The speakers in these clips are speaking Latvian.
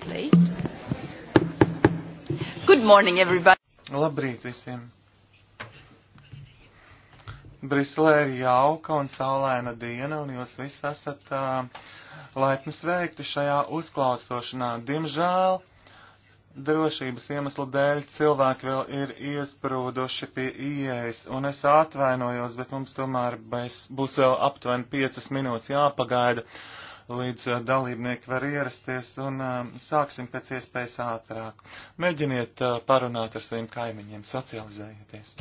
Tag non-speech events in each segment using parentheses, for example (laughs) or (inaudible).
play. Good morning, everybody. Labrīt visiem. Briselē ir jauka un saulaina diena, un jūs visi esat uh, laipni sveikti šajā uzklausošanā. Diemžēl drošības iemeslu dēļ cilvēki vēl ir iesprūduši pie ieejas, un es atvainojos, bet mums tomēr bez, būs vēl aptuveni piecas minūtes jāpagaida. Uh, līdz eh, dalībnieki var ierasties un eh, sāksim pēc iespējas ātrāk. Mēģiniet eh, parunāt ar saviem kaimiņiem, socializējieties.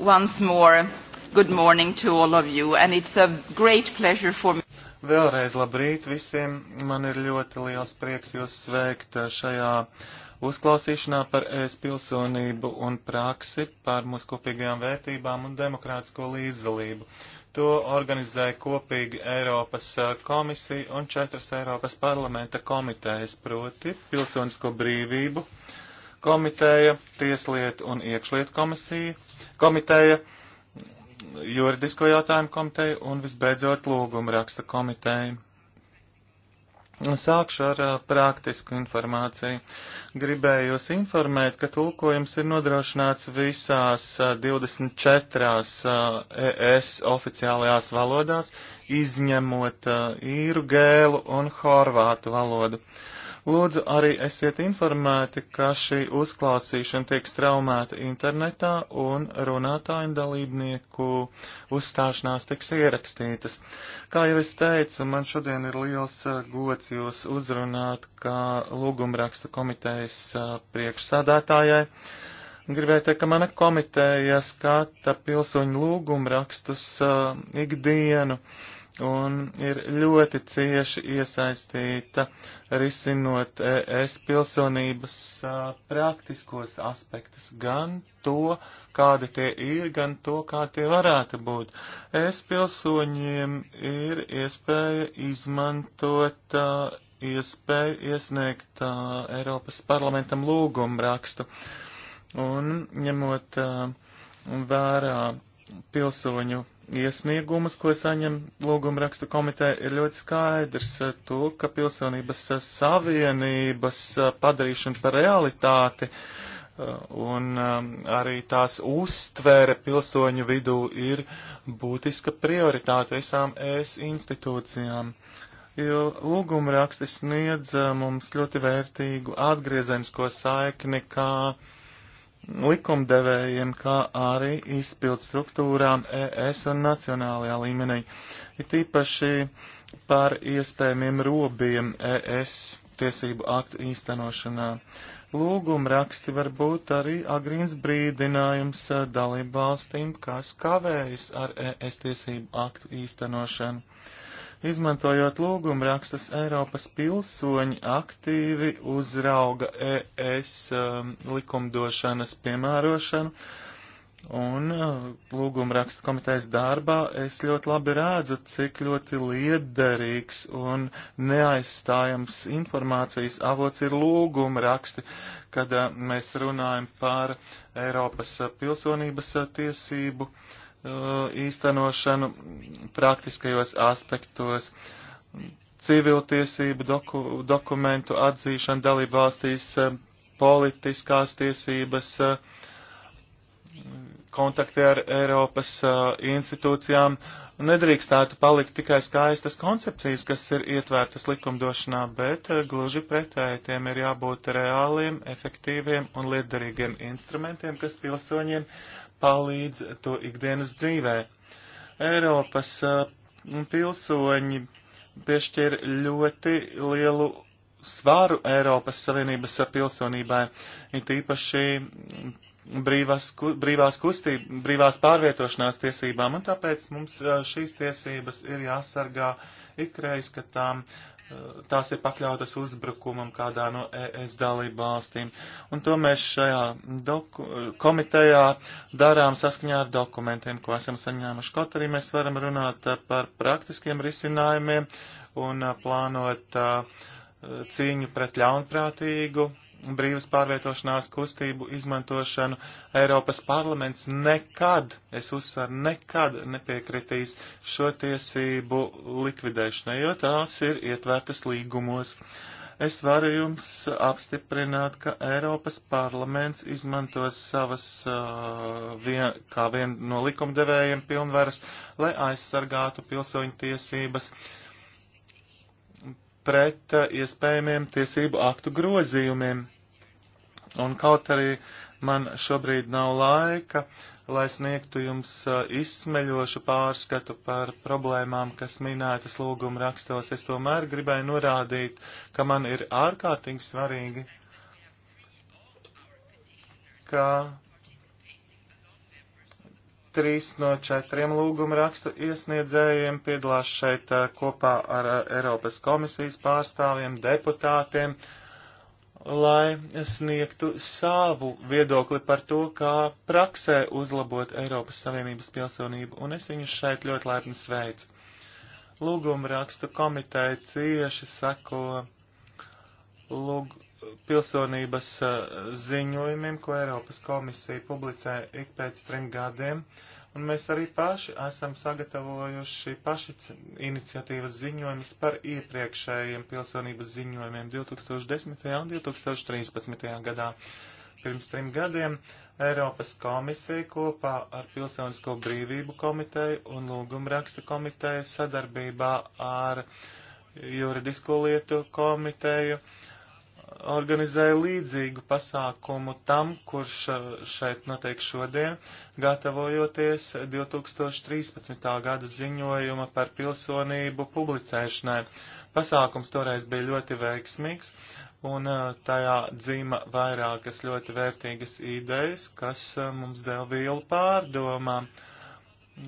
once more good morning to all of you, and it's a great pleasure for me. Vēlreiz labrīt visiem. Man ir ļoti liels prieks jūs sveikt uh, šajā uzklausīšanā par ēs pilsonību un praksi, par mūsu kopīgajām vērtībām un demokrātisko līdzdalību. To organizēja kopīgi Eiropas uh, komisija un četras Eiropas parlamenta komitejas, proti pilsonisko brīvību komiteja, tieslietu un iekšlietu komisija, komiteja, juridisko jautājumu komiteja un visbeidzot lūguma raksta komiteja. Sākšu ar praktisku informāciju. Gribēju jūs informēt, ka tulkojums ir nodrošināts visās 24 ES oficiālajās valodās, izņemot īru, gēlu un horvātu valodu. Uh, Lūdzu, arī esiet informēti, ka šī uzklausīšana tiek straumēta internetā un runātāju dalībnieku uzstāšanās tiks ierakstītas. Kā jau es teicu, man šodien ir liels uh, gods jūs uzrunāt kā lūgumraksta komitejas uh, priekšsādātājai. Gribēju teikt, ka mana komiteja skata pilsoņu lūgumrakstus uh, ikdienu. Uh, un ir ļoti cieši iesaistīta risinot ES pilsonības a, praktiskos aspektus, gan to, kādi tie ir, gan to, kā tie varētu būt. ES pilsoņiem ir iespēja izmantot a, iespēju iesniegt a, Eiropas parlamentam lūgumu rakstu. Un ņemot vērā pilsoņu iesniegumus, ko saņem lūguma rakstu komiteja, ir ļoti skaidrs eh, to, ka pilsonības eh, savienības eh, padarīšana par realitāti un arī tās uztvere pilsoņu vidū ir būtiska prioritāte visām ES institūcijām. Jo lūguma rakstis sniedz mums ļoti vērtīgu atgriezenisko saikni, kā likumdevējiem, kā arī izpildu struktūrām ES un nacionālajā līmenī, it īpaši par iespējamiem robiem ES tiesību aktu īstenošanā. Lūguma raksti var būt arī agrīns brīdinājums eh, dalību valstīm, kas kavējas ar ES tiesību aktu īstenošanu Izmantojot lūgumu rakstus, Eiropas pilsoņi aktīvi uzrauga ES um, likumdošanas piemērošanu. Un uh, lūguma raksta komitejas darbā es ļoti labi redzu, cik ļoti liederīgs un neaizstājams informācijas avots ir lūguma raksti, kad uh, mēs runājam par Eiropas uh, pilsonības tiesību Uh, īstenošanu praktiskajos aspektos, civiltiesību doku, dokumentu atzīšanu dalību valstīs, uh, politiskās tiesības, uh, kontakti ar Eiropas institūcijām. Nedrīkstētu palikt tikai skaistas koncepcijas, kas ir ietvērtas likumdošanā, bet gluži pretēji tiem ir jābūt reāliem, efektīviem un lietderīgiem instrumentiem, kas pilsoņiem palīdz to ikdienas dzīvē. Eiropas uh, pilsoņi piešķir ļoti lielu svāru Eiropas Savienības pilsonībai, it īpaši brīvās, brīvās kustība, brīvās pārvietošanās tiesībām, un tāpēc mums uh, šīs tiesības ir jāsargā ikreiz, kad tām tās ir pakļautas uzbrukumam kādā no ES dalību valstīm. Un to mēs šajā doku, komitejā darām saskaņā ar dokumentiem, ko esam saņēmuši. Kaut arī mēs varam runāt par praktiskiem risinājumiem un plānot uh, cīņu pret ļaunprātīgu brīvas pārvietošanās kustību izmantošanu Eiropas parlaments nekad, es uzsveru, nekad nepiekritīs šo tiesību likvidēšanai, jo tās ir ietvērtas līgumos. Es varu jums apstiprināt, ka Eiropas parlaments izmantos savas uh, vien, kā vien no likumdevējiem pilnvaras, lai aizsargātu pilsoņu tiesības. Uh, pret eh, iespējamiem tiesību aktu grozījumiem. Un kaut arī man šobrīd nav laika, lai sniegtu jums eh, izsmeļošu pārskatu par problēmām, kas minētas lūguma rakstos, es tomēr gribēju norādīt, ka man ir ārkārtīgi svarīgi, ka Trīs no četriem lūguma rakstu iesniedzējiem piedalās šeit eh, kopā ar eh, Eiropas komisijas pārstāvjiem, deputātiem, lai sniegtu savu viedokli par to, kā praksē uzlabot Eiropas Savienības pilsonību, un es viņus šeit ļoti laipni sveicu. Lūguma rakstu komiteja cieši seko lūgumu pilsonības eh, ziņojumiem, ko Eiropas komisija publicē ik pēc trim gadiem, un mēs arī paši esam sagatavojuši paši iniciatīvas ziņojumus par iepriekšējiem pilsonības ziņojumiem 2010. un 2013. gadā. Pirms trim gadiem Eiropas komisija kopā ar Pilsonisko brīvību komiteju un lūgumraksta komiteju sadarbībā ar Juridisko lietu komiteju uh, organizēja līdzīgu pasākumu tam, kurš šeit notiek šodien, gatavojoties 2013. gada ziņojuma par pilsonību publicēšanai. Pasākums toreiz bija ļoti veiksmīgs, un uh, tajā dzīma vairākas ļoti vērtīgas idejas, kas uh, mums deva vielu pārdomām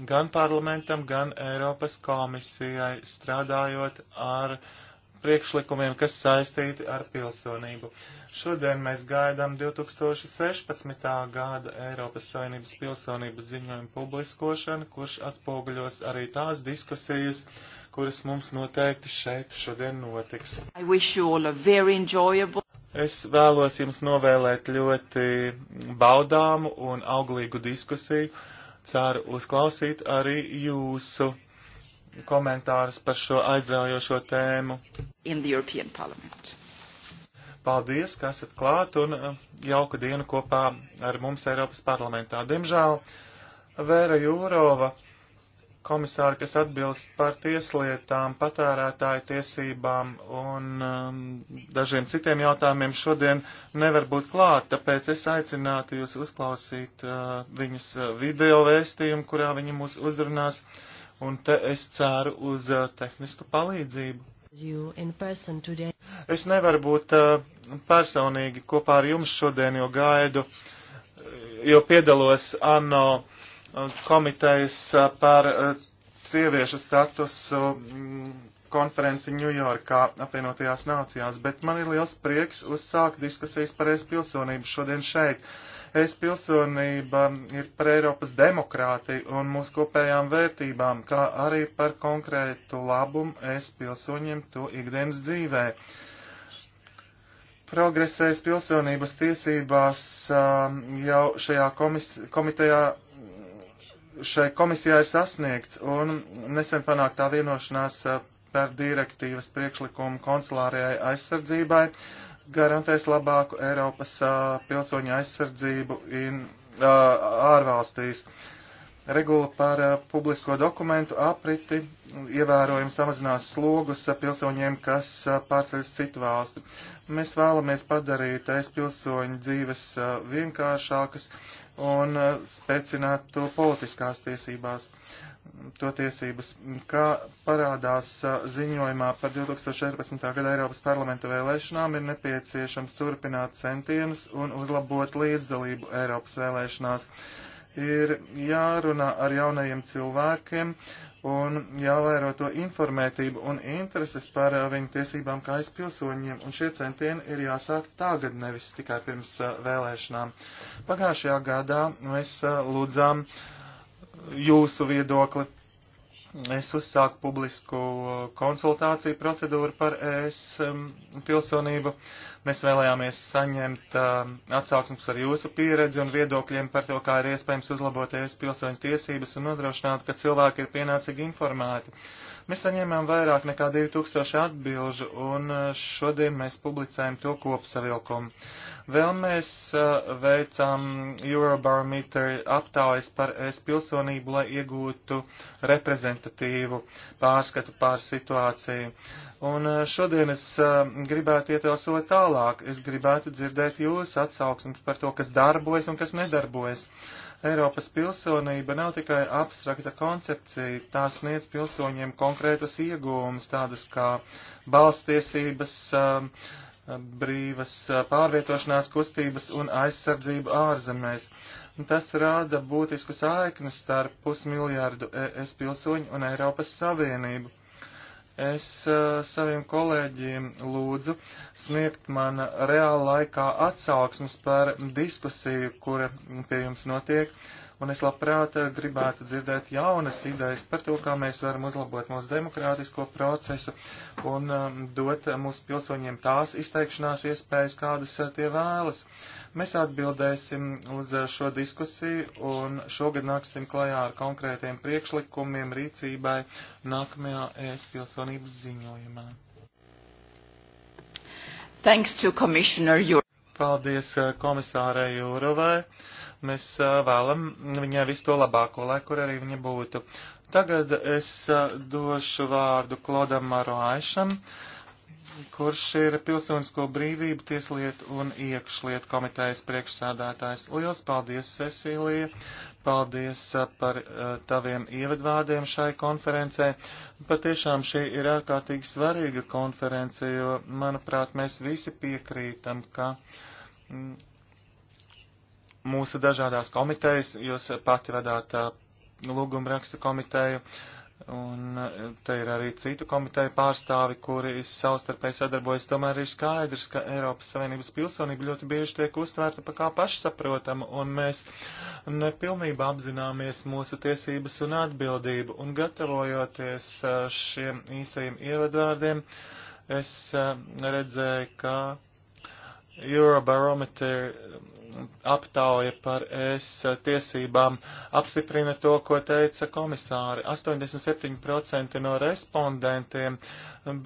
gan parlamentam, gan Eiropas komisijai strādājot ar uh, priekšlikumiem, kas saistīti ar pilsonību. Šodien mēs gaidām 2016. gada Eiropas Savienības pilsonības ziņojumu publiskošanu, kurš atspoguļos arī tās diskusijas, kuras mums noteikti šeit šodien notiks. Es vēlos jums novēlēt ļoti baudāmu un auglīgu diskusiju. Ceru uzklausīt arī jūsu komentārus par šo aizraujošo tēmu. Paldies, ka esat klāt un uh, jauku dienu kopā ar mums Eiropas parlamentā. Diemžēl Vēra Jūrova, komisāra, kas atbilst par tieslietām, patērētāju tiesībām un um, dažiem citiem jautājumiem, šodien nevar būt klāt, tāpēc es aicinātu jūs uzklausīt uh, viņas uh, video vēstījumu, kurā viņa mūs uzrunās. Uh, un te es ceru uz uh, tehnisku palīdzību. Es nevaru būt uh, personīgi kopā ar jums šodien, jo gaidu, uh, jo piedalos ANO uh, komitejas uh, par sieviešu statusu mm, konferenci Ņujorkā apvienotajās nācijās, bet man ir liels prieks uzsākt diskusijas par es pilsonību šodien šeit. Uh, Es pilsonība ir par Eiropas demokrātiju un mūsu kopējām vērtībām, kā arī par konkrētu labumu es pilsoņiem to ikdienas dzīvē. Progresēs pilsonības tiesībās um, jau šajā komis komitejā šai komisijā ir sasniegts un nesen panāktā vienošanās uh, par direktīvas priekšlikumu konsulārajai aizsardzībai garantēs labāku Eiropas pilsoņu aizsardzību in, ārvalstīs. Regula par publisko dokumentu apriti ievērojami samazinās slogus pilsoņiem, kas pārceļas citu valsti. Mēs vēlamies padarīt es pilsoņu dzīves vienkāršākas un spēcināt to politiskās tiesībās. Uh, to tiesības, kā parādās ziņojumā par 2014. gada Eiropas parlamenta vēlēšanām, ir nepieciešams turpināt centienus un uzlabot līdzdalību Eiropas vēlēšanās. Ir jārunā ar jaunajiem cilvēkiem un jāvēro to informētību un intereses par viņu tiesībām kā es pilsoņiem, un šie centieni ir jāsāk tagad, nevis tikai pirms vēlēšanām. Pagājušajā gadā mēs lūdzām uh, jūsu viedokli. Es uzsāku publisku uh, konsultāciju procedūru par ES um, pilsonību. Mēs vēlējāmies saņemt um, atsauksmes par jūsu pieredzi un viedokļiem par to, kā ir iespējams uzlabot ES pilsoņu tiesības un nodrošināt, ka cilvēki ir pienācīgi informēti. Uh, Mēs saņēmām vairāk nekā 2000 atbilžu, un eh, šodien mēs publicējam to kopsavilkumu. Vēl mēs eh, veicām Eurobarometer aptaujas par es pilsonību, lai iegūtu reprezentatīvu pārskatu pār situāciju. Un eh, šodien es gribētu iet vēl soli tālāk. Es gribētu dzirdēt jūsu atsauksmi par to, kas darbojas un kas nedarbojas. Uh, Eiropas pilsonība nav tikai abstrakta koncepcija, tā sniedz pilsoņiem konkrētas iegūmas, tādas kā balstiesības, um, brīvas uh, pārvietošanās kustības un aizsardzību ārzemēs. Tas rāda būtisku saikni starp pusmiljārdu ES pilsoņu un Eiropas Savienību es uh, saviem kolēģiem lūdzu sniegt man reāla laikā atsauksmes par diskusiju, kura pie jums notiek, un es labprāt uh, gribētu dzirdēt jaunas idejas par to, kā mēs varam uzlabot mūsu demokrātisko procesu un uh, dot mūsu pilsoņiem tās izteikšanās iespējas, kādas uh, tie vēlas. Uh, Mēs atbildēsim uz eh, šo diskusiju un šogad nāksim klajā ar konkrētiem priekšlikumiem rīcībai nākamajā ES pilsonības ziņojumā. Thanks to Commissioner Jur. Paldies eh, komisārai Jūrovai. Mēs eh, vēlam viņai visu to labāko, lai kur arī viņa būtu. Tagad es došu vārdu Klodam Maroaišam. Uh, kurš ir Pilsonisko brīvību tieslietu un iekšlietu komitejas priekšsādātājs. Liels paldies, Cecīlija! Paldies uh, par uh, taviem ievadvārdiem šai konferencē. Patiešām šī ir ārkārtīgi svarīga konference, jo, manuprāt, mēs visi piekrītam, ka mm, mūsu dažādās komitejas, jūs pati vadāt uh, lūgumrakstu komiteju, uh, Un e, te ir arī citu komiteju pārstāvi, kuri savstarpēji sadarbojas. Tomēr ir skaidrs, ka Eiropas Savienības pilsonība ļoti bieži tiek uztvērta pa kā pašsaprotama, un mēs nepilnībā apzināmies mūsu tiesības un atbildību. Un gatavojoties e, šiem īsajiem ievadvārdiem, es e, redzēju, ka Eurobarometer aptauja par ES tiesībām apstiprina to, ko teica komisāri. 87% no respondentiem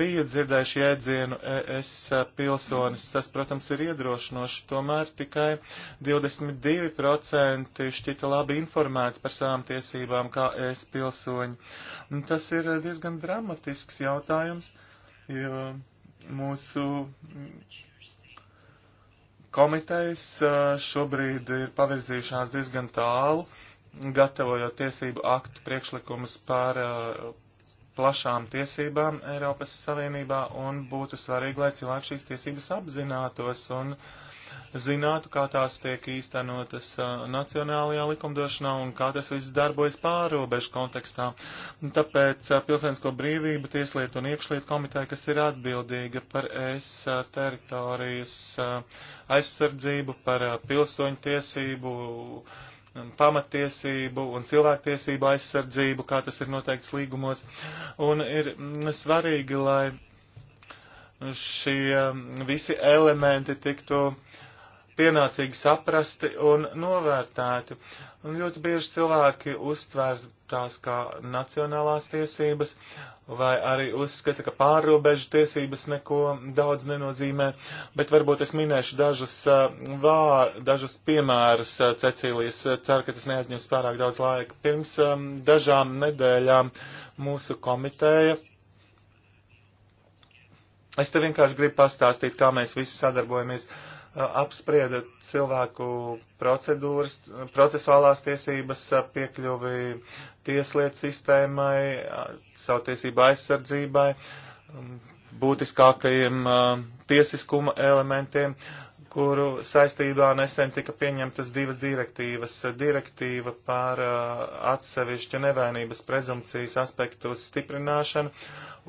bija dzirdējuši jēdzienu ES pilsonis. Tas, protams, ir iedrošinoši. Tomēr tikai 22% šķita labi informēti par savām tiesībām kā ES pilsoņi. Un tas ir diezgan dramatisks jautājums, jo mūsu Komitejas šobrīd ir pavirzījušās diezgan tālu, gatavojot tiesību aktu priekšlikumus par plašām tiesībām Eiropas Savienībā, un būtu svarīgi, lai cilvēki šīs tiesības apzinātos un uh, zinātu, kā tās tiek īstenotas uh, nacionālajā likumdošanā un kā tas viss darbojas pārobežu kontekstā. Tāpēc uh, Pilsēnsko brīvību, Tieslietu un iekšlietu komiteja, kas ir atbildīga par es uh, teritorijas aizsardzību, par pilsoņu tiesību, um, pamatiesību un cilvēktiesību aizsardzību, kā tas ir noteikts līgumos. Un ir mm, svarīgi, lai šie mm, visi elementi tiktu uh, pienācīgi saprasti un novērtēti. Un ļoti bieži cilvēki uztver tās kā nacionālās tiesības, vai arī uzskata, ka pārrobežu tiesības neko daudz nenozīmē, bet varbūt es minēšu dažus, vā, dažus piemērus Cecīlijas, ceru, ka tas neaizņems pārāk daudz laika. Pirms dažām nedēļām mūsu komiteja Es te vienkārši gribu pastāstīt, kā mēs visi sadarbojamies apsprieda cilvēku procedūras, procesuālās tiesības piekļuvi tieslietu sistēmai, savtiesību aizsardzībai, būtiskākajiem tiesiskuma elementiem kuru saistībā nesen tika pieņemtas divas direktīvas. Direktīva par uh, atsevišķu nevainības prezumcijas aspektu stiprināšanu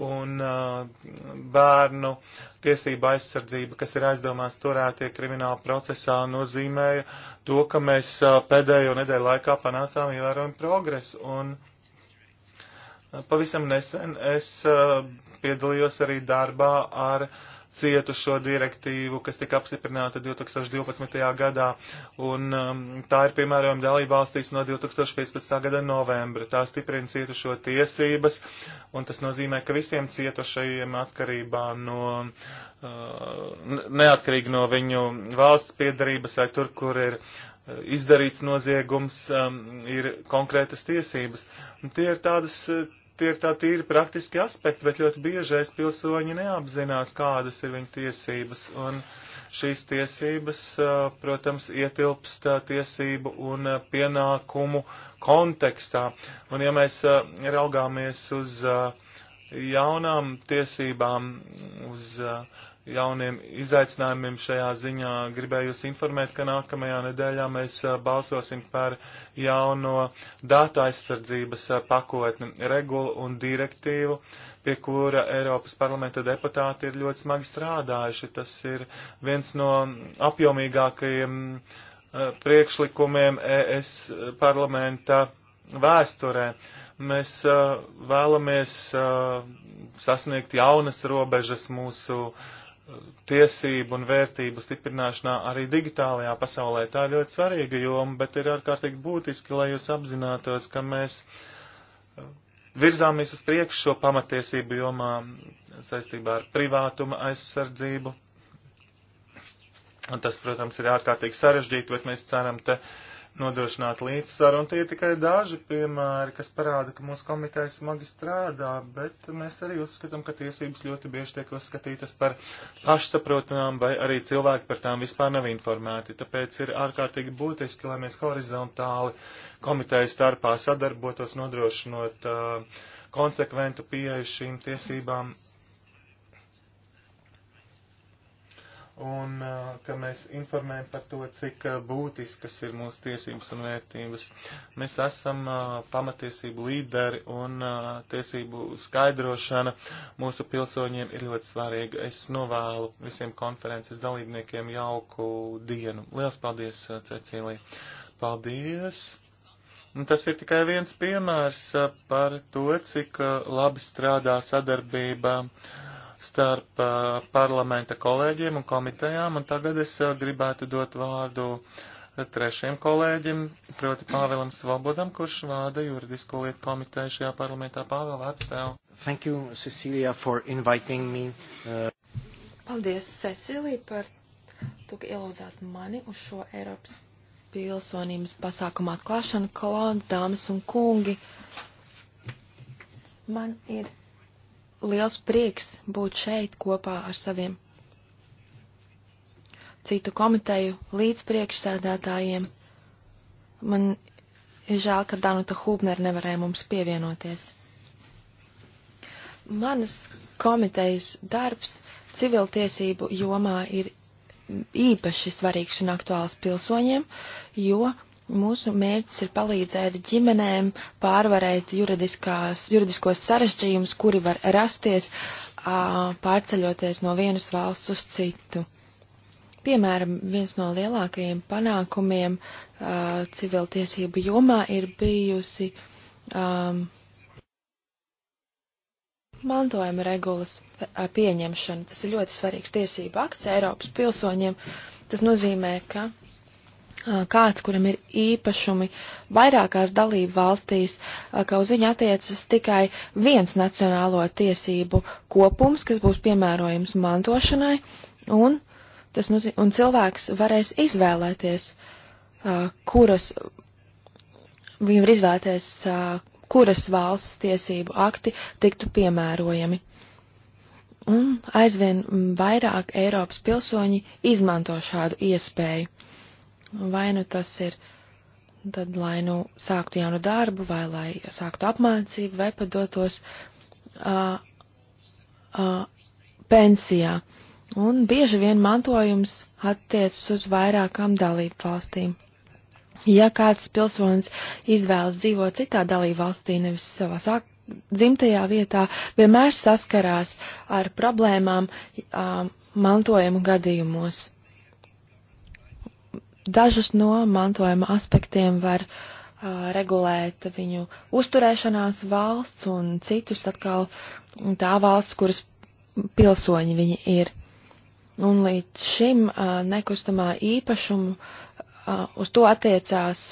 un uh, bērnu tiesību aizsardzība, kas ir aizdomās turētie krimināla procesā, nozīmēja to, ka mēs uh, pēdējo nedēļu laikā panācām ievērojumu progresu. Un, uh, Pavisam nesen es uh, piedalījos arī darbā ar uh, cietušo direktīvu, kas tika apstiprināta 2012. gadā, un um, tā ir piemērojama dalībvalstīs no 2015. gada novembra. Tā stiprina cietušo tiesības, un tas nozīmē, ka visiem cietušajiem atkarībā no, uh, neatkarīgi no viņu valsts piedarības vai tur, kur ir uh, izdarīts noziegums, um, ir konkrētas tiesības. Un tie ir tādas uh, tie ir tā tīri praktiski aspekti, bet ļoti biežais pilsoņi neapzinās, kādas ir viņu tiesības. Un šīs tiesības, protams, ietilpst tiesību un pienākumu kontekstā. Un ja mēs raugāmies uz jaunām tiesībām, uz jauniem izaicinājumiem šajā ziņā. Gribēju jūs informēt, ka nākamajā nedēļā mēs balsosim par jauno datu aizsardzības pakotni, regulu un direktīvu, pie kura Eiropas parlamenta deputāti ir ļoti smagi strādājuši. Tas ir viens no apjomīgākajiem priekšlikumiem ES parlamenta vēsturē. Mēs vēlamies sasniegt jaunas robežas mūsu uh, tiesību un vērtību stiprināšanā arī digitālajā pasaulē. Tā ir ļoti svarīga joma, bet ir ārkārtīgi būtiski, lai jūs apzinātos, ka mēs uh, virzāmies uz priekšu šo pamatiesību jomā saistībā ar privātuma aizsardzību. Un tas, protams, ir ārkārtīgi sarežģīti, bet mēs ceram te uh, nodrošināt līdzsvaru, un tie ir tikai daži piemēri, kas parāda, ka mūsu komiteja smagi strādā, bet mēs arī uzskatām, ka tiesības ļoti bieži tiek uzskatītas par pašsaprotamām, vai arī cilvēki par tām vispār nav informēti. Tāpēc ir ārkārtīgi būtiski, lai mēs horizontāli komiteju starpā sadarbotos, nodrošinot uh, konsekventu pieeju šīm tiesībām un ka mēs informējam par to, cik būtiskas ir mūsu tiesības un vērtības. Mēs esam pamatiesību līderi un tiesību skaidrošana mūsu pilsoņiem ir ļoti svarīga. Es novēlu visiem konferences dalībniekiem jauku dienu. Lielas paldies, Cecīlija! Paldies! Un tas ir tikai viens piemērs par to, cik labi strādā sadarbība uh, starp parlamenta kolēģiem un komitejām, un tagad es gribētu dot vārdu trešiem kolēģim, proti Pāvēlam Svobodam, kurš vāda juridisko lietu komiteju šajā parlamentā. Pāvēl, atstāv. Thank you, Cecilia, for inviting me. Uh... Paldies, Cecilija, par to, ka ielūdzāt mani uz šo Eiropas pilsonības pasākumu atklāšanu. Kolāna, dāmas un kungi, man ir liels prieks būt šeit kopā ar saviem citu komiteju līdzpriekšsēdētājiem. Man ir žēl, ka Danuta Hūbner nevarēja mums pievienoties. Manas komitejas darbs civiltiesību jomā ir īpaši svarīgs un aktuāls pilsoņiem, jo Mūsu mērķis ir palīdzēt ģimenēm pārvarēt juridiskos sarežģījumus, kuri var rasties pārceļoties no vienas valsts uz citu. Piemēram, viens no lielākajiem panākumiem civiltiesību jomā ir bijusi um, mantojuma regulas pieņemšana. Tas ir ļoti svarīgs tiesību akts Eiropas pilsoņiem. Tas nozīmē, ka kāds, kuram ir īpašumi vairākās dalību valstīs, ka uz viņu attiecas tikai viens nacionālo tiesību kopums, kas būs piemērojams mantošanai, un, tas, un cilvēks varēs izvēlēties, kuras, viņam var izvēlēties, kuras valsts tiesību akti tiktu piemērojami. Un aizvien vairāk Eiropas pilsoņi izmanto šādu iespēju Vai nu tas ir tad, lai nu sāktu jaunu darbu, vai lai sāktu apmācību, vai padotos uh, uh, pensijā. Un bieži vien mantojums attiecas uz vairākām dalību valstīm. Ja kāds pilsonis izvēlas dzīvot citā dalību valstī, nevis savā sāk dzimtajā vietā vienmēr saskarās ar problēmām um, mantojuma gadījumos. Dažus no mantojuma aspektiem var uh, regulēt viņu uzturēšanās valsts un citus atkal tā valsts, kuras pilsoņi viņi ir. Un līdz šim uh, nekustamā īpašumu uh, uz to attiecās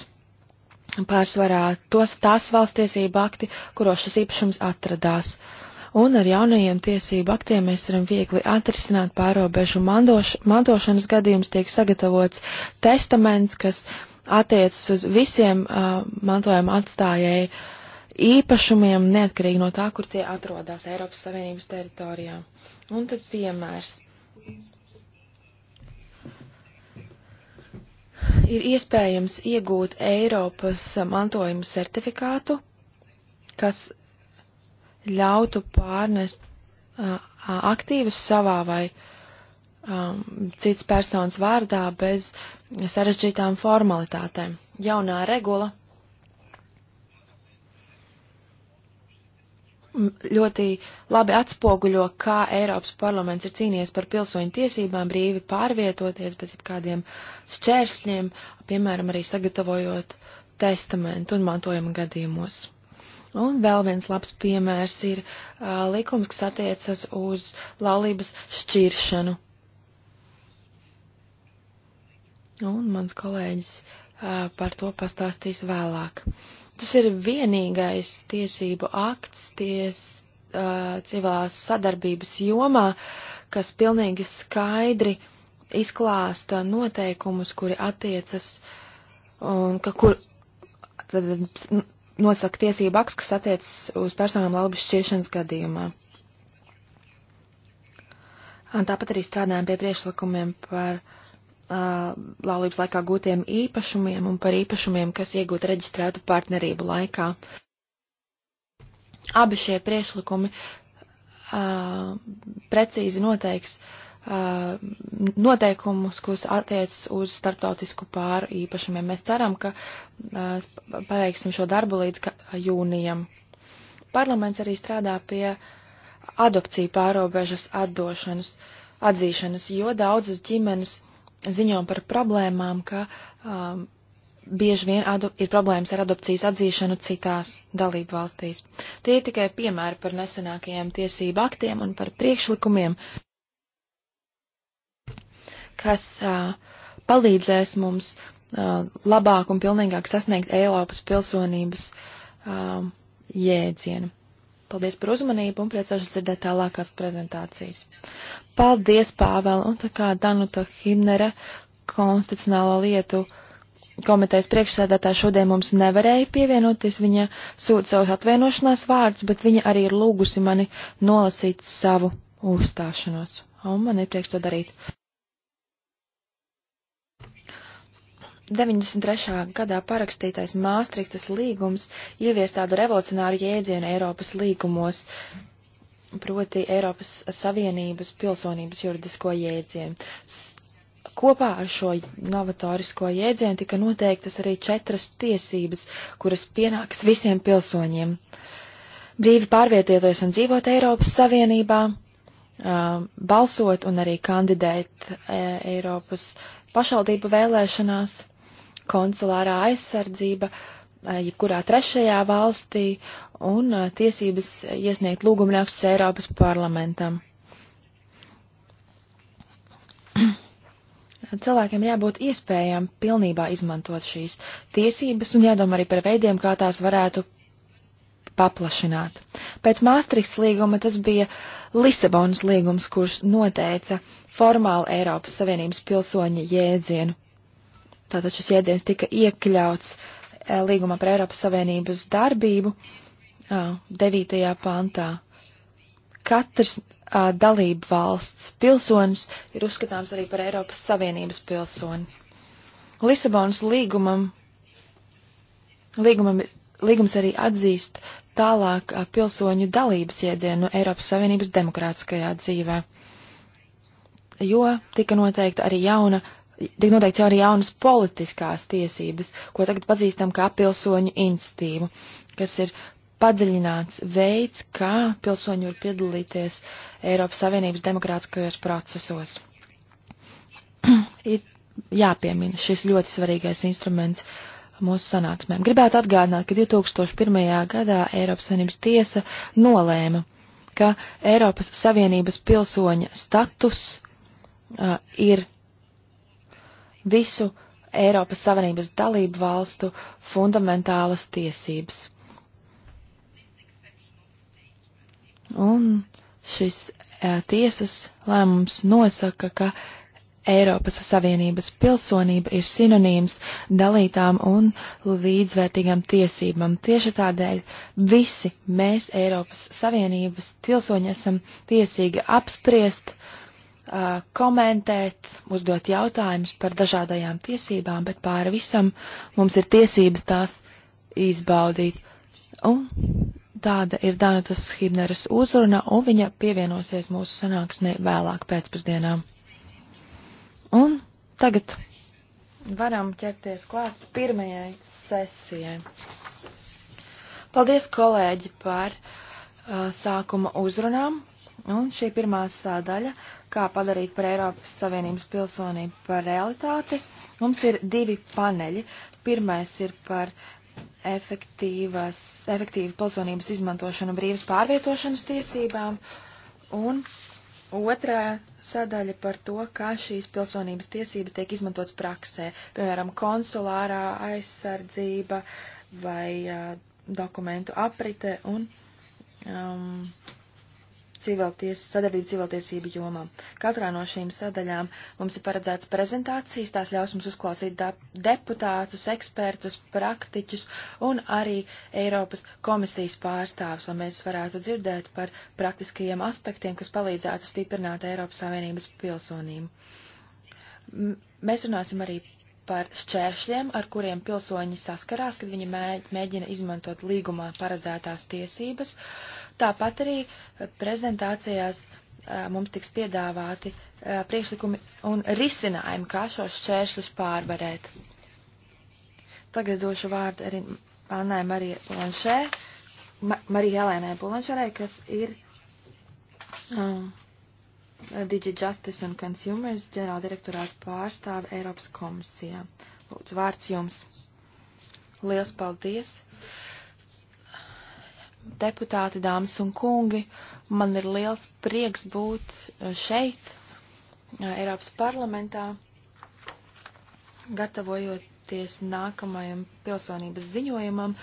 pārsvarā tos tās valsts tiesība akti, kuros šis īpašums atradās. Uh, un ar jaunajiem tiesību aktiem mēs varam viegli atrisināt pārobežu mandoš, mandošanas gadījums, tiek sagatavots testaments, kas attiecas uz visiem uh, mantojuma atstājēju īpašumiem, neatkarīgi no tā, kur tie atrodas Eiropas Savienības teritorijā. Un tad piemērs. Ir iespējams iegūt Eiropas mantojuma certifikātu, kas ļautu pārnest uh, aktīvus savā vai um, cits personas vārdā bez sarežģītām formalitātēm. Jaunā regula ļoti labi atspoguļo, kā Eiropas parlaments ir cīnījies par pilsoņu tiesībām brīvi pārvietoties bez jebkādiem šķēršļiem, piemēram, arī sagatavojot testamentu un mantojuma gadījumos. Un vēl viens labs piemērs ir uh, likums, kas attiecas uz laulības šķiršanu. Un mans kolēģis uh, par to pastāstīs vēlāk. Tas ir vienīgais tiesību akts ties uh, civilās sadarbības jomā, kas pilnīgi skaidri izklāsta noteikumus, kuri attiecas un ka kur tad nosaka tiesību aktus, kas attiecas uz personām laulības šķiršanas gadījumā. Un tāpat arī strādājam pie priekšlikumiem par uh, laulības laikā gūtiem īpašumiem un par īpašumiem, kas iegūt reģistrētu partnerību laikā. Abi šie priekšlikumi uh, precīzi noteiks uh, Uh, noteikumus, kurus attiec uz starptautisku pāru īpašumiem. Mēs ceram, ka uh, paveiksim šo darbu līdz jūnijam. Parlaments arī strādā pie adopciju pārobežas atdošanas, atzīšanas, jo daudzas ģimenes ziņo par problēmām, ka um, bieži vien ir problēmas ar adopcijas atzīšanu citās dalību valstīs. Tie ir tikai piemēri par nesenākajiem tiesību aktiem un par priekšlikumiem, kas uh, palīdzēs mums uh, labāk un pilnīgāk sasniegt Eiropas pilsonības um, jēdzienu. Paldies par uzmanību un priecāšos dzirdēt tālākās prezentācijas. Paldies, Pāvēl, un tā kā Danuta Himnera, konstitucionālo lietu komitejas priekšsēdētāja šodien mums nevarēja pievienoties, viņa sūta savus atvienošanās vārdus, bet viņa arī ir lūgusi mani nolasīt savu uzstāšanos, un man ir priekš to darīt. 93. gadā parakstītais Māstriktas līgums ievies tādu revolucionāru jēdzienu Eiropas līgumos, proti Eiropas Savienības pilsonības juridisko jēdzienu. Kopā ar šo novatorisko jēdzienu tika noteiktas arī četras tiesības, kuras pienāks visiem pilsoņiem. Brīvi pārvietoties un dzīvot Eiropas Savienībā, balsot un arī kandidēt Eiropas pašvaldību vēlēšanās konsulārā aizsardzība eh, jebkurā trešajā valstī un eh, tiesības iesniegt lūgumrakstus Eiropas parlamentam. (clears throat) Cilvēkiem jābūt iespējām pilnībā izmantot šīs tiesības un jādomā arī par veidiem, kā tās varētu paplašināt. Pēc Māstrihts līguma tas bija Lisabonas līgums, kurš noteica formāli Eiropas Savienības pilsoņa jēdzienu tātad šis jēdziens tika iekļauts eh, līgumā par Eiropas Savienības darbību 9. Eh, pantā. Katrs eh, dalību valsts pilsonis ir uzskatāms arī par Eiropas Savienības pilsoni. Lisabonas līgumam, līgumam, līgums arī atzīst tālāk pilsoņu dalības iedzienu Eiropas Savienības demokrātiskajā dzīvē, jo tika noteikta arī jauna tiek noteikts jau arī jaunas politiskās tiesības, ko tagad pazīstam kā pilsoņu institīvu, kas ir padziļināts veids, kā pilsoņi var piedalīties Eiropas Savienības demokrātiskajos procesos. (clears throat) ir jāpiemina šis ļoti svarīgais instruments mūsu sanāksmēm. Gribētu atgādināt, ka 2001. gadā Eiropas Savienības tiesa nolēma, ka Eiropas Savienības pilsoņa status uh, ir visu Eiropas Savienības dalību valstu fundamentālas tiesības. Un šis e, tiesas lēmums nosaka, ka Eiropas Savienības pilsonība ir sinonīms dalītām un līdzvērtīgām tiesībām. Tieši tādēļ visi mēs Eiropas Savienības pilsoņi esam tiesīgi apspriest uh, komentēt, uzdot jautājumus par dažādajām tiesībām, bet pāri visam mums ir tiesības tās izbaudīt. Un tāda ir Danatas Hibneras uzruna, un viņa pievienosies mūsu sanāksmē vēlāk pēcpusdienā. Un tagad varam ķerties klāt pirmajai sesijai. Paldies, kolēģi, par uh, sākuma uzrunām. Un šī pirmā sādaļa, kā padarīt par Eiropas Savienības pilsonību par realitāti, mums ir divi paneļi. Pirmais ir par efektīvas, efektīvu pilsonības izmantošanu brīvas pārvietošanas tiesībām, un otrā sadaļa par to, kā šīs pilsonības tiesības tiek izmantotas praksē, piemēram, konsulārā aizsardzība vai uh, dokumentu aprite un um, civilties, sadarbību civiltiesību jomā. Katrā no šīm sadaļām mums ir paredzēts prezentācijas, tās ļaus mums uzklausīt deputātus, ekspertus, praktiķus un arī Eiropas komisijas pārstāvus, un mēs varētu dzirdēt par praktiskajiem aspektiem, kas palīdzētu stiprināt Eiropas Savienības pilsonību. M mēs runāsim arī par šķēršļiem, ar kuriem pilsoņi saskarās, kad viņi mēģina izmantot līgumā paredzētās tiesības. Uh, Tāpat arī eh, prezentācijās eh, mums tiks piedāvāti eh, priekšlikumi un risinājumi, kā šos šķēršļus pārvarēt. Tagad došu vārdu arī Annai Marijai Bulanšē, Ma Marijai Elēnai Bulanšērai, kas ir um, Digi Justice and Consumers ģenerāldirektorāta pārstāve Eiropas komisijā. Lūdzu, vārds jums. Liels paldies! deputāti, dāmas un kungi, man ir liels prieks būt eh, šeit, eh, Eiropas parlamentā, gatavojoties nākamajam pilsonības ziņojumam,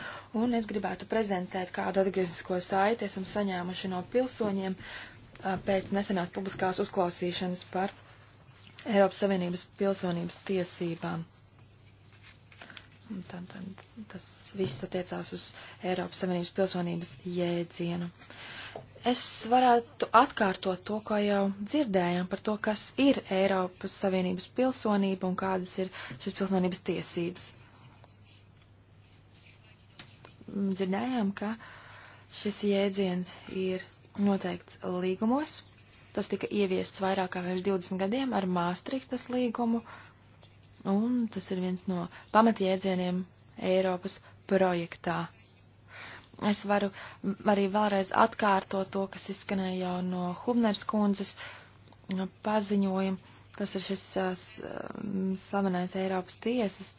un es gribētu prezentēt kādu atgriezisko saiti esam saņēmuši no pilsoņiem eh, pēc nesenās publiskās uzklausīšanas par Eiropas Savienības pilsonības tiesībām. Tad, tad, tas viss attiecās uz Eiropas Savienības pilsonības jēdzienu. Es varētu atkārtot to, ko jau dzirdējām par to, kas ir Eiropas Savienības pilsonība un kādas ir šīs pilsonības tiesības. Dzirdējām, ka šis jēdziens ir noteikts līgumos. Tas tika ieviests vairāk kā pirms 20 gadiem ar Māstrihtas līgumu, Un tas ir viens no pamatjēdzieniem Eiropas projektā. Es varu arī vēlreiz atkārtot to, kas izskanēja jau no Hubners kundzes paziņojuma. Tas ir šis uh, um, slavenais Eiropas tiesas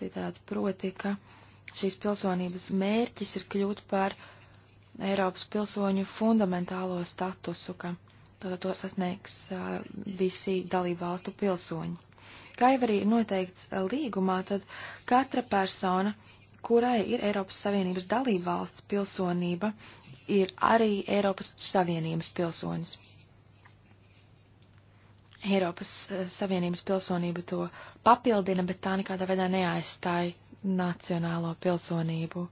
citāts proti, ka šīs pilsonības mērķis ir kļūt par Eiropas pilsoņu fundamentālo statusu, ka to, to sasniegs uh, visi dalību valstu pilsoņi. Kā jau arī noteikts līgumā, tad katra persona, kurai ir Eiropas Savienības dalībvalsts pilsonība, ir arī Eiropas Savienības pilsonis. Eiropas eh, Savienības pilsonība to papildina, bet tā nekādā veidā neaizstāja nacionālo pilsonību.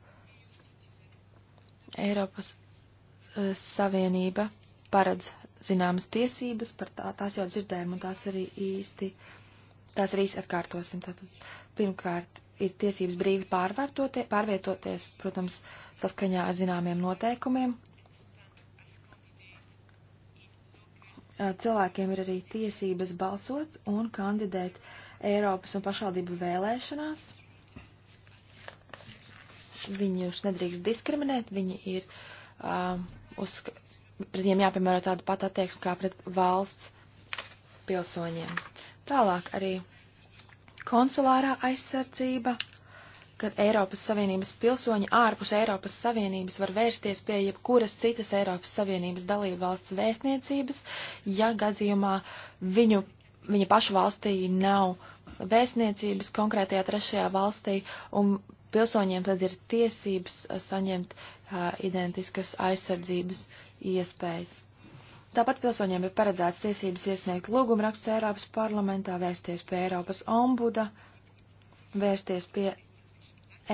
Eiropas eh, Savienība paredz zināmas tiesības, par tā, tās jau dzirdējām, un tās arī īsti Tās arī atkārtosim. Tātad, pirmkārt, ir tiesības brīvi pārvietoties, protams, saskaņā ar zināmiem noteikumiem. Cilvēkiem ir arī tiesības balsot un kandidēt Eiropas un pašvaldību vēlēšanās. Viņus nedrīkst diskriminēt, viņi ir um, uz, pret viņiem jāpiemēro tādu pat attieksmi kā pret valsts pilsoņiem. Tālāk arī konsulārā aizsardzība, kad Eiropas Savienības pilsoņi ārpus Eiropas Savienības var vērsties pie jebkuras citas Eiropas Savienības dalību valsts vēstniecības, ja gadījumā viņu, viņa pašu valstī nav vēstniecības konkrētajā trešajā valstī, un pilsoņiem tad ir tiesības saņemt uh, identiskas aizsardzības iespējas. Tāpat pilsoņiem ir paredzēts tiesības iesniegt lūgumrakstus Eiropas parlamentā, vērsties pie Eiropas ombuda, vērsties pie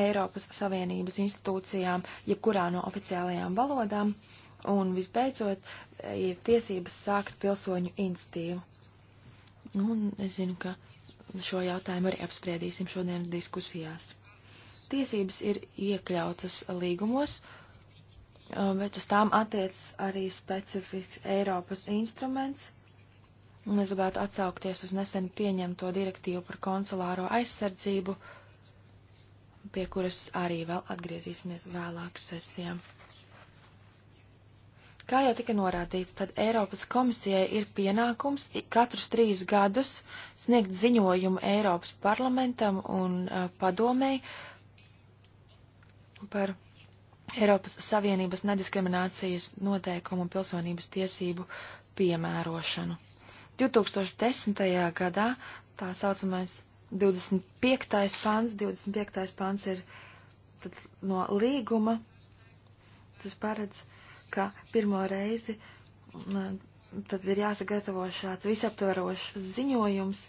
Eiropas Savienības institūcijām, jebkurā no oficiālajām valodām, un visbeidzot ir tiesības sākt pilsoņu institīvu. Nu, un es zinu, ka šo jautājumu arī apspriedīsim šodien diskusijās. Tiesības ir iekļautas līgumos, uh, Uh, bet uz tām attiecas arī specifisks Eiropas instruments. Un es gribētu atsaukties uz nesen pieņemto direktīvu par konsulāro aizsardzību, pie kuras arī vēl atgriezīsimies vēlāk sesijām. Kā jau tika norādīts, tad Eiropas komisijai ir pienākums katrus trīs gadus sniegt ziņojumu Eiropas parlamentam un uh, padomēji par Eiropas Savienības nediskriminācijas noteikumu un pilsonības tiesību piemērošanu. 2010. gadā tā saucamais 25. pāns, 25. pāns ir tad, no līguma, tas paredz, ka pirmo reizi tad ir jāsagatavo šāds visaptvarošs ziņojums,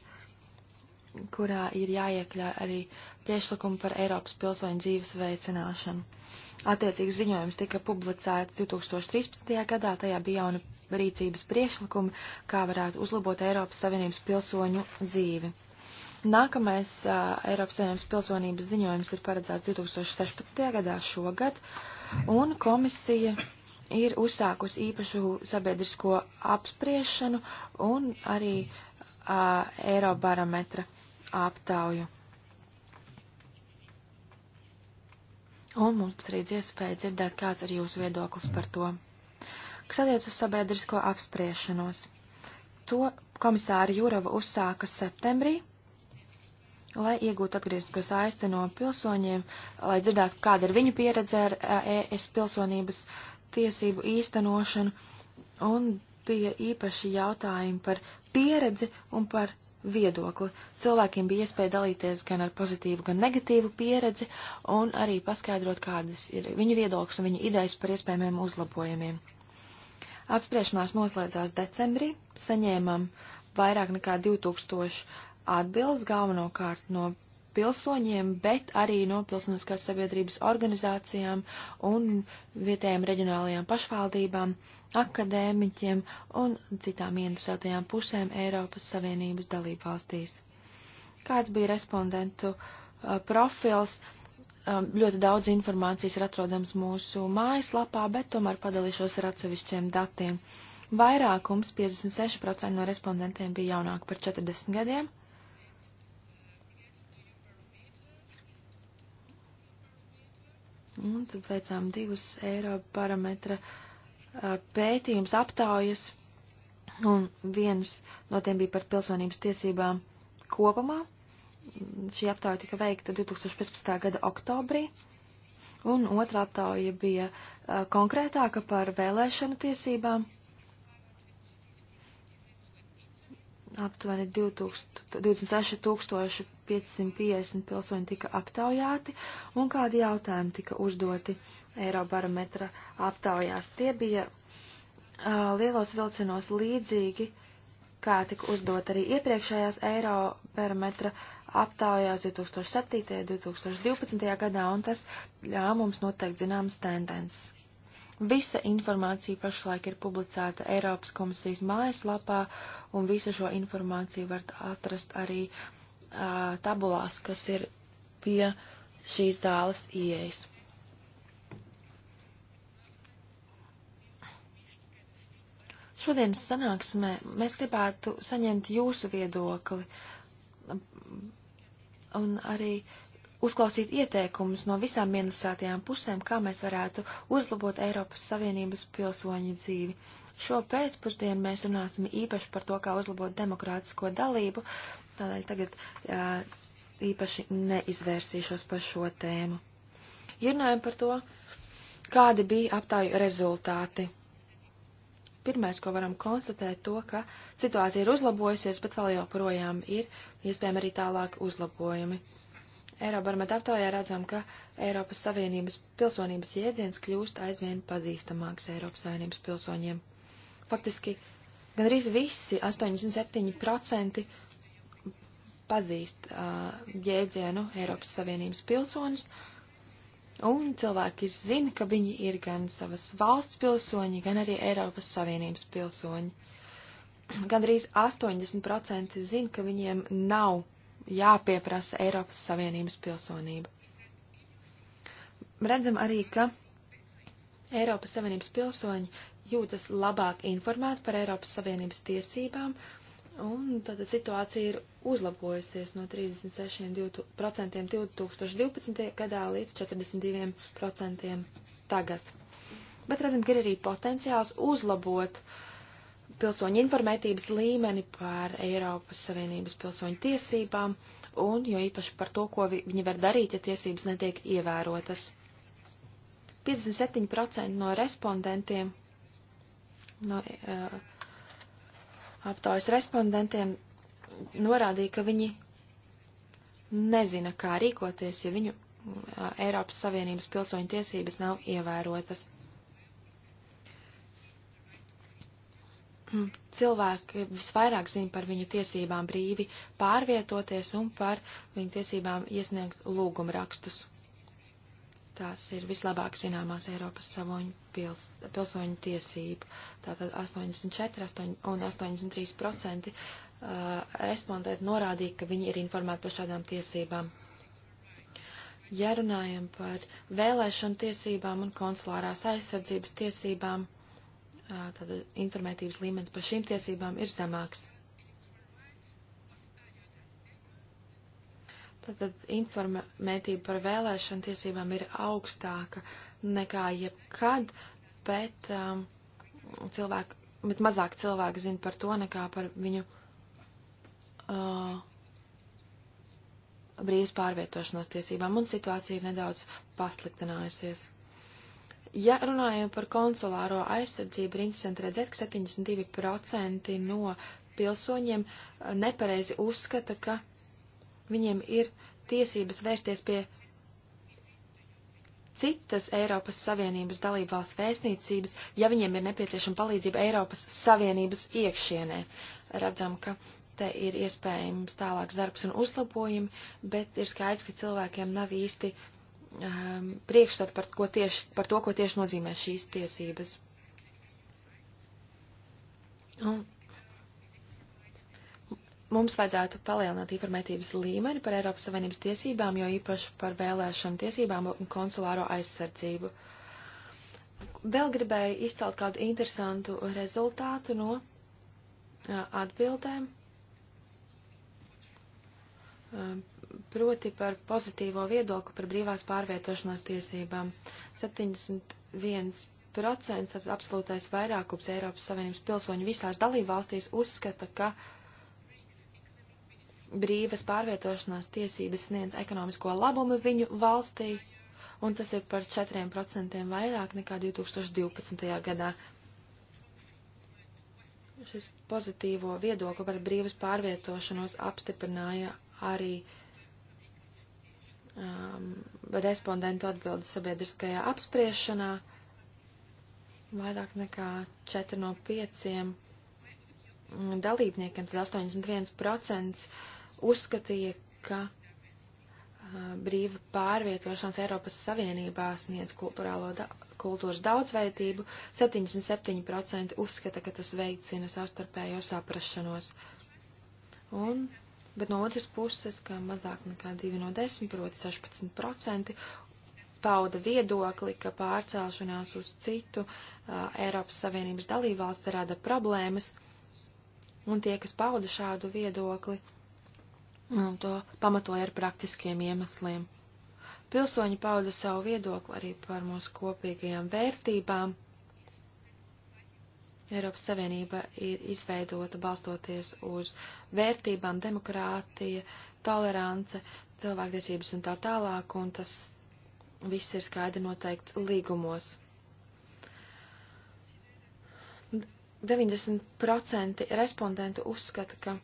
kurā ir jāiekļā arī priešlikumi par Eiropas pilsoņu dzīves veicināšanu. Attiecīgs ziņojums tika publicēts 2013. gadā, tajā bija jauni rīcības priešlikumi, kā varētu uzlabot Eiropas Savienības pilsoņu dzīvi. Nākamais uh, Eiropas Savienības pilsonības ziņojums ir paredzēts 2016. gadā šogad, un komisija ir uzsākusi īpašu sabiedrisko apspriešanu un arī uh, Eirobarometra aptauju. Un mums arī iespēja dzirdēt, kāds ir jūsu viedoklis par to. Kas attiec uz sabiedrisko apspriešanos. To komisāra Jurava uzsāka septembrī, lai iegūtu atgrieztisko saisti no pilsoņiem, lai dzirdētu, kāda ir viņu pieredze ar ES pilsonības tiesību īstenošanu, un bija īpaši jautājumi par pieredzi un par viedokli. Cilvēkiem bija iespēja dalīties gan ar pozitīvu, gan negatīvu pieredzi un arī paskaidrot, kādas ir viņu viedoklis un viņu idejas par iespējamiem uzlabojumiem. Apspriešanās noslēdzās decembrī, saņēmām vairāk nekā 2000 atbildes galvenokārt no pilsoņiem, bet arī no pilsoniskās sabiedrības organizācijām un vietējām reģionālajām pašvaldībām, akadēmiķiem un citām interesētajām pusēm Eiropas Savienības dalību valstīs. Kāds bija respondentu uh, profils? Um, ļoti daudz informācijas ir atrodams mūsu mājaslapā, bet tomēr padalīšos ar atsevišķiem datiem. Vairākums, 56% no respondentiem, bija jaunāki par 40 gadiem. Un tad veicām divus eiro parametra pētījums, aptaujas, un viens no tiem bija par pilsonības tiesībām kopumā. Šī aptauja tika veikta 2015. gada oktobrī, un otra aptauja bija konkrētāka par vēlēšanu tiesībām. aptuveni 26550 pilsoņi tika aptaujāti un kādi jautājumi tika uzdoti Eirobarometra aptaujās. Tie bija uh, lielos vilcienos līdzīgi, kā tika uzdot arī iepriekšējās Eirobarometra aptaujās 2007. un 2012. gadā, un tas ļāva mums noteikt zināmas tendences. Visa informācija pašlaik ir publicēta Eiropas komisijas mājaslapā, un visu šo informāciju var atrast arī uh, tabulās, kas ir pie šīs dāles ieejas. Šodienas sanāksmē mēs gribētu saņemt jūsu viedokli un arī uzklausīt ieteikumus no visām interesētajām pusēm, kā mēs varētu uzlabot Eiropas Savienības pilsoņu dzīvi. Šo pēcpusdienu mēs runāsim īpaši par to, kā uzlabot demokrātisko dalību, tādēļ tagad jā, īpaši neizvērsīšos par šo tēmu. Runājam par to, kādi bija aptāju rezultāti. Pirmais, ko varam konstatēt, to, ka situācija ir uzlabojusies, bet vēl joprojām ir iespējami arī tālāk uzlabojumi. Eirobarometra aptaujā redzam, ka Eiropas Savienības pilsonības jēdziens kļūst aizvien pazīstamāks Eiropas Savienības pilsoņiem. Faktiski gandrīz visi 87% pazīst uh, jēdzienu Eiropas Savienības pilsonis, un cilvēki zina, ka viņi ir gan savas valsts pilsoņi, gan arī Eiropas Savienības pilsoņi. (clears throat) Gandrīz 80% zina, ka viņiem nav jāpieprasa Eiropas Savienības pilsonība. Redzam arī, ka Eiropas Savienības pilsoņi jūtas labāk informēti par Eiropas Savienības tiesībām, un tad situācija ir uzlabojusies no 36% 2012. gadā līdz 42% tagad. Bet redzam, ka ir arī potenciāls uzlabot uh, pilsoņu informētības līmeni par Eiropas Savienības pilsoņu tiesībām un jo īpaši par to, ko vi, viņi var darīt, ja tiesības netiek ievērotas. 57% no respondentiem, no uh, aptaujas respondentiem norādīja, ka viņi nezina, kā rīkoties, ja viņu uh, Eiropas Savienības pilsoņu tiesības nav ievērotas. Mm. cilvēki visvairāk zina par viņu tiesībām brīvi pārvietoties un par viņu tiesībām iesniegt lūgumrakstus. Tās ir vislabāk zināmās Eiropas savoņu pils, pilsoņu tiesību. Tātad 84 8, un 83 procenti uh, respondenti norādīja, ka viņi ir informēti par šādām tiesībām. Ja runājam par vēlēšanu tiesībām un konsulārās aizsardzības tiesībām, tāda informētības līmenis par šīm tiesībām ir zemāks. Tātad informētība par vēlēšanu tiesībām ir augstāka nekā jebkad, bet, um, cilvēku, bet mazāk cilvēku zina par to nekā par viņu uh, brīvas pārvietošanās tiesībām, un situācija ir nedaudz pasliktinājusies. Ja runājam par konsulāro aizsardzību, ir interesanti redzēt, ka 72% no pilsoņiem eh, nepareizi uzskata, ka viņiem ir tiesības vērsties pie citas Eiropas Savienības dalībvalsts vēstniecības, ja viņiem ir nepieciešama palīdzība Eiropas Savienības iekšienē. Redzam, ka te ir iespējams tālāks darbs un uzlabojumi, bet ir skaidrs, ka cilvēkiem nav īsti um, priekšstatu par, ko tieši, par to, ko tieši nozīmē šīs tiesības. Un mums vajadzētu palielināt informētības līmeni par Eiropas Savienības tiesībām, jo īpaši par vēlēšanu tiesībām un konsulāro aizsardzību. Vēl gribēju izcelt kādu interesantu rezultātu no uh, atbildēm um, proti par pozitīvo viedokli par brīvās pārvietošanās tiesībām. 71% absolūtais vairākums Eiropas Savienības pilsoņu visās dalībvalstīs uzskata, ka brīvas pārvietošanās tiesības sniedz ekonomisko labumu viņu valstī, un tas ir par 4% vairāk nekā 2012. gadā. Šis pozitīvo viedokli par brīvas pārvietošanos apstiprināja arī uh, um, respondentu atbildi sabiedriskajā apspriešanā. Vairāk nekā 4 no 5 dalībniekiem, tad 81% uzskatīja, ka uh, brīva pārvietošanās Eiropas Savienībā sniedz kultūrālo da kultūras daudzveidību, 77% uzskata, ka tas veicina savstarpējo saprašanos. Un bet no otras puses, ka mazāk nekā 2 no 10, proti 16%, pauda viedokli, ka pārcelšanās uz citu uh, Eiropas Savienības dalībvalsti rada problēmas, un tie, kas pauda šādu viedokli, um, to pamatoja ar praktiskiem iemesliem. Pilsoņi pauda savu viedokli arī par mūsu kopīgajām vērtībām Eiropas Savienība ir izveidota balstoties uz vērtībām, demokrātija, tolerance, cilvēktiesības un tā tālāk, un tas viss ir skaidri noteikts līgumos. 90% respondentu uzskata, ka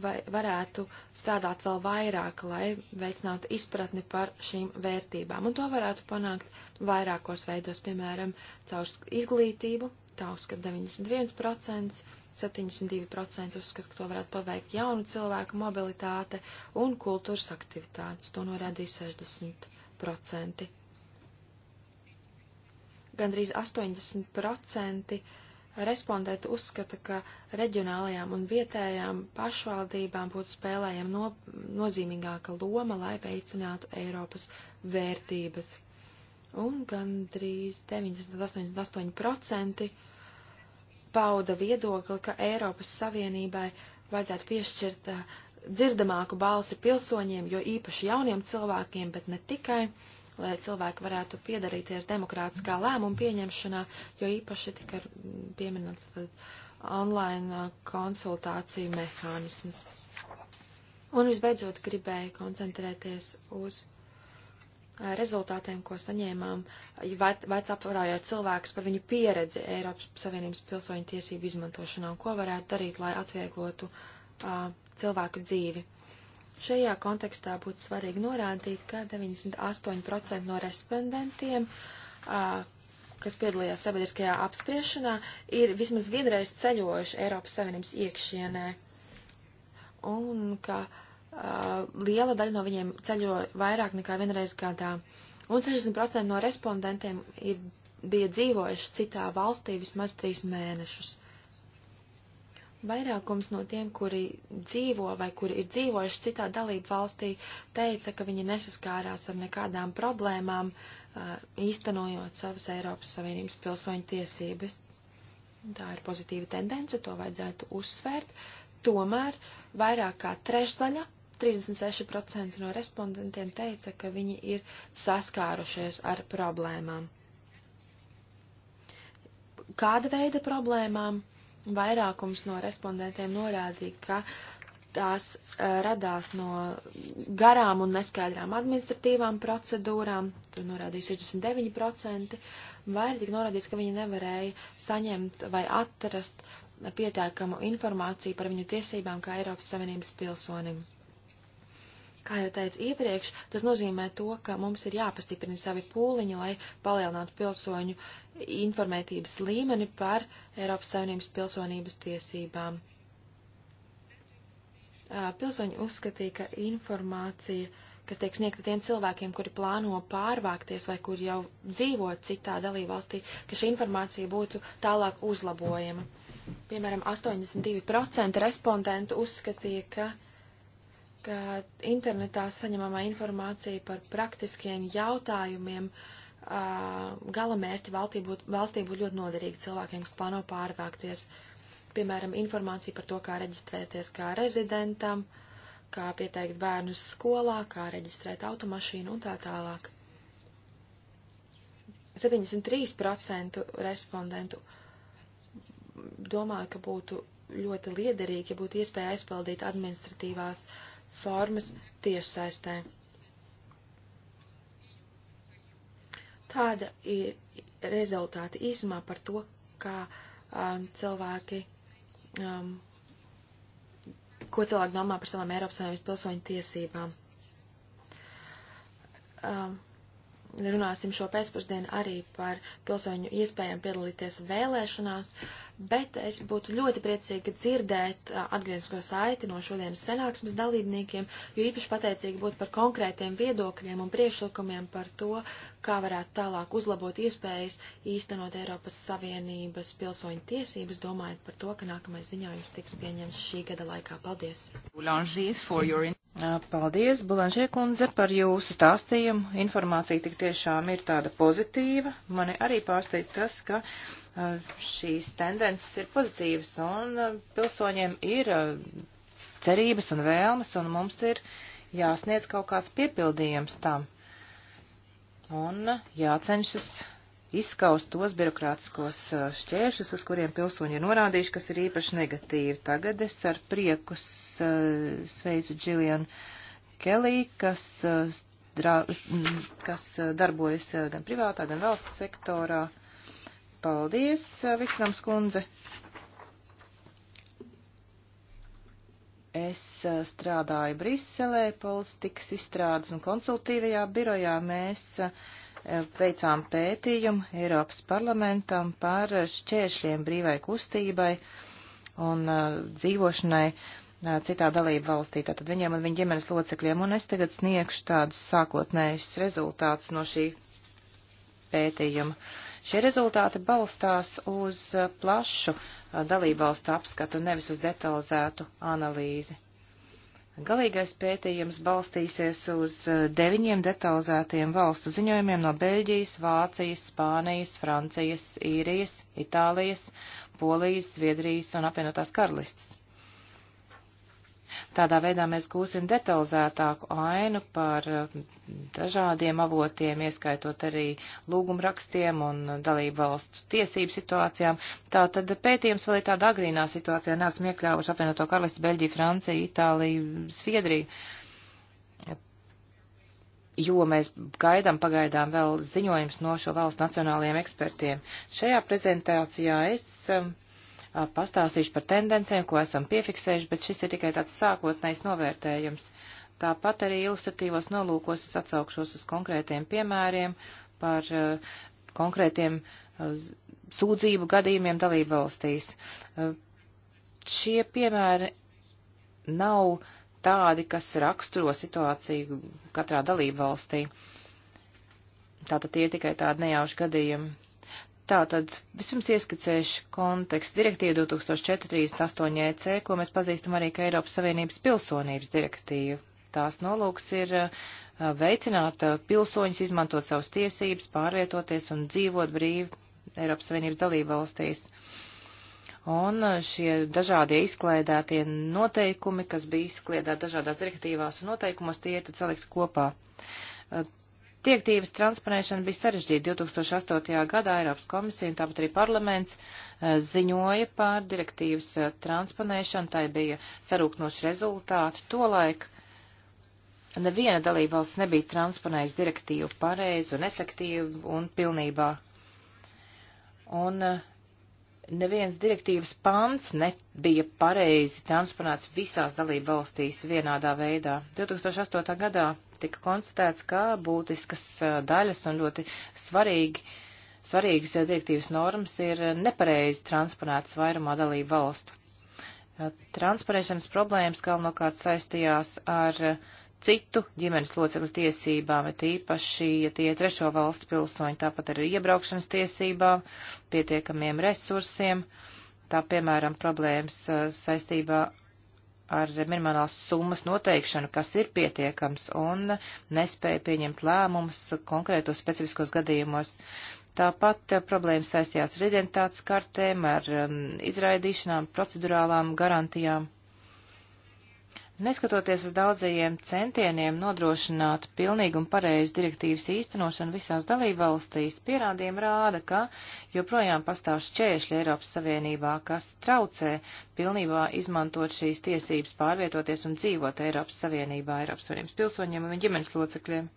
vai, varētu strādāt vēl vairāk, lai veicinātu izpratni par šīm vērtībām. Un to varētu panākt vairākos veidos, piemēram, caur izglītību, tā uzskata 91%, 72% uzskata, ka to varētu paveikt jaunu cilvēku mobilitāte un kultūras aktivitātes. To norādīja 60%. Gandrīz 80% respondenti uzskata, ka reģionālajām un vietējām pašvaldībām būtu spēlējama no, nozīmīgāka loma, lai veicinātu Eiropas vērtības. Un gandrīz 90-88% pauda viedokli, ka Eiropas Savienībai vajadzētu piešķirt eh, dzirdamāku balsi pilsoņiem, jo īpaši jauniem cilvēkiem, bet ne tikai. Uh, lai cilvēki varētu piedarīties demokrātiskā lēmuma pieņemšanā, jo īpaši tika pieminēts online uh, konsultāciju mehānisms. Un visbeidzot gribēju koncentrēties uz uh, rezultātiem, ko saņēmām, vaic apvarājot cilvēkus par viņu pieredzi Eiropas Savienības pilsoņu tiesību izmantošanā un ko varētu darīt, lai atvieglotu uh, cilvēku dzīvi. Uh, Šajā kontekstā būtu svarīgi norādīt, ka 98% no respondentiem, kas piedalījās sabiedriskajā apspriešanā, ir vismaz vienreiz ceļojuši Eiropas Savienības iekšienē. Un ka liela daļa no viņiem ceļo vairāk nekā vienreiz gadā. Un 60% no respondentiem ir, bija dzīvojuši citā valstī vismaz trīs mēnešus. Vairākums no tiem, kuri dzīvo vai kuri ir dzīvojuši citā dalību valstī, teica, ka viņi nesaskārās ar nekādām problēmām, uh, īstenojot savas Eiropas Savienības pilsoņu tiesības. Tā ir pozitīva tendence, to vajadzētu uzsvērt. Tomēr vairāk kā trešdaļa 36% no respondentiem teica, ka viņi ir saskārušies ar problēmām. Kāda veida problēmām? Vairākums no respondentiem norādīja, ka tās uh, radās no garām un neskaidrām administratīvām procedūrām, tur norādīja 69%, vai arī tika norādīts, ka viņi nevarēja saņemt vai atrast pietiekamu informāciju par viņu tiesībām kā Eiropas Savienības pilsonim. Kā jau teicu iepriekš, tas nozīmē to, ka mums ir jāpastiprina savi pūliņi, lai palielinātu pilsoņu informētības līmeni par Eiropas Savienības pilsonības tiesībām. Pilsoņi uzskatīja, ka informācija, kas tiek sniegta tiem cilvēkiem, kuri plāno pārvākties vai kuri jau dzīvo citā dalībvalstī, ka šī informācija būtu tālāk uzlabojama. Piemēram, 82% respondentu uzskatīja, ka ka internetā saņemamā informācija par praktiskiem jautājumiem galamērķi valstī būtu būt ļoti noderīga cilvēkiem, kas plāno pārvākties. Piemēram, informācija par to, kā reģistrēties kā rezidentam, kā pieteikt bērnus skolā, kā reģistrēt automašīnu un tā tālāk. 73% respondentu domāju, ka būtu ļoti liederīgi, ja būtu iespēja aizpildīt administratīvās uh, formas tiešsaistē. Tāda ir rezultāti īsumā par to, kā um, cilvēki, um, ko cilvēki domā par savām Eiropas Savienības pilsoņu tiesībām. Um, runāsim šo pēcpusdienu arī par pilsoņu iespējām piedalīties vēlēšanās. Uh, bet es būtu ļoti priecīga dzirdēt atgriezisko saiti no šodienas senāksmes dalībniekiem, jo īpaši pateicīgi būtu par konkrētiem viedokļiem un priekšlikumiem par to, kā varētu tālāk uzlabot iespējas īstenot Eiropas Savienības pilsoņu tiesības, domājot par to, ka nākamais ziņojums tiks pieņemts šī gada laikā. Paldies! Paldies, Bulanžie kundze, par jūsu stāstījumu. Informācija tik tiešām ir tāda pozitīva. Mani arī pārsteidz tas, ka šīs tendences ir pozitīvas un uh, pilsoņiem ir uh, cerības un vēlmes un mums ir jāsniedz kaut kāds piepildījums tam un uh, jācenšas izskaust tos birokrātiskos šķēršļus, uz kuriem pilsoņi ir norādījuši, kas ir īpaši negatīvi. Tagad es ar prieku sveicu Džilianu Kelī, kas, kas darbojas gan privātā, gan valsts sektorā. Paldies, Viknams kundze. Es eh, strādāju Briselē, politikas izstrādes un konsultīvajā birojā. Mēs eh, veicām pētījumu Eiropas parlamentam par šķēršļiem brīvai kustībai un eh, dzīvošanai citā dalība valstī, tātad viņiem un viņa ģimenes locekļiem, un es tagad sniegšu tādus sākotnējus rezultātus no šī pētījuma. Šie rezultāti balstās uz uh, plašu uh, dalībvalstu apskatu, nevis uz detalizētu analīzi. Galīgais pētījums balstīsies uz uh, deviņiem detalizētiem valstu ziņojumiem no Beļģijas, Vācijas, Spānijas, Francijas, Īrijas, Itālijas, Polijas, Zviedrijas un apvienotās karalists. Tādā veidā mēs gūsim detalizētāku ainu par eh, dažādiem avotiem, ieskaitot arī lūgumrakstiem un dalību valstu tiesību situācijām. Tātad pētījums vēl ir tāda agrīnā situācijā, neesam iekļāvuši apvienoto karalisti Beļģiju, Franciju, Itāliju, Sviedriju jo mēs gaidām pagaidām vēl ziņojums no šo valstu nacionālajiem ekspertiem. Šajā prezentācijā es eh, pastāstīšu par tendencēm, ko esam piefiksējuši, bet šis ir tikai tāds sākotnējs novērtējums. Tāpat arī ilustratīvos nolūkos es atsaukšos uz konkrētiem piemēriem par konkrētiem sūdzību gadījumiem dalību valstīs. Šie piemēri nav tādi, kas raksturo situāciju katrā dalību valstī. Tātad tie ir tikai tādi nejauši gadījumi. Tātad vispirms ieskicēšu kontekstu direktīvu 2004-38 EC, ko mēs pazīstam arī kā Eiropas Savienības pilsonības direktīvu. Tās nolūks ir uh, veicināt uh, pilsoņus izmantot savas tiesības, pārvietoties un dzīvot brīvi Eiropas Savienības dalību valstīs. Un uh, šie dažādie izklēdētie noteikumi, kas bija izklēdēti dažādās direktīvās un noteikumos, tie ir tad salikti kopā Direktīvas transponēšana bija sarežģīta. 2008. gadā Eiropas komisija un tāpat arī parlaments eh, ziņoja par direktīvas eh, transponēšanu. Tai bija sarūknoši rezultāti. Tolaik neviena dalībvalsts nebija transponējusi direktīvu pareizi un efektīvi un pilnībā. Un eh, neviens direktīvas pants nebija pareizi transponēts visās dalībvalstīs vienādā veidā. 2008. gadā tika konstatēts, ka būtiskas daļas un ļoti svarīgi, svarīgas direktīvas normas ir nepareizi transponētas vairumā dalību valstu. Transponēšanas problēmas galvenokārt saistījās ar citu ģimenes locekļu tiesībām, bet īpaši, ja tie trešo valstu pilsoņi, tāpat arī iebraukšanas tiesībām, pietiekamiem resursiem, tā piemēram problēmas saistībā ar minimālās summas noteikšanu, kas ir pietiekams un nespēja pieņemt lēmumus konkrētos specifiskos gadījumos. Tāpat eh, problēmas saistījās ar identitātes kartēm, ar um, izraidīšanām, procedurālām garantijām. Neskatoties uz daudzajiem centieniem nodrošināt pilnīgu un pareizu direktīvas īstenošanu visās dalībvalstīs, pierādījumi rāda, ka joprojām pastāv šķēršļi Eiropas Savienībā, kas traucē pilnībā izmantot šīs tiesības pārvietoties un dzīvot Eiropas Savienībā Eiropas Savienības pilsoņiem un ģimenes locekļiem.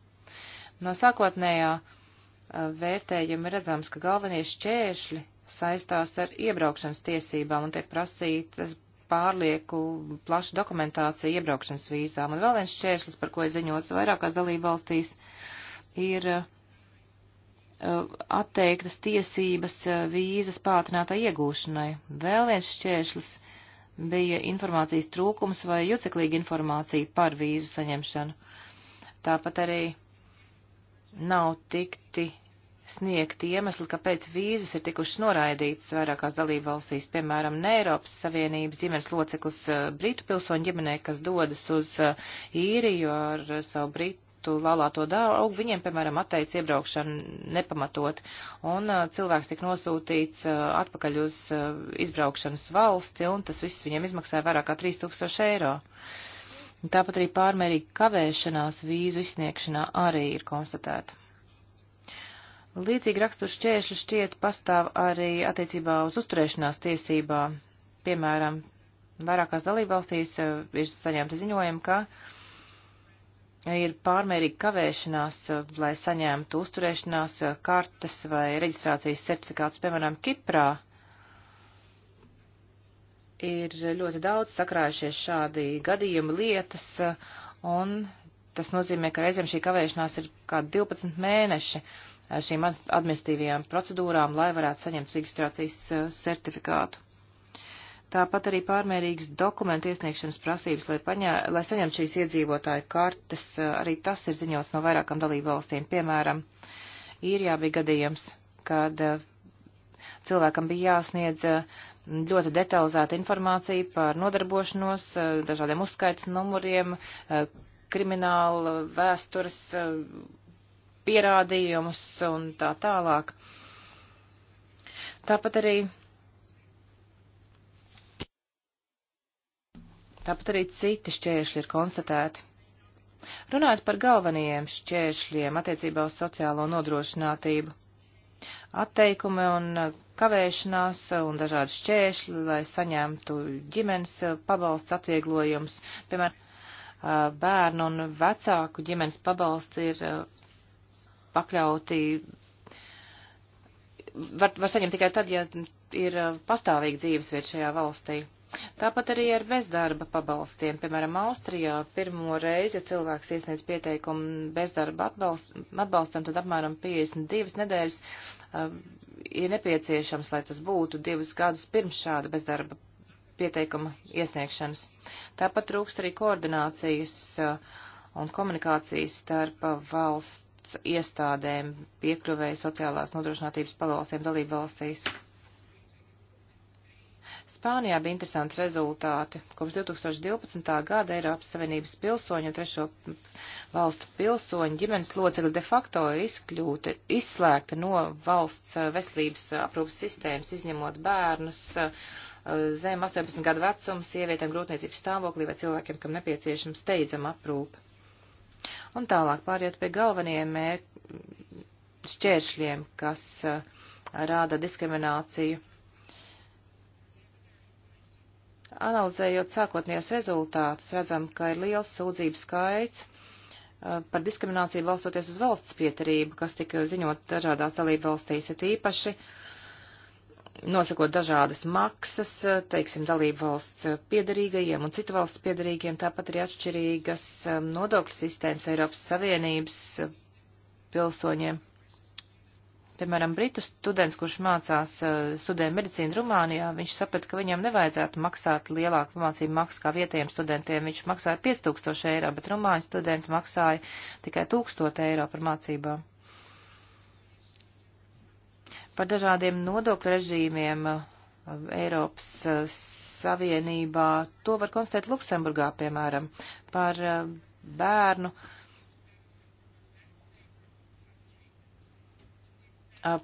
No sākotnējā vērtējuma redzams, ka galvenie šķēršļi saistās ar iebraukšanas tiesībām un tiek prasītas pārlieku plaša dokumentācija iebraukšanas vīzām. Un vēl viens šķēršlis, par ko ir ziņots vairākās dalībvalstīs, ir uh, atteiktas tiesības uh, vīzas pātrinātā iegūšanai. Vēl viens šķēršlis bija informācijas trūkums vai juceklīga informācija par vīzu saņemšanu. Tāpat arī nav tikti sniegt iemesli, kāpēc vīzas ir tikušas noraidītas vairākās dalību valstīs, piemēram, ne Eiropas Savienības ģimenes loceklis Britu pilsoņu ģimenē, kas dodas uz īriju ar savu Britu citu laulāto draugu, viņiem, piemēram, atteica iebraukšanu nepamatot, un cilvēks tika nosūtīts atpakaļ uz izbraukšanas valsti, un tas viss viņiem izmaksāja vairāk kā 3000 eiro. Tāpat arī pārmērīga kavēšanās vīzu izsniegšanā arī ir konstatēta. Līdzīgi raksturs šķēršļi šķiet pastāv arī attiecībā uz uzturēšanās tiesībām. Piemēram, vairākās dalībvalstīs eh, ir saņemta ziņojuma, ka ir pārmērīga kavēšanās, eh, lai saņemtu uzturēšanās eh, kartes vai reģistrācijas certifikātus, piemēram, Kiprā. Ir ļoti daudz sakrājušies šādi gadījumi lietas, un tas nozīmē, ka reizēm šī kavēšanās ir kā 12 mēneši šīm administratīvajām procedūrām, lai varētu saņemt reģistrācijas eh, certifikātu. Tāpat arī pārmērīgas dokumentu iesniegšanas prasības, lai, paņē, lai saņemtu šīs iedzīvotāju kartes, eh, arī tas ir ziņots no vairākām dalību valstīm. Piemēram, īrijā bija gadījums, kad eh, cilvēkam bija jāsniedz ļoti detalizēta informācija par nodarbošanos, dažādiem uzskaits numuriem, krimināla vēstures pierādījumus un tā tālāk. Tāpat arī. Tāpat arī citi šķēršļi ir konstatēti. Runājot par galvenajiem šķēršļiem attiecībā uz sociālo nodrošinātību, atteikumi un kavēšanās un dažādi šķēršļi, lai saņemtu ģimenes pabalsts atvieglojums, piemēram, bērnu un vecāku ģimenes pabalsts ir pakļauti, var, var saņemt tikai tad, ja ir uh, pastāvīgi dzīvesvieta šajā valstī. Tāpat arī ar bezdarba pabalstiem. Piemēram, Austrijā pirmo reizi, ja cilvēks iesniedz pieteikumu bezdarba atbalst, atbalstam, tad apmēram 52 nedēļas uh, ir nepieciešams, lai tas būtu divus gadus pirms šāda bezdarba pieteikuma iesniegšanas. Tāpat trūkst arī koordinācijas uh, un komunikācijas starp valsts piešķirts iestādēm piekļuvēja sociālās nodrošinātības pavalstiem dalību valstīs. Spānijā bija interesanti rezultāti. Kopš 2012. gada Eiropas Savienības pilsoņu un trešo valstu pilsoņu ģimenes locekļi de facto ir izkļūti, izslēgti no valsts veselības aprūpas sistēmas, izņemot bērnus zem 18 gadu vecuma, sievietēm grūtniecības stāvoklī vai cilvēkiem, kam nepieciešams steidzama aprūpa. Un tālāk pāriet pie galvenajiem šķēršļiem, kas eh, rāda diskrimināciju. Analizējot sākotnējos rezultātus, redzam, ka ir liels sūdzību skaits eh, par diskrimināciju balstoties uz valsts pieturību, kas tika ziņot dažādās dalību valstīs, ir īpaši uh, nosakot dažādas maksas, teiksim, dalību valsts piedarīgajiem un citu valsts piedarīgiem, tāpat arī atšķirīgas um, nodokļu sistēmas Eiropas Savienības uh, pilsoņiem. Piemēram, Britu students, kurš mācās uh, studēja medicīnu Rumānijā, viņš saprata, ka viņam nevajadzētu maksāt lielāku mācību maksu kā vietējiem studentiem. Viņš maksāja 5000 eiro, bet rumāņu studenti maksāja tikai 1000 eiro par mācībām par dažādiem nodokļu režīmiem uh, Eiropas uh, Savienībā. To var konstatēt Luksemburgā, piemēram, par uh, bērnu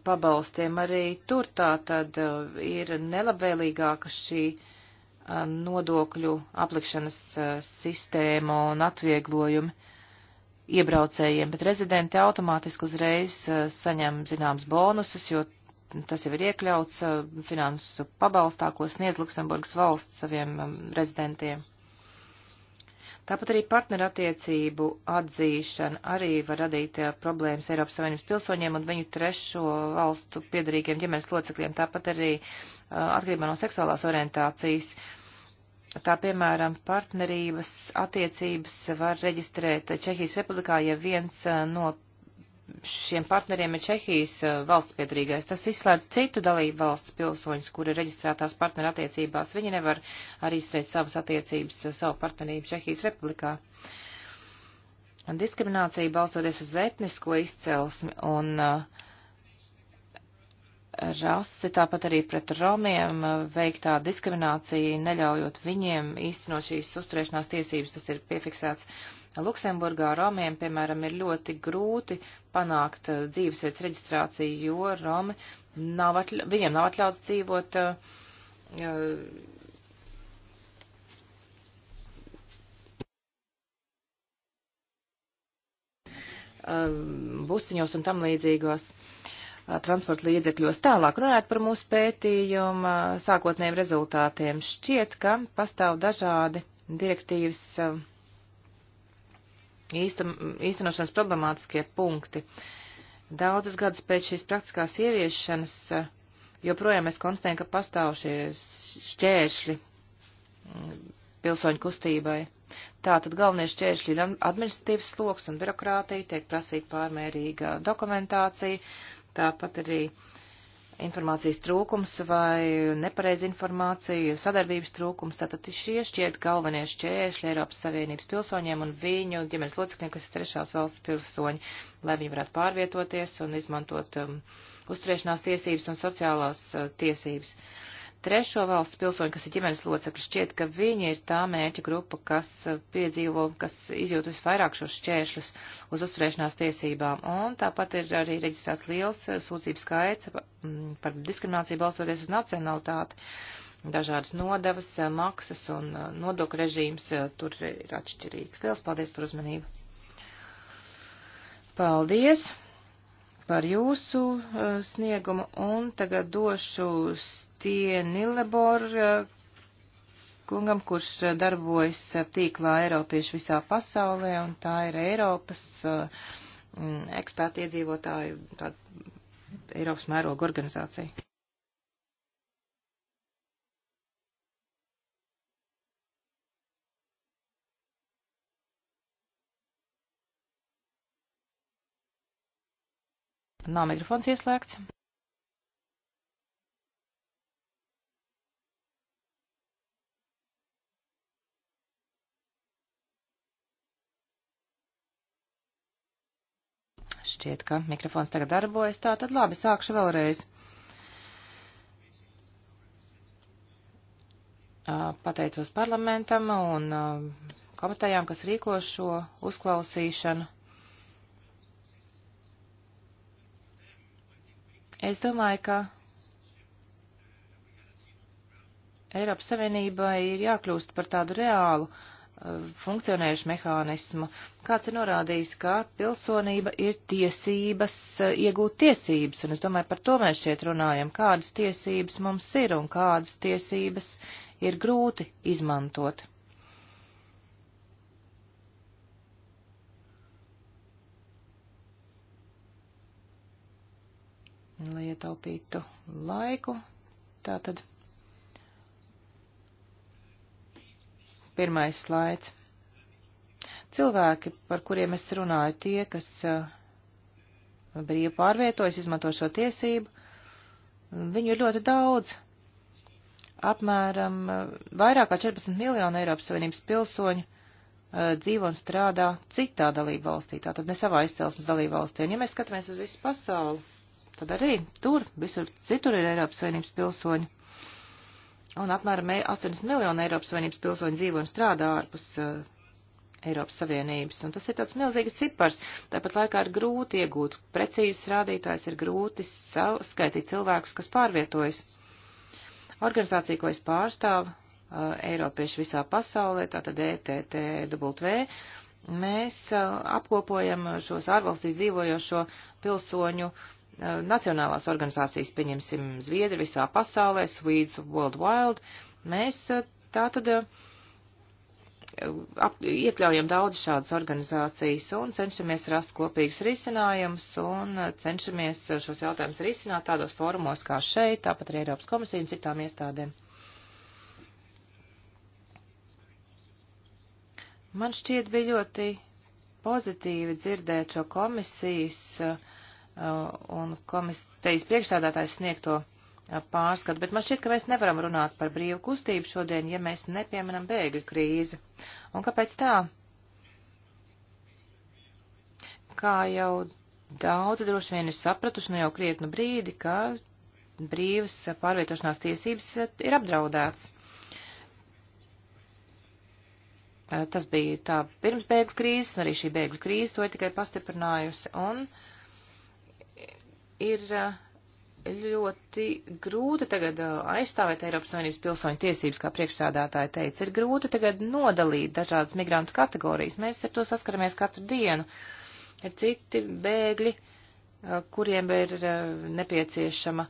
pabalstiem. Arī tur tā tad ir nelabvēlīgāka šī nodokļu aplikšanas sistēma un atvieglojumi iebraucējiem, bet rezidenti automātiski uzreiz saņem zināms bonusus, jo tas jau ir iekļauts uh, finansu pabalstā, ko sniedz Luksemburgas valsts saviem um, rezidentiem. Tāpat arī partnerattiecību atzīšana arī var radīt uh, problēmas Eiropas Savienības pilsoņiem un viņu trešo valstu piedarīgiem ģimenes locekļiem, tāpat arī uh, atkarībā no seksuālās orientācijas. Tā piemēram, partnerības attiecības var reģistrēt Čehijas republikā, ja viens no šiem partneriem ir Čehijas eh, valsts piedarīgais. Tas izslēdz citu dalību valsts pilsoņus, kuri ir reģistrētās partneru attiecībās. Viņi nevar arī izstrēt savas attiecības, eh, savu partnerību Čehijas republikā. Diskriminācija balstoties uz etnisko izcelsmi un uh, rasi, tāpat arī pret romiem uh, veiktā diskriminācija, neļaujot viņiem īstenot šīs uzturēšanās tiesības, tas ir piefiksēts Luksemburgā. Romiem, piemēram, ir ļoti grūti panākt uh, dzīvesvietas reģistrāciju, jo romi nav atļa, viņiem nav atļauts dzīvot. Uh, busiņos un tam līdzīgos. Uh, transporta līdzekļos. Tālāk runājot par mūsu pētījuma sākotnējiem rezultātiem, šķiet, ka pastāv dažādi direktīvas īsta, īstenošanas problemātiskie punkti. Daudzus gadus pēc šīs praktiskās ieviešanas joprojām mēs konstatējam, ka pastāv šie šķēršļi pilsoņu kustībai. Tātad galvenie šķēršļi ir administratīvs sloks un birokrātija, tiek prasīta pārmērīga dokumentācija, Tāpat arī informācijas trūkums vai nepareiz informācija, sadarbības trūkums, tātad šie šķiet galvenie šķēršļi Eiropas Savienības pilsoņiem un viņu ģimenes locekļiem, kas ir trešās valsts pilsoņi, lai viņi varētu pārvietoties un izmantot um, uzturēšanās tiesības un sociālās uh, tiesības. Uh, trešo valstu pilsoņi, kas ir ģimenes locekļi, šķiet, ka viņi ir tā mērķa grupa, kas uh, piedzīvo, kas izjūt visvairāk šos šķēršļus uz uzturēšanās tiesībām. Un tāpat ir arī reģistrēts liels uh, sūdzības skaits mm, par diskrimināciju balstoties uz nacionalitāti. Dažādas nodevas, uh, maksas un nodokļu režīms tur ir atšķirīgs. Liels paldies par uzmanību! Paldies! par jūsu uh, sniegumu un tagad došu Stienilebor uh, eh, kungam, kurš uh, darbojas tīklā Eiropiešu visā pasaulē un tā ir Eiropas mm, eksperti iedzīvotāju, tāda Eiropas mēroga organizācija. Nav mikrofons ieslēgts. Šķiet, ka mikrofons tagad darbojas. Tā tad labi, sākšu vēlreiz. Pateicos parlamentam un komitejām, kas rīko šo uzklausīšanu. Es domāju, ka Eiropas Savienībai ir jākļūst par tādu reālu uh, funkcionējušu mehānismu. Kāds ir norādījis, ka pilsonība ir tiesības uh, iegūt tiesības, un es domāju, par to mēs šeit runājam, kādas tiesības mums ir un kādas tiesības ir grūti izmantot. lai ietaupītu laiku. Tātad pirmais slaids. Cilvēki, par kuriem es runāju, tie, kas uh, brīvi pārvietojas, izmanto šo tiesību, viņu ir ļoti daudz. Apmēram uh, vairāk kā 14 miljonu Eiropas Savienības pilsoņu uh, dzīvo un strādā citā dalība valstī, tātad ne savā izcelsmes dalība valstī. Un ja mēs skatāmies uz visu pasauli, tad arī tur, visur citur ir Eiropas Savienības pilsoņi. Un apmēram 80 e- miljonu Eiropas Savienības pilsoņu dzīvo un strādā ārpus uh, Eiropas Savienības. Un tas ir tāds milzīgs cipars. Tāpat laikā ir grūti iegūt precīzus rādītājus, ir grūti skaitīt cilvēkus, kas pārvietojas. Organizācija, ko es pārstāvu, eh, Eiropieši visā pasaulē, tātad ETTW, mēs eh, apkopojam šos ārvalstīs dzīvojošo pilsoņu uh, Eh, nacionālās organizācijas, pieņemsim, Zviedri visā pasaulē, Swedes World Wild, mēs eh, tā tad eh, ap, iekļaujam daudz šādas organizācijas un cenšamies rast kopīgus risinājumus un cenšamies šos jautājumus risināt tādos fórumos kā šeit, tāpat arī Eiropas komisija un citām iestādēm. Man šķiet bija ļoti pozitīvi dzirdēt šo komisijas uh, Eh, un komitejas priekšsādātājs sniegto eh, pārskatu, bet man šķiet, ka mēs nevaram runāt par brīvu kustību šodien, ja mēs nepieminam bēgļu krīzi. Un kāpēc tā? Kā jau daudzi droši vien ir sapratuši nu jau krietnu brīdi, ka brīvas pārvietošanās tiesības eh, ir apdraudēts. Tas bija tā pirms bēgļu krīzes, un arī šī bēgļu krīze to ir tikai pastiprinājusi. Un uh, ir eh, ļoti grūti tagad eh, aizstāvēt Eiropas Savienības pilsoņu tiesības, kā priekšsādātāja teica. Ir grūti tagad nodalīt dažādas migrantu kategorijas. Mēs ar to saskaramies katru dienu. Ir citi bēgļi, eh, kuriem ir nepieciešama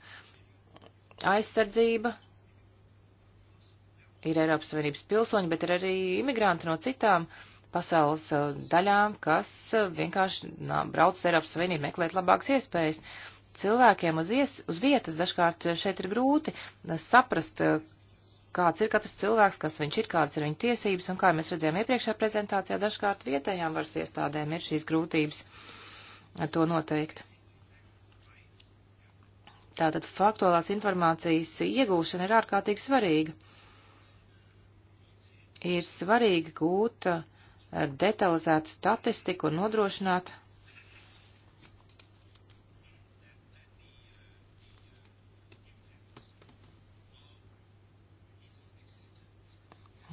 aizsardzība. Ir Eiropas Savienības pilsoņi, bet ir arī imigranti no citām pasaules daļām, kas vienkārši nā, brauc Eiropas Savienību meklēt labākas iespējas. Uh, cilvēkiem uz, ies, uz vietas dažkārt eh, šeit ir grūti eh, saprast, eh, kāds ir katrs cilvēks, kas viņš ir, kādas ir viņa tiesības, un kā mēs redzējām iepriekšējā prezentācijā, dažkārt vietējām varas iestādēm ir šīs grūtības to noteikt. Tātad faktuālās informācijas iegūšana ir ārkārtīgi svarīga. Ir svarīgi gūt detalizētu statistiku un nodrošināt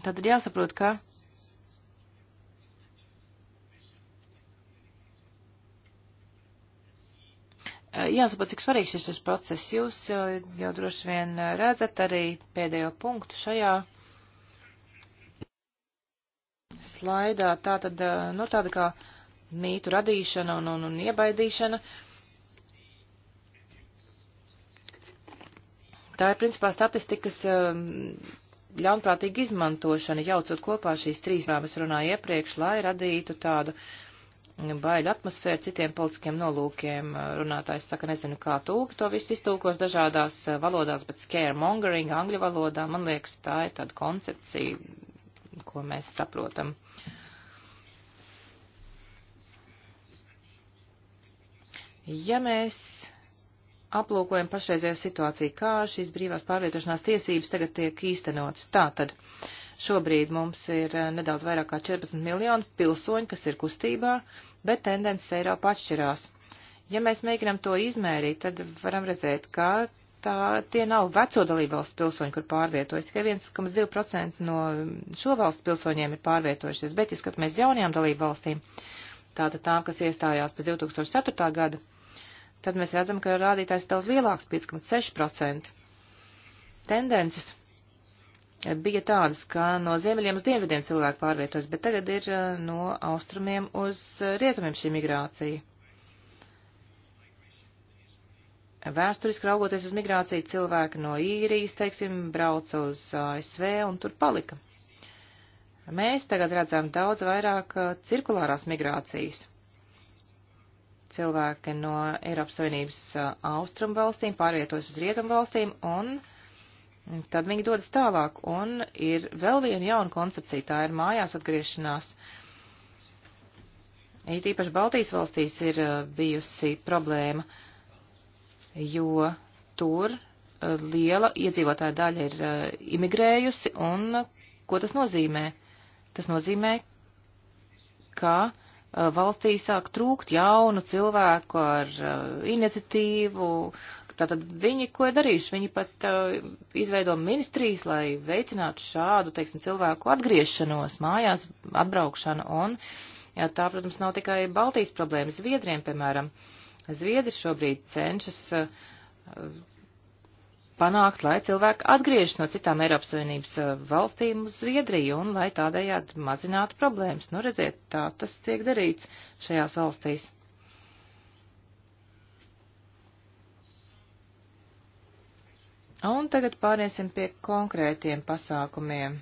Tad ir jāsaprot, ka Jāsaprot, cik svarīgs ir šis process. Jūs jau, uh, jau droši vien uh, redzat arī pēdējo punktu šajā slaidā. Tā tad, uh, nu, tāda kā mītu radīšana un, un, un iebaidīšana. Tā ir principā statistikas um, ļaunprātīga izmantošana, jaucot kopā šīs trīs rāmas runāja iepriekš, lai radītu tādu baiļu atmosfēru citiem politiskiem nolūkiem. Runātājs saka, nezinu, kā tulki to visu iztulkos dažādās valodās, bet scaremongering angļu valodā, man liekas, tā ir tāda koncepcija, ko mēs saprotam. Ja mēs aplūkojam pašreizējo situāciju, kā šīs brīvās pārvietošanās tiesības tagad tiek īstenotas. Tātad šobrīd mums ir eh, nedaudz vairāk kā 14 miljonu pilsoņu, kas ir kustībā, bet tendences Eiropā atšķirās. Ja mēs mēģinām to izmērīt, tad varam redzēt, ka tā, tie nav veco dalībvalstu pilsoņi, kur pārvietojas. Tikai 1,2% no šo valstu pilsoņiem ir pārvietojušies, bet, ja skatāmies jaunajām dalībvalstīm, tātad tām, kas iestājās pēc 2004. gada, tad mēs redzam, ka rādītājs daudz lielāks - 5,6%. Tendences bija tādas, ka no ziemeļiem uz dienvidiem cilvēki pārvietojas, bet tagad ir eh, no austrumiem uz eh, rietumiem šī migrācija. Vēsturiski raugoties uz migrāciju, cilvēki no īrijas, teiksim, brauca uz eh, ASV un tur palika. Mēs tagad redzam daudz vairāk cirkulārās migrācijas cilvēki no Eiropas Savienības uh, austrumu valstīm pārvietojas uz rietumu valstīm, un tad viņi dodas tālāk. Un ir vēl viena jauna koncepcija, tā ir mājās atgriešanās. It īpaši Baltijas valstīs ir uh, bijusi problēma, jo tur uh, liela iedzīvotāja daļa ir imigrējusi, un ko tas nozīmē? Tas nozīmē, ka Eh, valstī sāk trūkt jaunu cilvēku ar eh, iniciatīvu. Tātad viņi, ko ir darījuši, viņi pat uh, izveido ministrijas, lai veicinātu šādu, teiksim, cilvēku atgriešanos mājās, atbraukšanu. Un jā, tā, protams, nav tikai Baltijas problēma. Zviedriem, piemēram, Zviedri šobrīd cenšas uh, panākt, lai cilvēki atgriežas no citām Eiropas Savienības eh, valstīm uz Zviedriju un lai tādējādi mazinātu problēmas. Nu, redziet, tā tas tiek darīts šajās valstīs. Un tagad pāriesim pie konkrētiem pasākumiem,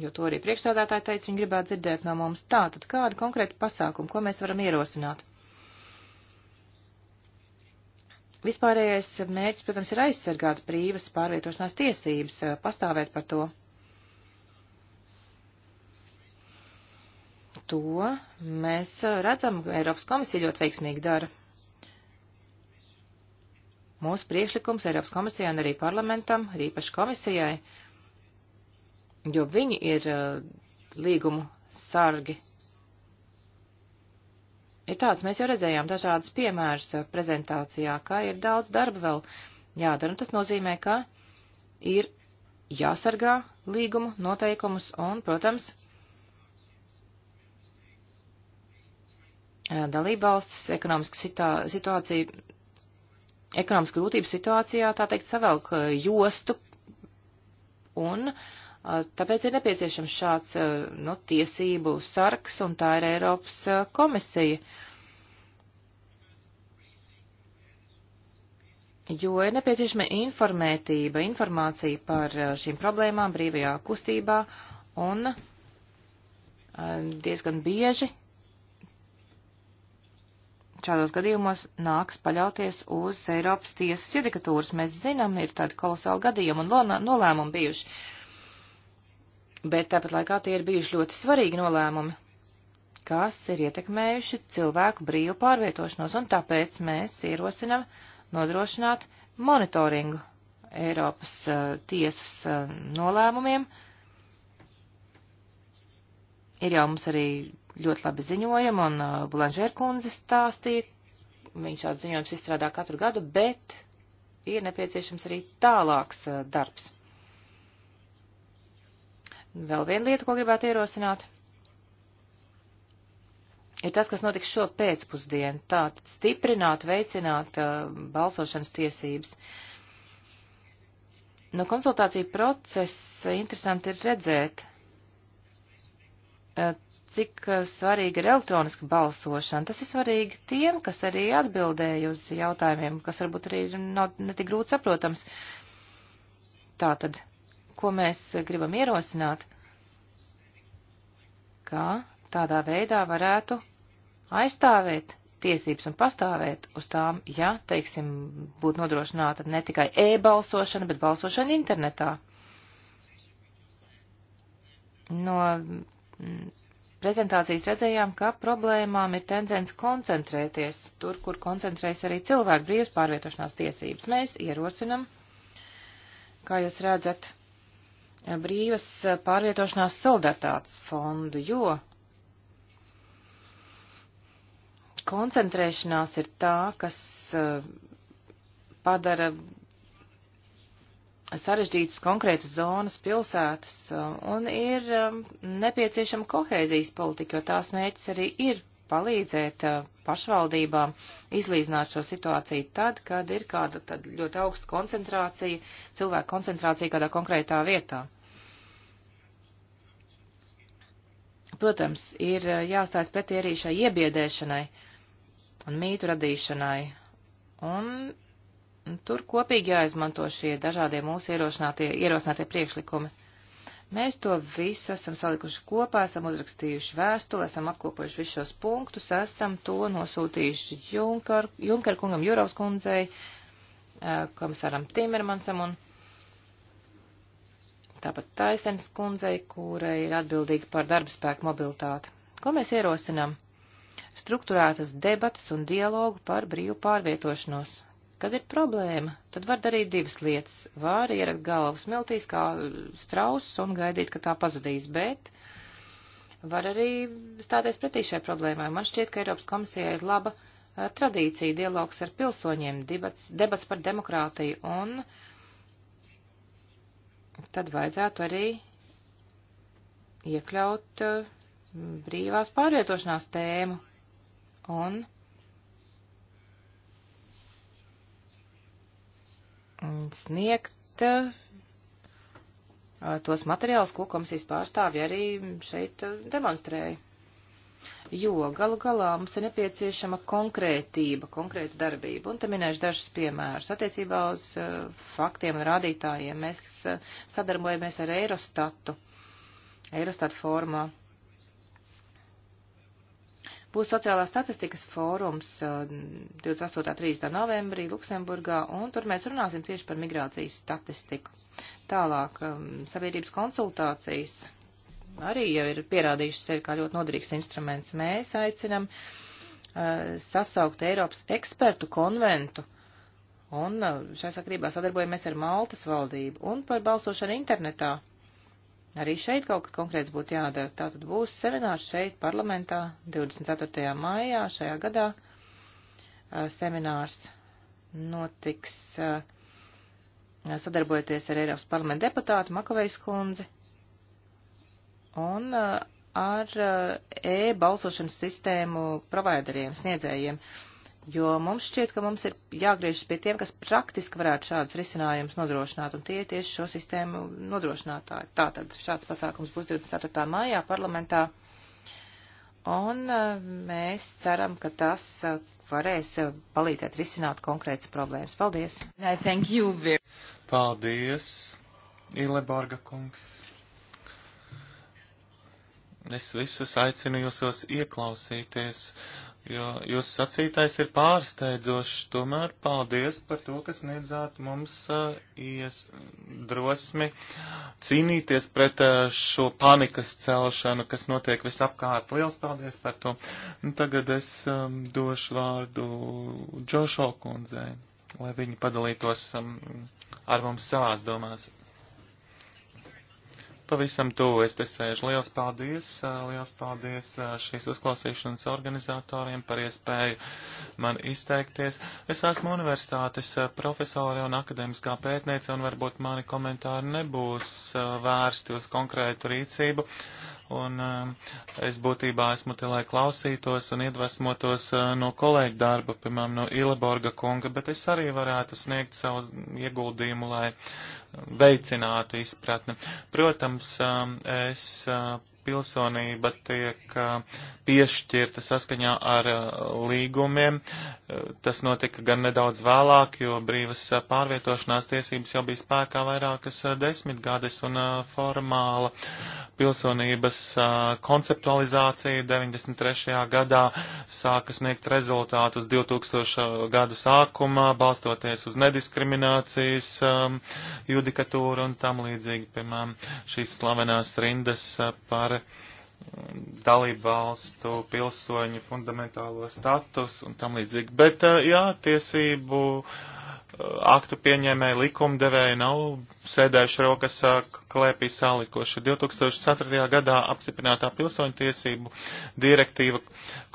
jo to arī priekšsādātāji teica, viņi gribētu dzirdēt no mums. Tātad, kāda konkrēta pasākuma, ko mēs varam ierosināt? Vispārējais mērķis, protams, ir aizsargāt brīvas pārvietošanās tiesības, eh, pastāvēt par to. To mēs eh, redzam, Eiropas komisija ļoti veiksmīgi dara. Mūsu priekšlikums Eiropas komisijai un arī parlamentam, arī paši komisijai, jo viņi ir eh, līgumu sargi ir tāds. Mēs jau redzējām dažādas piemēras eh, prezentācijā, ka ir daudz darba vēl jādara. Tas nozīmē, ka ir jāsargā līgumu noteikumus un, protams, eh, dalībvalsts ekonomiska situācija, ekonomiska grūtības situācijā, tā teikt, savelk eh, jostu un uh, Tāpēc ir nepieciešams šāds nu, tiesību sargs, un tā ir Eiropas komisija. Jo ir nepieciešama informētība, informācija par šīm problēmām brīvajā kustībā, un diezgan bieži šādos gadījumos nāks paļauties uz Eiropas tiesas judikatūras. Mēs zinām, ir tādi kolosāli gadījumi un nolēmumi bijuši bet tāpat laikā tie ir bijuši ļoti svarīgi nolēmumi, kas ir ietekmējuši cilvēku brīvu pārvietošanos, un tāpēc mēs ierosinam nodrošināt monitoringu Eiropas uh, tiesas uh, nolēmumiem. Ir jau mums arī ļoti labi ziņojumi, un uh, eh, Bulanžēra kundze stāstīja, viņš šādu ziņojumus izstrādā katru gadu, bet ir nepieciešams arī tālāks darbs. Vēl viena lieta, ko gribētu ierosināt, ir tas, kas notiks šo pēcpusdienu. Tātad stiprināt, veicināt uh, balsošanas tiesības. No konsultāciju procesa interesanti ir redzēt, uh, cik uh, svarīga ir elektroniska balsošana. Tas ir svarīgi tiem, kas arī atbildēja uz jautājumiem, kas varbūt arī nav netik grūti saprotams. Tātad ko mēs gribam ierosināt, kā tādā veidā varētu aizstāvēt tiesības un pastāvēt uz tām, ja, teiksim, būtu nodrošināta ne tikai e-balsošana, bet balsošana internetā. No mm, prezentācijas redzējām, ka problēmām ir tendence koncentrēties tur, kur koncentrējas arī cilvēku brīvas pārvietošanās tiesības. Mēs ierosinam, kā jūs redzat, brīvas pārvietošanās solidaritātes fondu, jo koncentrēšanās ir tā, kas eh, padara sarežģītas konkrētas zonas, pilsētas, eh, un ir eh, nepieciešama kohēzijas politika, jo tās mērķis arī ir palīdzēt pašvaldībām izlīdzināt šo situāciju tad, kad ir kāda tad ļoti augsta koncentrācija, cilvēku koncentrācija kādā konkrētā vietā. Protams, ir eh, jāstājas pretī arī šai iebiedēšanai un mītu radīšanai. Un tur kopīgi jāizmanto šie dažādie mūsu ierosinātie, ierosinātie priekšlikumi. Mēs to visu esam salikuši kopā, esam uzrakstījuši vēstuli, esam apkopojuši visus šos punktus, esam to nosūtījuši Junker, Junker kungam, Jurovs kundzei, eh, komisāram Timermansam un tāpat Taisenes kundzei, kura ir atbildīga par darba spēku mobilitāti. Ko mēs ierosinām? Struktūrētas debatas un dialogu par brīvu pārvietošanos. Kad ir problēma, tad var darīt divas lietas. Var ierakt galvas miltīs kā strauss un gaidīt, ka tā pazudīs, bet var arī stāties pretī šai problēmai. Man šķiet, ka Eiropas komisijai ir laba eh, tradīcija dialogs ar pilsoņiem, debats, debats par demokrātiju un uh, tad vajadzētu arī iekļaut eh, brīvās pārvietošanās tēmu un sniegt eh, tos materiālus, ko komisijas pārstāvji arī šeit eh, demonstrēja jo galu galā mums ir nepieciešama konkrētība, konkrēta darbība. Un te minēšu dažus piemērus. Attiecībā uz uh, faktiem un rādītājiem mēs uh, sadarbojamies ar Eirostatu, Eirostat formā. Būs sociālā statistikas fórums uh, eh, 28.30. novembrī Luksemburgā, un tur mēs runāsim tieši par migrācijas statistiku. Tālāk um, sabiedrības konsultācijas arī jau ir pierādījuši sevi kā ļoti noderīgs instruments. Mēs aicinam uh, sasaukt Eiropas ekspertu konventu. Un uh, šai sakrībā sadarbojamies ar Maltas valdību un par balsošanu internetā. Arī šeit kaut kas konkrēts būtu jādara. Tā tad būs seminārs šeit parlamentā 24. maijā šajā gadā. Uh, seminārs notiks uh, sadarbojoties ar Eiropas parlamenta deputātu Makavejas kundzi un uh, ar uh, e-balsošanas sistēmu provideriem, sniedzējiem, jo mums šķiet, ka mums ir jāgriežas pie tiem, kas praktiski varētu šādus risinājumus nodrošināt, un tie tieši šo sistēmu nodrošinātāji. Tātad šāds pasākums būs 24. mājā parlamentā, un uh, mēs ceram, ka tas varēs palīdzēt risināt konkrētas problēmas. Paldies! Paldies, Ilebārga kungs! Es visus aicinu jūsos ieklausīties, jo jūs sacītais ir pārsteidzošs. Tomēr paldies par to, kas niedzāt mums uh, ies, drosmi cīnīties pret uh, šo panikas celšanu, kas notiek visapkārt. Liels paldies par to. Un tagad es um, došu vārdu Džošo kundzei, lai viņi padalītos um, ar mums savās domās pavisam tuvu es te sēžu. Liels paldies, liels paldies šīs uzklausīšanas organizatoriem par iespēju man izteikties. Es esmu universitātes profesori un akadēmiskā pētniece, un varbūt mani komentāri nebūs vērsti uz konkrētu rīcību, un eh, es būtībā esmu te, lai klausītos un iedvesmotos eh, no kolēģa darba, piemēram, no Ileborga kunga, bet es arī varētu sniegt savu ieguldījumu, lai veicinātu izpratni. Protams, eh, es pilsonība tiek piešķirta saskaņā ar līgumiem. Tas notika gan nedaudz vēlāk, jo brīvas pārvietošanās tiesības jau bija spēkā vairākas desmitgades un formāla pilsonības konceptualizācija 93. gadā sāka sniegt rezultātus 2000 gadu sākumā, balstoties uz nediskriminācijas judikatūru un tam līdzīgi, piemēram, šīs slavenās rindas par dalību valstu pilsoņu fundamentālo status un tam līdzīgi. Bet, jā, tiesību uh, Eh, aktu pieņēmēji likumdevēji nav sēdējuši rokas klēpī salikoši. 2004. gadā apstiprinātā pilsoņtiesību direktīva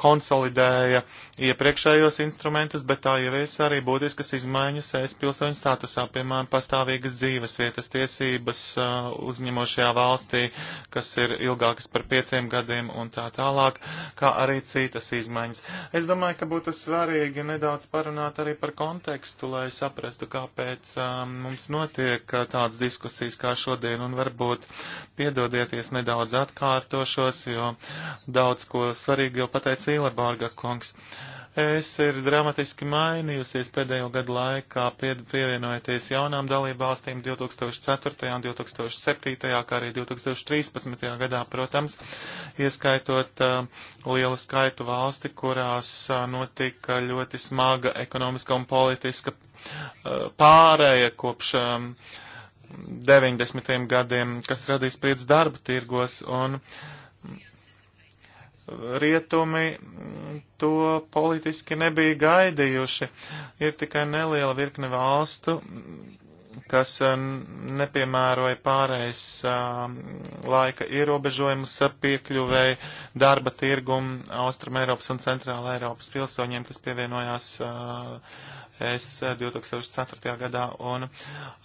konsolidēja iepriekšējos instrumentus, bet tā ievies arī būtiskas izmaiņas es pilsoņu statusā, piemēram, pastāvīgas dzīves vietas tiesības eh, uzņemošajā valstī, kas ir ilgākas par pieciem gadiem un tā tālāk, kā arī citas izmaiņas. Es domāju, ka būtu svarīgi nedaudz parunāt arī par kontekstu, lai es saprastu, kāpēc um, mums notiek uh, tādas diskusijas kā šodien, un varbūt piedodieties nedaudz atkārtošos, jo daudz ko svarīgi jau pateica Ilebārga kungs. Es ir dramatiski mainījusies pēdējo gadu laikā, pievienojoties jaunām dalībvalstīm 2004. un 2007. kā arī 2013. gadā, protams, ieskaitot uh, lielu skaitu valsti, kurās uh, notika ļoti smaga ekonomiska un politiska Eh, pārēja kopš 90. Ehm, gadiem, kas radīs priec darba tirgos un mm, rietumi mm, to politiski nebija gaidījuši. Ir tikai neliela virkne valstu, mm, kas eh, nepiemēroja pārējais ehm, laika ierobežojumus eh, piekļuvēja darba tirgumu Austrum Eiropas un Centrāla Eiropas pilsoņiem, kas pievienojās es 2004. Eh, gadā, un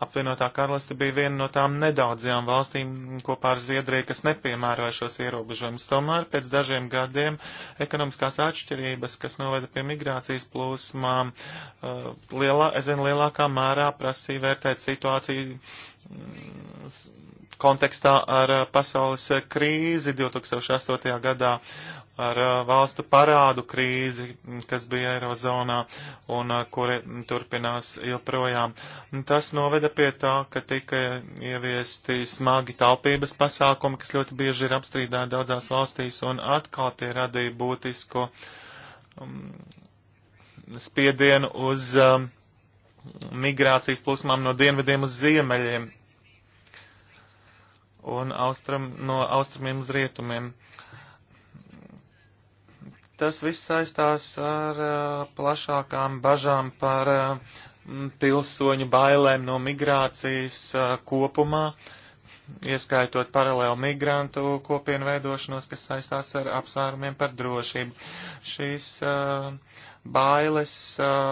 apvienotā karaliste bija viena no tām nedaudzajām valstīm kopā ar Zviedriju, kas nepiemēroja šos ierobežojumus. Tomēr pēc dažiem gadiem ekonomiskās atšķirības, kas noveda pie migrācijas plūsmām, eh, lielā, es zinu, lielākā mērā prasīja vērtēt situāciju kontekstā ar eh, pasaules eh, krīzi 2008. gadā, ar eh, valstu parādu krīzi, kas bija Eirozonā un kuri turpinās joprojām. Tas noveda pie tā, ka tika ieviesti smagi taupības pasākumi, kas ļoti bieži ir apstrīdēti daudzās valstīs un atkal tie radīja būtisku um, spiedienu uz um, migrācijas plūsmām no dienvidiem uz ziemeļiem un austram, no austrumiem uz rietumiem. Tas viss saistās ar uh, plašākām bažām par uh, pilsoņu bailēm no migrācijas uh, kopumā, ieskaitot paralēlu migrantu kopienu veidošanos, kas saistās ar apsvērumiem par drošību. Šīs uh, bailes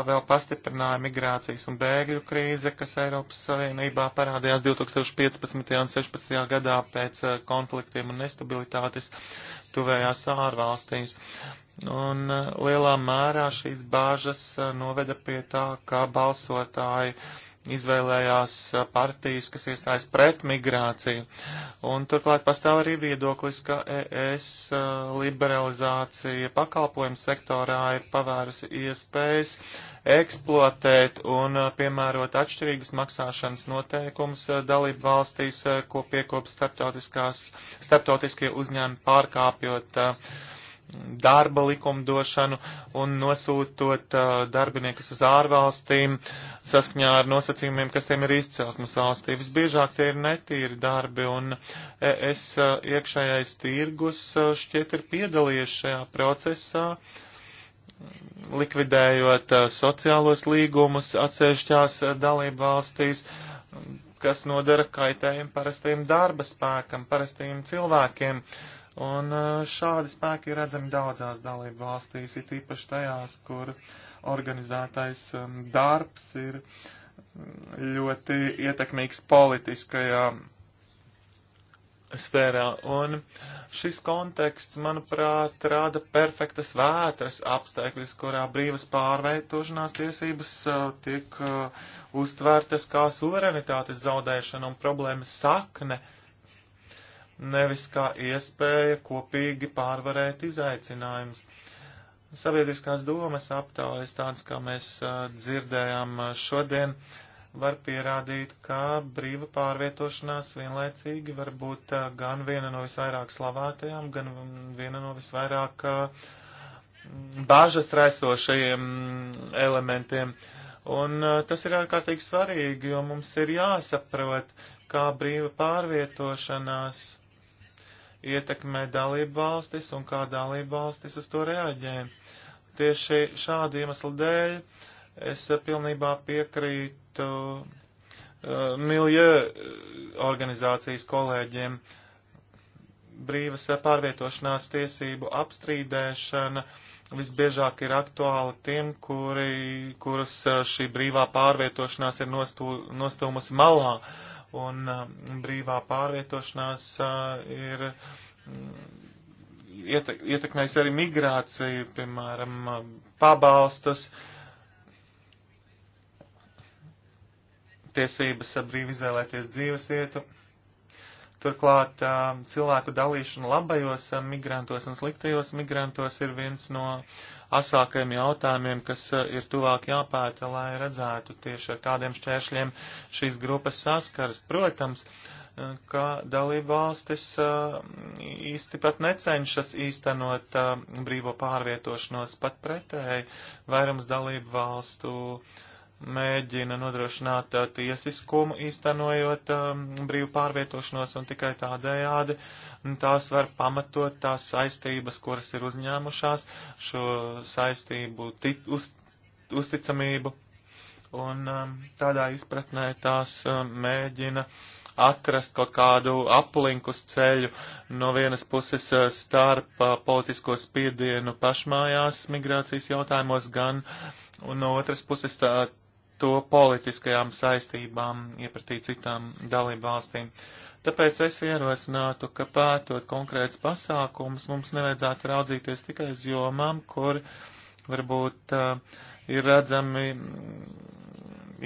vēl pastiprināja migrācijas un bēgļu krīze, kas Eiropas Savienībā parādījās 2015. un 2016. gadā pēc konfliktiem un nestabilitātes tuvējās ārvalstīs. Un lielā mērā šīs bāžas noveda pie tā, ka balsotāji uh, izvēlējās partijas, kas iestājas pret migrāciju. Un turklāt pastāv arī viedoklis, ka ES liberalizācija pakalpojumu sektorā ir pavērusi iespējas eksploatēt un piemērot atšķirīgas maksāšanas noteikumus dalību valstīs, ko piekopa starptautiskie uzņēmumi pārkāpjot uh, darba likumdošanu un nosūtot uh, darbiniekus uz ārvalstīm saskaņā ar nosacījumiem, kas tiem ir izcelsmes valstī. Visbiežāk tie ir netīri darbi un es uh, iekšējais tirgus uh, šķiet ir piedalījies šajā procesā likvidējot uh, sociālos līgumus atsevišķās uh, dalību valstīs, kas nodara kaitējumu parastajiem darba spēkam, parastajiem cilvēkiem. Uh, Un uh, šādi spēki ir redzami daudzās dalību valstīs, ir tīpaši tajās, kur organizētais um, darbs ir mm, ļoti ietekmīgs politiskajā sfērā. Un šis konteksts, manuprāt, rada perfektas vētras apstākļus, kurā brīvas pārvietošanās tiesības uh, tiek uh, uztvērtas kā suverenitātes zaudēšana un problēmas sakne. Uh, nevis kā iespēja kopīgi pārvarēt izaicinājumus. Sabiedriskās domas aptaujas tādas, kā mēs dzirdējām šodien, var pierādīt, ka brīva pārvietošanās vienlaicīgi var būt gan viena no visvairāk slavātajām, gan viena no visvairāk bāžas raisošajiem elementiem. Un tas ir ārkārtīgi svarīgi, jo mums ir jāsaprot, kā brīva pārvietošanās ietekmē dalību valstis un kā dalību valstis uz to reaģē. Tieši šādu iemeslu dēļ es pilnībā piekrītu uh, miljö uh, organizācijas kolēģiem. Brīvas pārvietošanās tiesību apstrīdēšana visbiežāk ir aktuāli tiem, kuri, kurus uh, šī brīvā pārvietošanās ir nostūmusi malā. Uh, un um, brīvā pārvietošanās uh, ir mm, ietekmējis arī migrāciju, piemēram, pabalstus, tiesības brīvi izvēlēties dzīves vietu. Turklāt um, cilvēku dalīšana labajos um, migrantos un sliktajos migrantos ir viens no uh, asākajiem jautājumiem, kas eh, ir tuvāk jāpēta, lai redzētu tieši ar kādiem šķēršļiem šīs grupas saskaras. Protams, eh, ka dalībvalstis eh, īsti pat necenšas īstenot brīvo pārvietošanos, pat pretēji vairums dalībvalstu valstu mēģina nodrošināt uh, tiesiskumu, īstenojot um, brīvu pārvietošanos, un tikai tādējādi tās var pamatot tās saistības, kuras ir uzņēmušās, šo saistību tit, uz, uzticamību, un um, tādā izpratnē tās um, mēģina atrast kaut kādu aplinkus ceļu no vienas puses uh, starp uh, politisko spiedienu pašmājās migrācijas jautājumos, gan no otras puses tā, to politiskajām saistībām iepratī citām dalību valstīm. Tāpēc es ierosinātu, ka pētot konkrēts pasākums, mums nevajadzētu raudzīties tikai uz jomām, kur varbūt uh, ir redzami,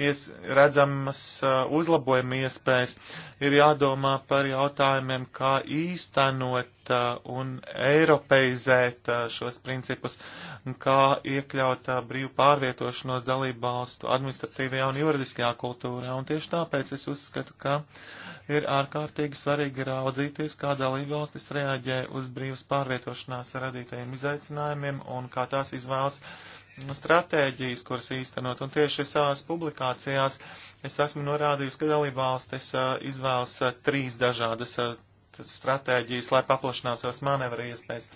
ies, redzamas uh, uzlabojuma iespējas. Ir jādomā par jautājumiem, kā īstenot uh, un eiropeizēt uh, šos principus. Uh, kā iekļaut brīvu pārvietošanos dalību valstu administratīvajā un juridiskajā kultūrā. Un tieši tāpēc es uzskatu, ka ir ārkārtīgi svarīgi raudzīties, kā dalību valstis reaģē uz brīvas pārvietošanās radītajiem izaicinājumiem un kā tās izvēlas nu, stratēģijas, kuras īstenot. Un tieši savās publikācijās es esmu norādījis, ka dalību valstis uh, izvēlas uh, trīs dažādas uh, stratēģijas, lai paplašinātu savas manevra iespējas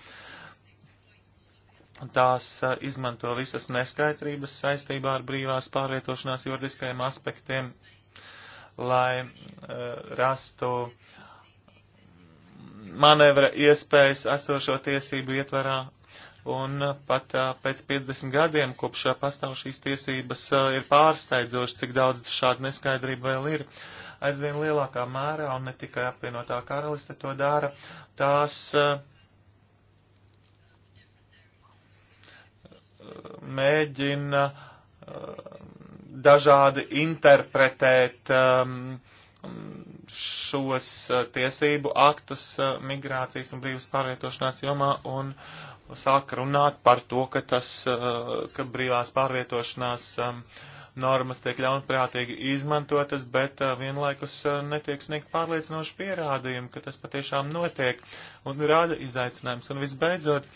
tās eh, izmanto visas neskaidrības saistībā ar brīvās pārvietošanās juridiskajiem aspektiem, lai eh, rastu manevra iespējas esošo tiesību ietvarā. Un eh, pat pēc 50 gadiem, kopš pastāv šīs tiesības, ir pārsteidzoši, cik daudz šādu neskaidrību vēl ir. Aizvien lielākā mērā, un ne tikai apvienotā karaliste to dara, tās uh, mēģina eh, dažādi interpretēt ehm, šos eh, tiesību aktus eh, migrācijas un brīvas pārvietošanās jomā un sāk runāt par to, ka tas, ka brīvās pārvietošanās uh, normas tiek ļaunprātīgi izmantotas, bet vienlaikus netiek sniegt pārliecinoši pierādījumi, ka tas patiešām notiek un rāda izaicinājums. Un visbeidzot,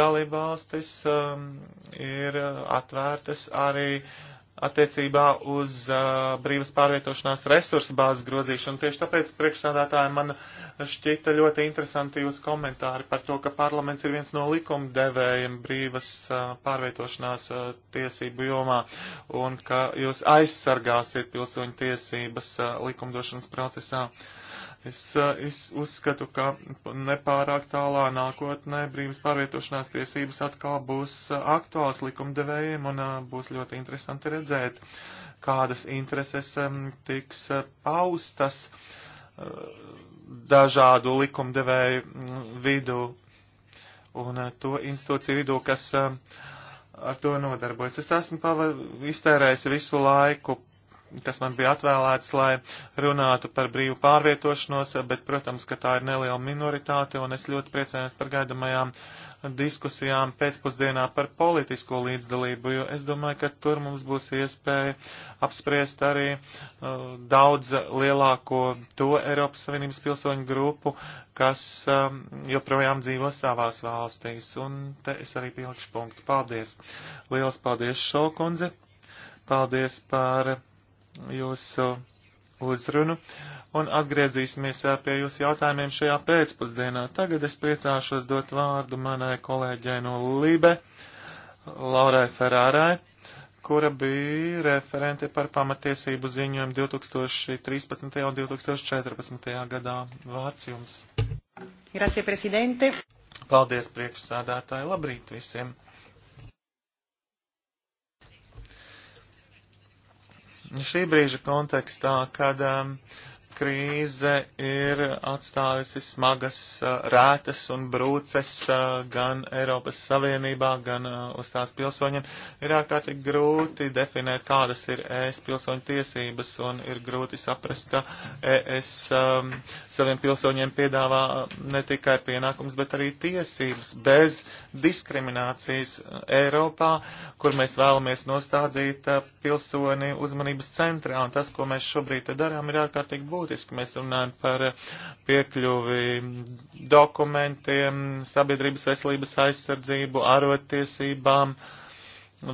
dalība valstis um, ir atvērtas arī uh, attiecībā uz uh, brīvas pārvietošanās resursu bāzes grozīšanu. Tieši tāpēc priekšstādātāji man šķita ļoti interesanti jūs komentāri par to, ka parlaments ir viens no likumdevējiem brīvas uh, pārvietošanās uh, tiesību jomā un ka jūs aizsargāsiet pilsoņu tiesības uh, likumdošanas procesā. Uh, Es, eh, es uzskatu, ka nepārāk tālā nākotnē brīvas pārvietošanās tiesības atkal būs eh, aktuāls likumdevējiem un eh, būs ļoti interesanti redzēt, kādas intereses tiks paustas dažādu likumdevēju mm, vidū un to institūciju vidū, kas ar to nodarbojas. Es esmu iztērējis visu laiku kas man bija atvēlēts, lai runātu par brīvu pārvietošanos, bet, protams, ka tā ir neliela minoritāte, un es ļoti priecājos par gaidamajām diskusijām pēcpusdienā par politisko līdzdalību, jo es domāju, ka tur mums būs iespēja apspriest arī uh, daudz lielāko to Eiropas Savienības pilsoņu grupu, kas um, joprojām dzīvo savās valstīs. Un te es arī pielikšu punktu. Paldies! Lielas paldies, Šokundze! Paldies par jūsu uzrunu un atgriezīsimies pie jūsu jautājumiem šajā pēcpusdienā. Tagad es priecāšos dot vārdu manai kolēģei no Libe, Laurai Ferārai, kura bija referente par pamatiesību ziņojumu 2013. un 2014. gadā. Vārds jums. Grazie, prezidente. Paldies, priekšsādātāji. Labrīt visiem. šī brīža kontekstā, kad um, krīze ir atstājusi smagas rētas un brūces gan Eiropas Savienībā, gan uz tās pilsoņiem. Ir ārkārtīgi grūti definēt, kādas ir ES pilsoņu tiesības, un ir grūti saprast, ka ES um, saviem pilsoņiem piedāvā ne tikai pienākums, bet arī tiesības bez diskriminācijas Eiropā, kur mēs vēlamies nostādīt pilsoni uzmanības centrā, un tas, ko mēs šobrīd darām, ir ārkārtīgi būtiski būtiski. Mēs runājam par eh, piekļuvi dokumentiem, sabiedrības veselības aizsardzību, arottiesībām,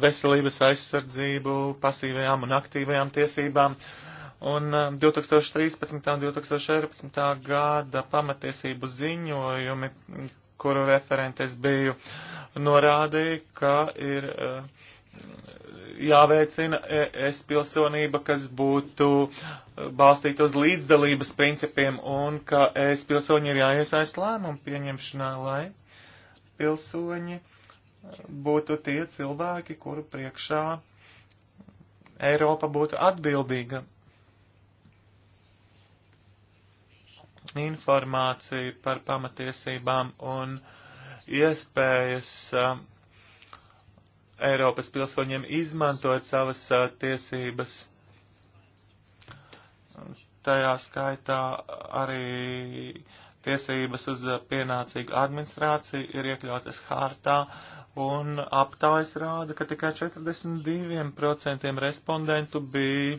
veselības aizsardzību, pasīvajām un aktīvajām tiesībām. Un 2013. Eh, un 2014. gada pamatiesību ziņojumi, kuru referentes biju, norādīja, ka ir uh, jāveicina e- es pilsonība, kas būtu eh, balstīta uz līdzdalības principiem un ka es pilsoņi ir jāiesaist lēmumu pieņemšanā, lai pilsoņi eh, būtu tie cilvēki, kuru priekšā Eiropa būtu atbildīga. Informācija par pamatiesībām un iespējas uh, Eiropas pilsoņiem izmantot savas uh, tiesības. Tajā skaitā arī tiesības uz pienācīgu administrāciju ir iekļautas hārtā, un aptaujas rāda, ka tikai 42% respondentu bija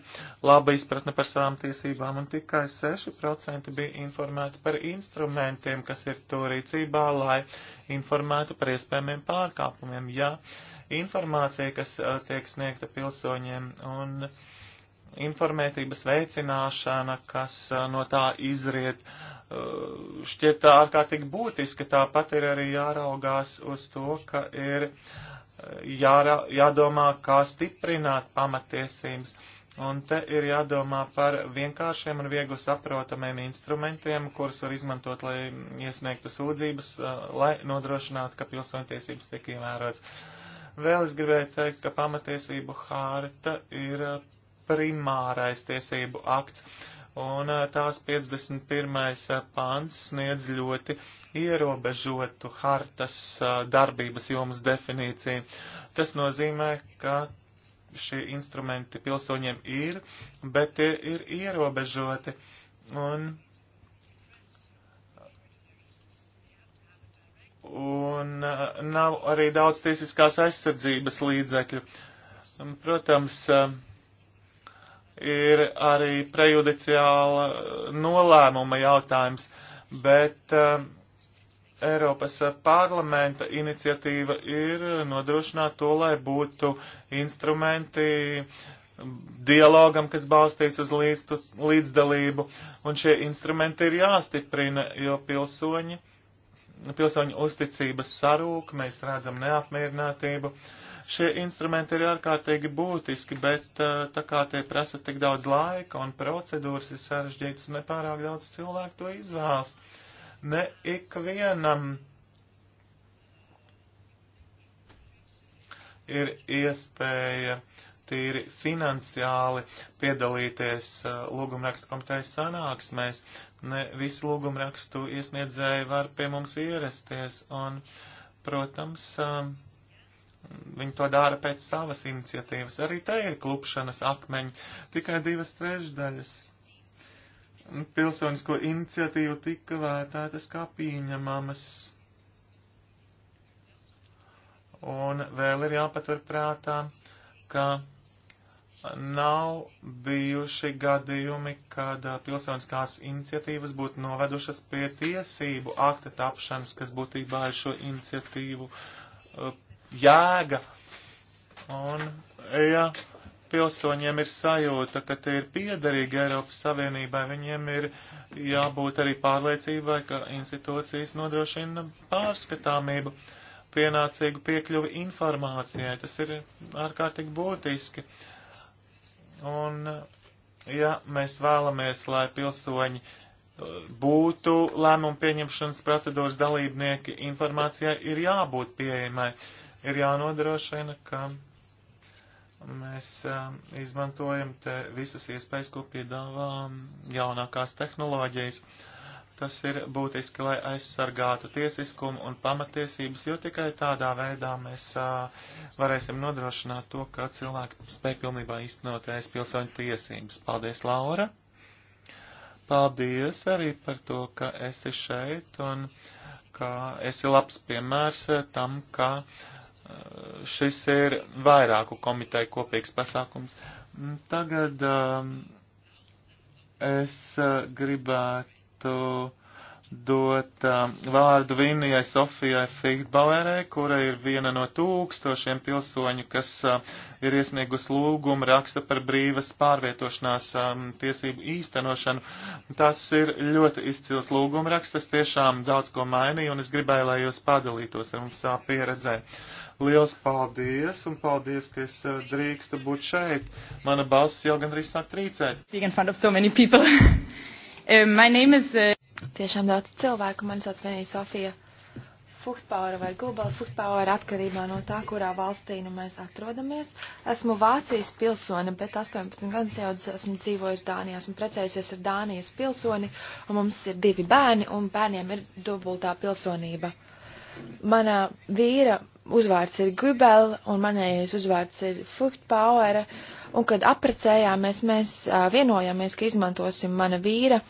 laba izpratne par savām tiesībām, un tikai 6% bija informēti par instrumentiem, kas ir to rīcībā, lai informētu par iespējamiem pārkāpumiem. Ja uh, informācija, kas tiek sniegta pilsoņiem, un informētības veicināšana, kas no tā izriet, šķiet tā ārkārtīgi būtiska. Tāpat ir arī jāraugās uz to, ka ir jāra, jādomā, kā stiprināt pamatiesības. Un te ir jādomā par vienkāršiem un viegli saprotamiem instrumentiem, kurus var izmantot, lai iesniegtu sūdzības, lai nodrošinātu, ka pilsoņtiesības tiek ievērotas. Vēl es gribēju teikt, ka pamatiesību hārta ir uh, primārais tiesību akts, un uh, tās 51. Uh, pants sniedz ļoti ierobežotu hartas darbības jomas definīciju. Tas nozīmē, ka šie instrumenti pilsoņiem ir, bet tie ir ierobežoti. Un, un Uh, nav arī daudz tiesiskās aizsardzības līdzekļu. Protams, uh, ir arī prejudiciāla nolēmuma jautājums, bet uh, Eiropas parlamenta iniciatīva ir nodrošināt to, lai būtu instrumenti dialogam, kas balstīts uz līdz, līdzdalību, un šie instrumenti ir jāstiprina, jo pilsoņi pilsoņu uzticības sarūk, mēs redzam neapmierinātību. Šie instrumenti ir ārkārtīgi būtiski, bet eh, tā kā tie prasa tik daudz laika un procedūras ir sarežģītas, nepārāk daudz cilvēku to izvēlas. Ne ikvienam ir iespēja tīri finansiāli piedalīties eh, lūgumrakstu komitejas sanāksmēs ne visi lūgumrakstu iesniedzēji var pie mums ierasties, un, protams, um, viņi to dara pēc savas iniciatīvas. Arī te ir klupšanas akmeņi, tikai divas trešdaļas. Pilsonisko iniciatīvu tika vērtētas kā pieņemamas. Un vēl ir jāpatur prātā, ka nav bijuši gadījumi, kad uh, pilsoniskās iniciatīvas būtu novedušas pie tiesību akta tapšanas, kas būtībā ir šo iniciatīvu uh, jēga. Un, ja pilsoņiem ir sajūta, ka tie ir piederīgi Eiropas Savienībai, viņiem ir jābūt arī pārliecībai, ka institūcijas nodrošina pārskatāmību, pienācīgu piekļuvi informācijai. Tas ir ārkārtīgi būtiski. Uh, Un, ja mēs vēlamies, lai pilsoņi uh, būtu lēmumu pieņemšanas procedūras dalībnieki, informācijai ir jābūt pieejamai. Ir jānodrošina, ka mēs uh, izmantojam te visas iespējas, ko piedāvā um, jaunākās tehnoloģijas. Uh, Tas ir būtiski, lai aizsargātu tiesiskumu un pamatiesības, jo tikai tādā veidā mēs a, varēsim nodrošināt to, ka cilvēki spēj pilnībā īstenot aiz pilsoņu tiesības. Paldies, Laura! Paldies arī par to, ka esi šeit un ka esi labs piemērs tam, ka šis ir vairāku komiteju kopīgs pasākums. Tagad um, es gribētu gribētu dot um, vārdu Vinijai Sofijai Fichtbauerē, kura ir viena no tūkstošiem pilsoņu, kas uh, ir iesniegus lūgumu raksta par brīvas pārvietošanās um, tiesību īstenošanu. Tas ir ļoti izcils lūgumu rakstas, tiešām daudz ko mainīja, un es gribēju, lai jūs padalītos ar mums savā pieredzē. Liels paldies, un paldies, ka es uh, drīkstu būt šeit. Mana balss jau gandrīz sāk trīcēt. (laughs) Um, my name is... Uh... Tiešām daudz cilvēku. Man sauc vienīgi Sofija Fuchtpauera vai Gubala Fuchtpauera atkarībā no tā, kurā valstī nu mēs atrodamies. Esmu Vācijas pilsone, bet 18 gadus jau esmu dzīvojis Dānijā. Esmu precējusies ar Dānijas pilsoni, un mums ir divi bērni, un bērniem ir dubultā pilsonība. Mana vīra uzvārds ir Gubela, un manējais uzvārds ir Fuchtpauera. Uh, Un, kad apprecējāmies, mēs vienojāmies, ka izmantosim mana vīra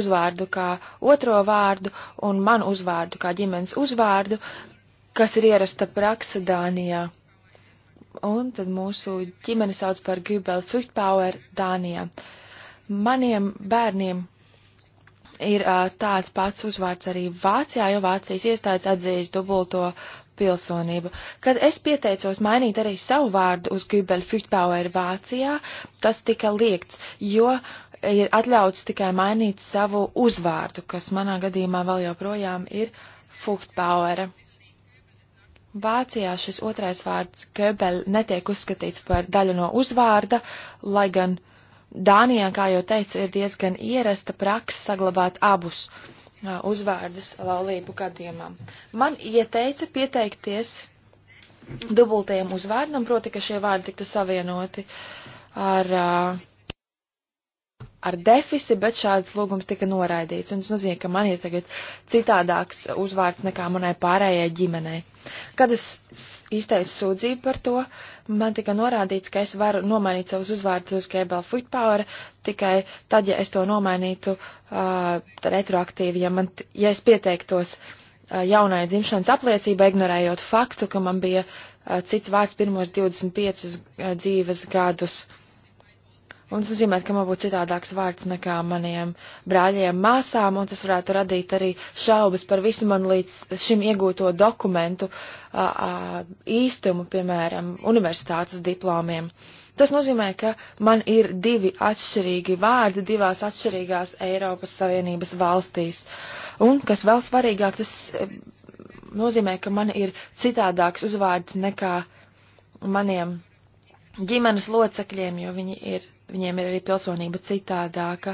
uzvārdu kā otro vārdu un manu uzvārdu kā ģimenes uzvārdu, kas ir ierasta praksa Dānijā. Un tad mūsu ģimene sauc par Gübel Fuchtpower Dānijā. Maniem bērniem ir tāds pats uzvārds arī Vācijā, jo Vācijas iestādes atzīst dubulto pilsonību. Kad es pieteicos mainīt arī savu vārdu uz Gübelfrichtbauer Vācijā, tas tika liegts, jo ir atļauts tikai mainīt savu uzvārdu, kas manā gadījumā vēl joprojām ir Fuchtbauera. Vācijā šis otrais vārds Göbel netiek uzskatīts par daļu no uzvārda, lai gan Dānijā, kā jau teicu, ir diezgan ierasta praksa saglabāt abus uh, uzvārdus laulību gadījumā. Man ieteica pieteikties dubultajam uzvārdam, proti, ka šie vārdi tiktu savienoti ar uh, ar defisi, bet šāds lūgums tika noraidīts. Un tas nozīmē, ka man ir tagad citādāks uzvārds nekā manai pārējai ģimenei. Kad es izteicu sūdzību par to, man tika norādīts, ka es varu nomainīt savus uzvārdus uz Kebel Footpower tikai tad, ja es to nomainītu uh, retroaktīvi, ja, man, ja es pieteiktos uh, jaunai dzimšanas apliecībai, ignorējot faktu, ka man bija uh, cits vārds pirmos 25 uh, dzīves gadus. Uh, Un tas nozīmē, ka man būtu citādāks vārds nekā maniem brāļiem, māsām, un tas varētu radīt arī šaubas par visu man līdz šim iegūto dokumentu a, a, īstumu, piemēram, universitātes diplomiem. Tas nozīmē, ka man ir divi atšķirīgi vārdi divās atšķirīgās Eiropas Savienības valstīs. Un, kas vēl svarīgāk, tas e, nozīmē, ka man ir citādāks uzvārds nekā maniem ģimenes locekļiem, jo viņi ir, viņiem ir arī pilsonība citādāka.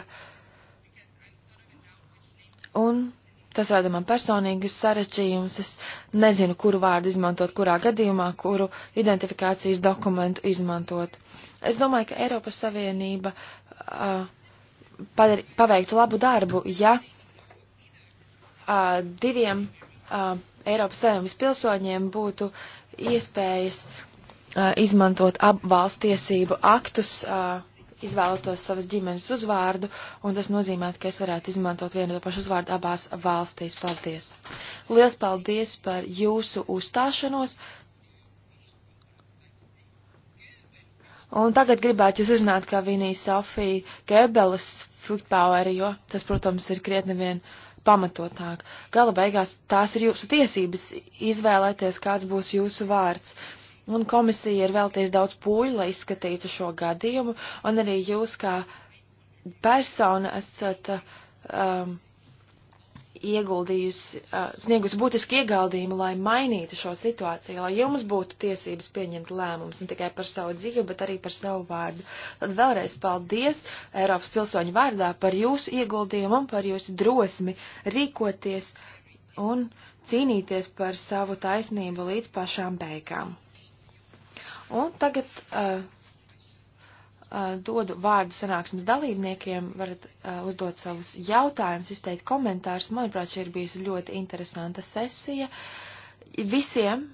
Un tas rada man personīgas sarečījumus. Es nezinu, kuru vārdu izmantot, kurā gadījumā, kuru identifikācijas dokumentu izmantot. Es domāju, ka Eiropas Savienība uh, padar, paveiktu labu darbu, ja uh, diviem uh, Eiropas Savienības pilsoņiem būtu iespējas uh, izmantot ab valsts tiesību aktus, izvēlētos savas ģimenes uzvārdu, un tas nozīmē, ka es varētu izmantot vienu to pašu uzvārdu abās valstīs. Paldies! Lielas paldies par jūsu uzstāšanos! Un tagad gribētu jūs uzzināt, kā Vinija Sofija Goebbels Fruchtbauer, jo tas, protams, ir krietni vien pamatotāk. Gala beigās tās ir jūsu tiesības izvēlēties, kāds būs jūsu vārds. Uh, un komisija ir veltījis daudz pūļu, lai izskatītu šo gadījumu, un arī jūs kā persona esat um, ieguldījusi, uh, sniegusi būtiski ieguldījumu, lai mainītu šo situāciju, lai jums būtu tiesības pieņemt lēmumus ne tikai par savu dzīvi, bet arī par savu vārdu. Tad vēlreiz paldies Eiropas pilsoņu vārdā par jūsu ieguldījumu un par jūsu drosmi rīkoties un cīnīties par savu taisnību līdz pašām beigām. Un tagad uh, uh, dodu vārdu sanāksmes dalībniekiem, varat uh, uzdot savus jautājumus, izteikt komentārus. Manuprāt, šī ir bijusi ļoti interesanta sesija. Visiem um,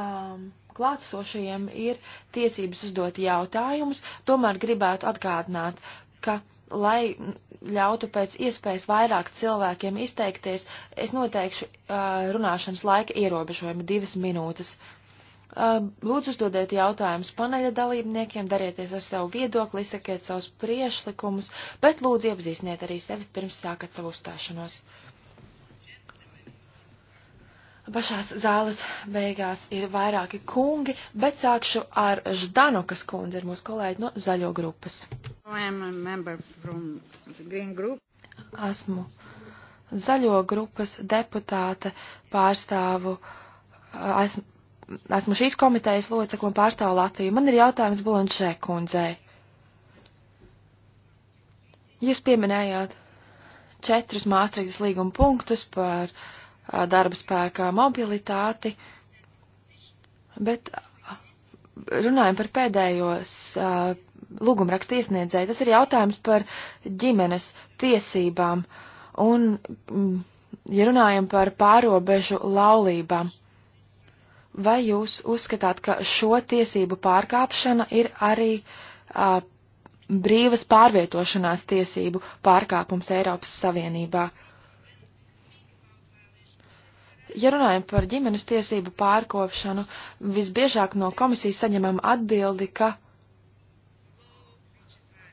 ehm, klātsošajiem ir tiesības uzdot jautājumus, tomēr gribētu atgādināt, ka lai ļautu pēc iespējas vairāk cilvēkiem izteikties, es noteikšu uh, runāšanas laika ierobežojumu divas minūtes. Uh, Lūdzu, uzdodiet jautājumus paneļa dalībniekiem, darieties ar savu viedokli, izsakiet savus priešlikumus, bet lūdzu iepazīstiniet arī sevi pirms sākat savu uzstāšanos. Pašās zāles beigās ir vairāki kungi, bet sākšu ar Ždanu, kas kundze ir mūsu kolēģi no zaļo grupas. Esmu zaļo grupas deputāte, pārstāvu, esmu esmu šīs komitejas locekla un pārstāvu Latviju. Man ir jautājums Bolanšē kundzei. Jūs pieminējāt četrus māstrīgas līguma punktus par a, darba spēkā mobilitāti, bet runājam par pēdējos lūgumrakstu iesniedzēju. Tas ir jautājums par ģimenes tiesībām un, m, mm, ja runājam par pārobežu laulībām, Vai jūs uzskatāt, ka šo tiesību pārkāpšana ir arī a, brīvas pārvietošanās tiesību pārkāpums Eiropas Savienībā? Ja runājam par ģimenes tiesību pārkopšanu, visbiežāk no komisijas saņemam atbildi, ka,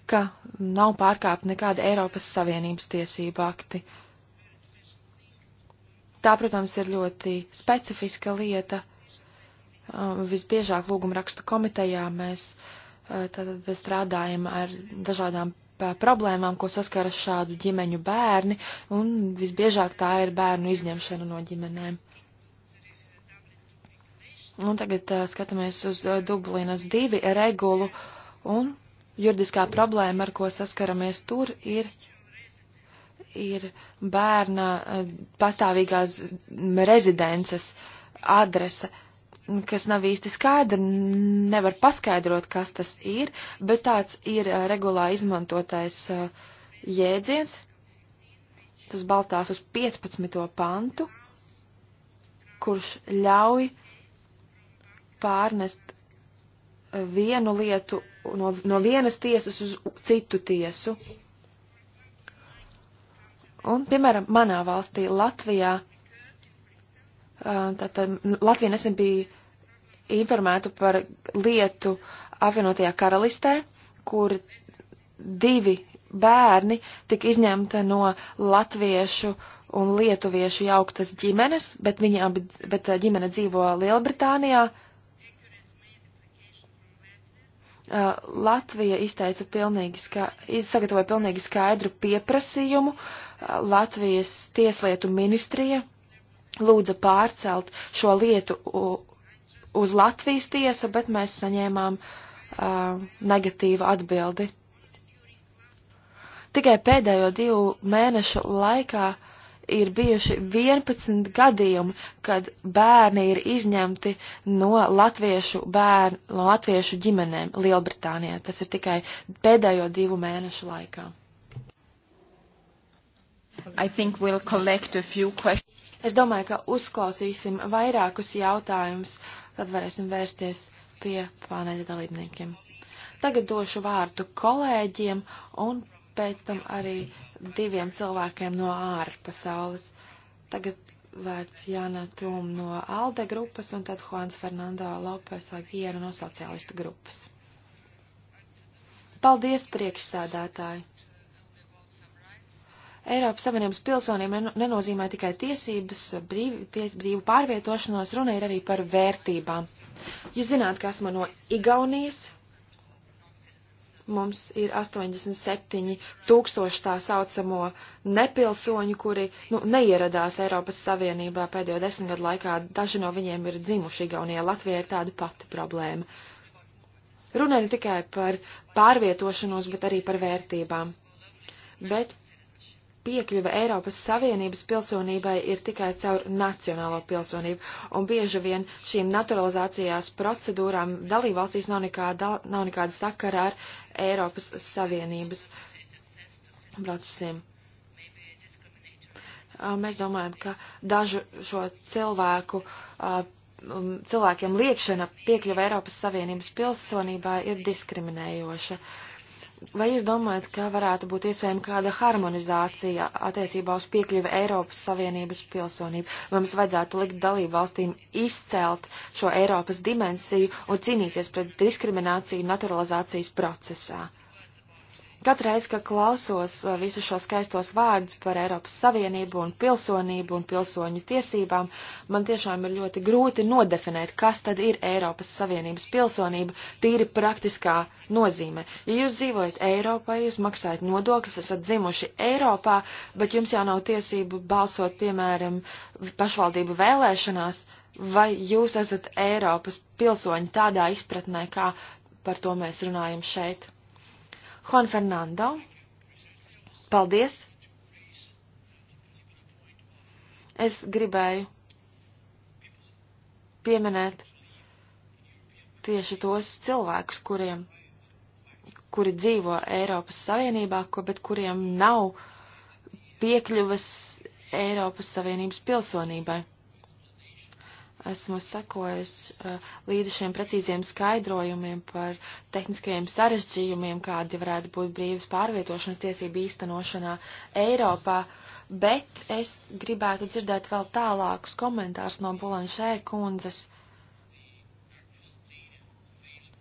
ka nav pārkāpta nekāda Eiropas Savienības tiesība akti. Tā, protams, ir ļoti specifiska lieta Um, visbiežāk lūguma rakstu komitejā mēs tātad uh, strādājam ar dažādām uh, problēmām, ko saskaras šādu ģimeņu bērni, un visbiežāk tā ir bērnu izņemšana no ģimenēm. Un tagad uh, skatāmies uz uh, Dublinas divi regulu, un juridiskā problēma, ar ko saskaramies tur, ir ir bērna pastāvīgās rezidences adrese. Uh, kas nav īsti skaidra, nevar paskaidrot, kas tas ir, bet tāds ir regulā izmantotais jēdziens. Tas balstās uz 15. pantu, kurš ļauj pārnest vienu lietu no, no vienas tiesas uz citu tiesu. Un, piemēram, manā valstī Latvijā Tātad Latvija nesen bija informētu par lietu apvienotajā karalistē, kur divi bērni tika izņemta no latviešu un lietuviešu jauktas ģimenes, bet viņa abi, bet eh, ģimene dzīvo Lielbritānijā. Uh, Latvija izteica pilnīgi, ska, sagatavoja pilnīgi skaidru pieprasījumu. Uh, Latvijas tieslietu ministrija lūdza pārcelt šo lietu uz Latvijas tiesa, bet mēs saņēmām uh, negatīvu atbildi. Tikai pēdējo divu mēnešu laikā ir bijuši 11 gadījumi, kad bērni ir izņemti no latviešu bērnu, no latviešu ģimenēm Lielbritānijā. Tas ir tikai pēdējo divu mēnešu laikā. I think we'll collect a few questions. Es domāju, ka uzklausīsim vairākus jautājumus, tad varēsim vērsties pie paneļa dalībniekiem. Tagad došu vārdu kolēģiem un pēc tam arī diviem cilvēkiem no ārpasaules. Tagad vērts Jāna Trum no ALDE grupas un tad Juans Fernando Lopes Agiera no sociālistu grupas. Paldies, priekšsēdētāji! Eiropas Savienības pilsoniem nenozīmē tikai tiesības, brīv, ties, brīvu pārvietošanos, runa ir arī par vērtībām. Jūs zināt, ka esmu no Igaunijas. Mums ir 87 tūkstoši tā saucamo nepilsoņu, kuri nu, neieradās Eiropas Savienībā pēdējo desmit gadu laikā. Daži no viņiem ir dzimuši Igaunijā. Latvijā ir tāda pati problēma. Runa ir tikai par pārvietošanos, bet arī par vērtībām. Bet piekļuve Eiropas Savienības pilsonībai ir tikai caur nacionālo pilsonību, un bieži vien šīm naturalizācijās procedūrām dalībvalstīs nav nekāda, nav nekāda sakara ar Eiropas Savienības procesiem. Mēs domājam, ka dažu šo cilvēku, cilvēkiem liekšana piekļuva Eiropas Savienības pilsonībā ir diskriminējoša. Uh, Vai jūs domājat, ka varētu būt iespējama kāda harmonizācija attiecībā uz piekļuvi Eiropas Savienības pilsonību? Vai mums vajadzētu likt dalību valstīm izcelt šo Eiropas dimensiju un cīnīties pret diskrimināciju naturalizācijas procesā? Uh, Katreiz, kad klausos uh, visus šos skaistos vārdus par Eiropas Savienību un pilsonību un pilsoņu tiesībām, man tiešām ir ļoti grūti nodefinēt, kas tad ir Eiropas Savienības pilsonība tīri praktiskā nozīme. Ja jūs dzīvojat Eiropā, jūs maksājat nodokļus, esat dzimuši Eiropā, bet jums jau nav tiesību balsot, piemēram, pašvaldību vēlēšanās, vai jūs esat Eiropas pilsoņi tādā izpratnē, kā par to mēs runājam šeit? Juan Fernando, paldies! Es gribēju pieminēt tieši tos cilvēkus, kuriem, kuri dzīvo Eiropas Savienībā, ko, bet kuriem nav piekļuvas Eiropas Savienības pilsonībai esmu sekojis uh, eh, līdzi šiem precīziem skaidrojumiem par tehniskajiem sarežģījumiem, kādi varētu būt brīvas pārvietošanas tiesību īstenošanā Eiropā, bet es gribētu dzirdēt vēl tālākus komentārus no Bulanšē kundzes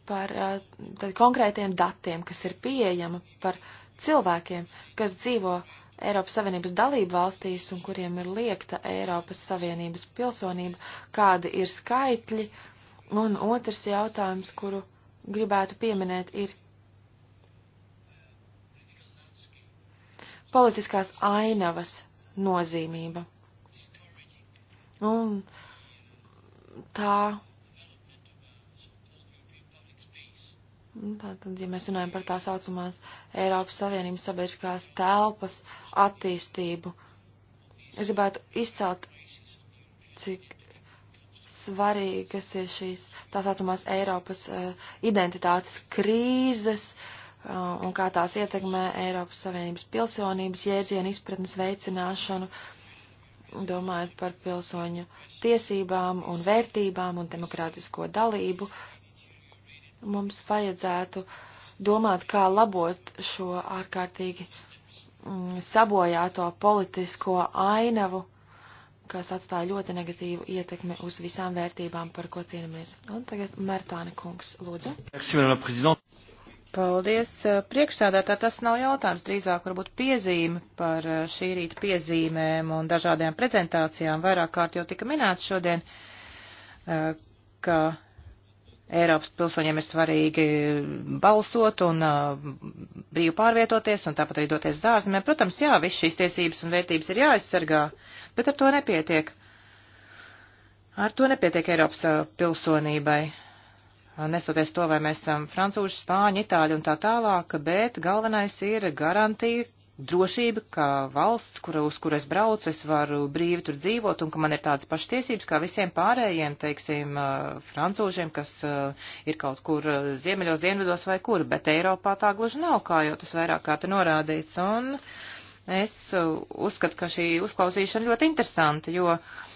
par uh, konkrētiem datiem, kas ir pieejama par cilvēkiem, kas dzīvo Eiropas Savienības dalību valstīs un kuriem ir liekta Eiropas Savienības pilsonība, kādi ir skaitļi. Un otrs jautājums, kuru gribētu pieminēt, ir politiskās ainavas nozīmība. Un tā Nu, tātad, ja mēs runājam par tā saucamās Eiropas Savienības sabiedriskās telpas attīstību, es gribētu izcelt, cik svarīgas ir šīs tā saucamās Eiropas uh, identitātes krīzes uh, un kā tās ietekmē Eiropas Savienības pilsonības jēdzienu izpratnes veicināšanu, domājot par pilsoņu tiesībām un vērtībām un demokrātisko dalību. Uh, Mums vajadzētu domāt, kā labot šo ārkārtīgi mm, sabojāto politisko ainavu, kas atstāja ļoti negatīvu ietekmi uz visām vērtībām, par ko cīnāmies. Un tagad Mērtāne kungs, lūdzu. Paldies. Priekšsēdētā tas nav jautājums, drīzāk varbūt piezīme par eh, šī rīta piezīmēm un dažādajām prezentācijām. Vairāk kārt jau tika minēts šodien, eh, ka Eiropas pilsoņiem ir svarīgi balsot un uh, brīvi pārvietoties un tāpat arī doties zārzemē. Protams, jā, viss šīs tiesības un vērtības ir jāaizsargā, bet ar to nepietiek. Ar to nepietiek Eiropas uh, pilsonībai. Nesoties to, vai mēs esam francūži, spāņi, itāļi un tā tālāk, bet galvenais ir garantija, drošība, ka valsts, kura, uz kur es braucu, es varu brīvi tur dzīvot un ka man ir tādas pašas tiesības kā visiem pārējiem, teiksim, francūžiem, kas ir kaut kur ziemeļos, dienvidos vai kur, bet Eiropā tā gluži nav, kā jau tas vairāk kā te norādīts. Un es uzskatu, ka šī uzklausīšana ļoti interesanta, jo. Uh,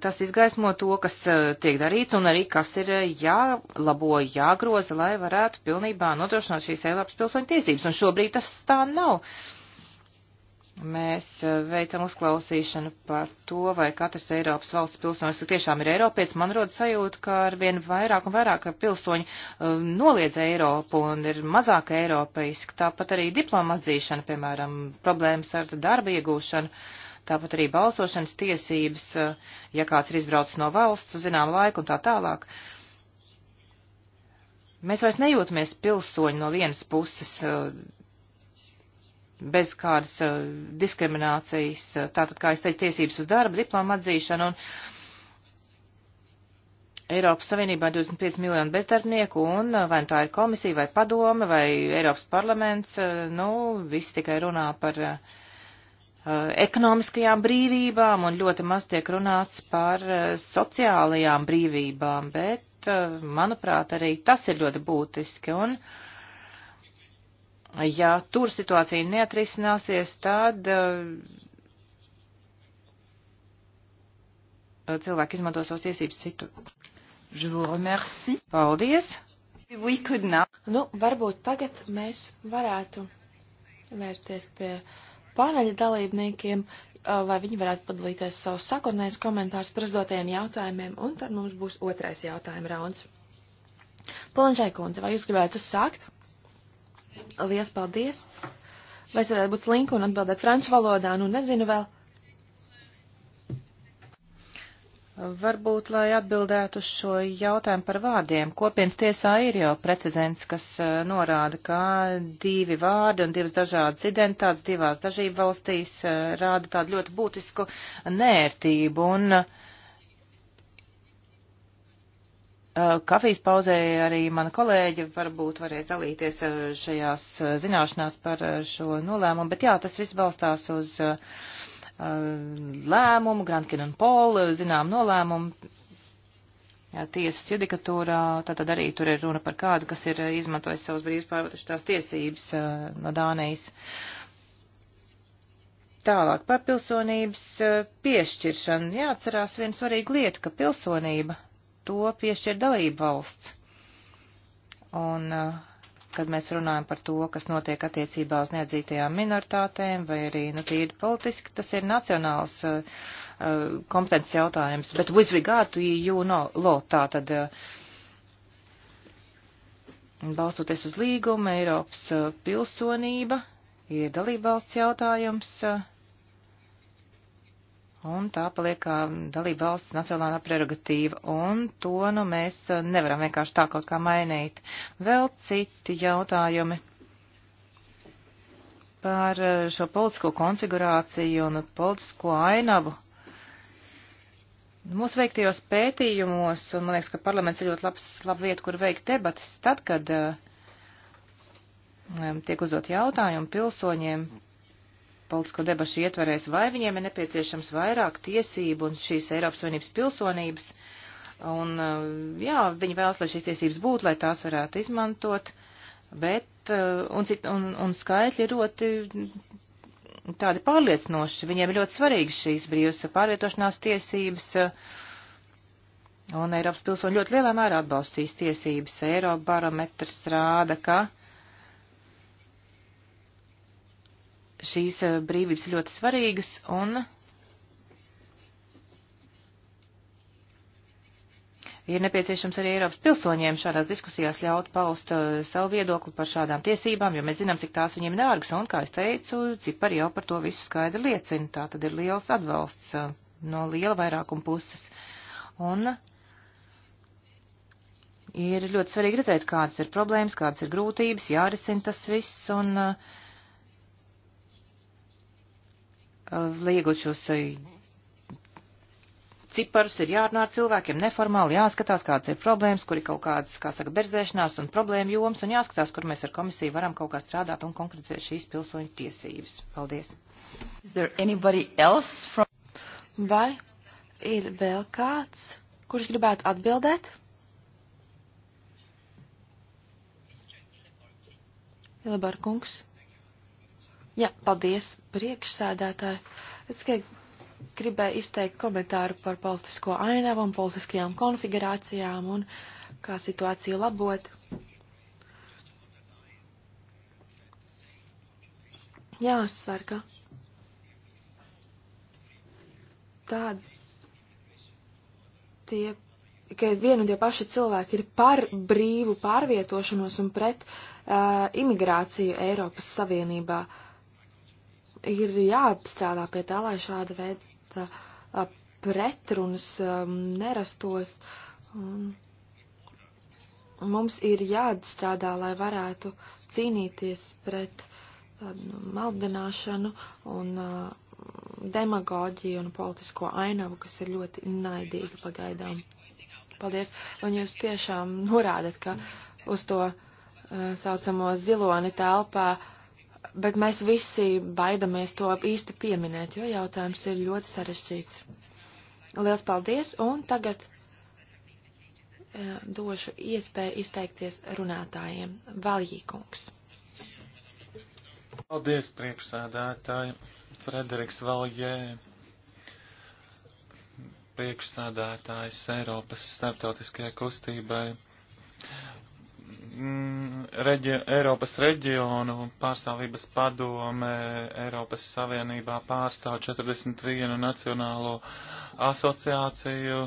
tas izgaismo to, kas eh, tiek darīts un arī kas ir eh, jālabo, jāgroza, lai varētu pilnībā nodrošināt šīs Eiropas pilsoņu tiesības. Un šobrīd tas tā nav. Mēs eh, veicam uzklausīšanu par to, vai katrs Eiropas valsts pilsonis tiešām ir Eiropietis. Man rodas sajūta, ka ar vien vairāk un vairāk pilsoņi um, noliedz Eiropu un ir mazāk eiropeiski. Tāpat arī diploma atzīšana, piemēram, problēmas ar darba iegūšanu. Uh, tāpat arī balsošanas tiesības, eh, ja kāds ir izbraucis no valsts uz zinām laiku un tā tālāk. Mēs vairs nejūtamies pilsoņi no vienas puses eh, bez kādas eh, diskriminācijas, tātad, kā es teicu, tiesības uz darbu, diplomu atzīšanu un Eiropas Savienībā 25 miljonu bezdarbnieku, un vai nu tā ir komisija, vai padome, vai Eiropas parlaments, nu, viss tikai runā par uh, Eh, ekonomiskajām brīvībām un ļoti maz tiek runāts par eh, sociālajām brīvībām, bet, eh, manuprāt, arī tas ir ļoti būtiski. Un, ja tur situācija neatrisināsies, tad cilvēki izmanto savas tiesības citu. Paldies! Nu, varbūt tagad mēs varētu vērsties pie uh, paneļa dalībniekiem, lai viņi varētu padalīties savus sakotnējus komentārus par uzdotajiem jautājumiem, un tad mums būs otrais jautājuma rauns. Polanžai kundze, vai jūs gribētu sākt? Lies paldies! Vai es varētu būt linku un atbildēt franču valodā, nu nezinu vēl. Varbūt, lai atbildētu uz šo jautājumu par vārdiem. Kopienas tiesā ir jau precedents, kas e, norāda, ka divi vārdi un divas dažādas identitātes divās dažību valstīs e, rāda tādu ļoti būtisku nērtību. Un e, kafijas pauzē arī mana kolēģi varbūt varēs dalīties šajās zināšanās par šo nolēmumu, bet jā, tas viss balstās uz. Uh, lēmumu, Grand Canyon Paul, zinām nolēmumu tiesas judikatūrā, tātad arī tur ir runa par kādu, kas ir izmantojis savus brīvus pārvatušās tiesības no Dānijas. Tālāk par pilsonības piešķiršanu. Jāatcerās viena svarīga lieta, ka pilsonība to piešķir dalība valsts. Un uh, kad mēs runājam par to, kas notiek attiecībā uz neatzītajām minoritātēm, vai arī, nu, tīri politiski, tas ir nacionāls uh, uh kompetences jautājums. Bet with regard to EU no law, tā tad. Uh, Balstoties uz līgumu, Eiropas uh, pilsonība ir dalībvalsts jautājums. Uh, Un tā paliek kā dalība valsts nacionālā prerogatīva, un to nu, mēs nevaram vienkārši tā kaut kā mainīt. Vēl citi jautājumi par eh, šo politisko konfigurāciju un politisko ainavu. Mūsu veiktajos pētījumos, un man liekas, ka parlaments ir ļoti labs, laba vieta, kur veikt debatas, tad, kad uh, tiek uzdot jautājumu pilsoņiem politisko debašu ietvarēs, vai viņiem ir nepieciešams vairāk tiesību un šīs Eiropas Savienības pilsonības. Un, eh, jā, viņi vēlas, lai šīs tiesības būtu, lai tās varētu izmantot, bet, eh, un, un, un skaitļi ir ļoti tādi pārliecinoši. Viņiem ir ļoti svarīgas šīs brīvas pārvietošanās tiesības. Eh, un Eiropas pilsoņi ļoti lielā mērā atbalstīs tiesības. Eiropa barometrs rāda, ka šīs eh, brīvības ļoti svarīgas un ir nepieciešams arī Eiropas pilsoņiem šādās diskusijās ļaut paust uh, savu viedokli par šādām tiesībām, jo mēs zinām, cik tās viņiem dārgas, un, kā es teicu, cipari jau par to visu skaidri liecina. Tā tad ir liels atbalsts uh, no liela vairākuma puses. Un ir ļoti svarīgi redzēt, kādas ir problēmas, kādas ir grūtības, jārisina tas viss, un uh, liegot šos eh, ciparus, ir jārunā ar cilvēkiem neformāli, jāskatās, kādas ir problēmas, kur ir kaut kādas, kā saka, berzēšanās un problēma joms, un jāskatās, kur mēs ar komisiju varam kaut kā strādāt un konkretizēt šīs pilsoņu tiesības. Paldies. From... Vai ir vēl kāds, kurš gribētu atbildēt? Ilabar kungs. Jā, paldies, priekšsēdētāji. Es tikai gribēju izteikt komentāru par politisko ainavu un politiskajām konfigurācijām un kā situāciju labot. Jāuzsver, ka tādi tie, ka vien un tie paši cilvēki ir par brīvu pārvietošanos un pret uh, imigrāciju Eiropas Savienībā. Uh, ir jāapstrādā pie tā, lai šāda veida pretrunas um, nerastos. Un mums ir jāstrādā, lai varētu cīnīties pret tādu maldināšanu un demagoģiju un politisko ainavu, kas ir ļoti naidīga pagaidām. Paldies, un jūs tiešām norādat, ka uz to uh, saucamo ziloni telpā uh, bet mēs visi baidamies to īsti pieminēt, jo jautājums ir ļoti sarežģīts. Liels paldies, un tagad e, došu iespēju izteikties runātājiem. Valjīkungs. Paldies, priekšsādātāji. Frederiks Valjē, priekšsādātājs Eiropas starptautiskajai kustībai Mm, reģi Eiropas reģionu pārstāvības padome Eiropas Savienībā pārstāv 41 nacionālo asociāciju,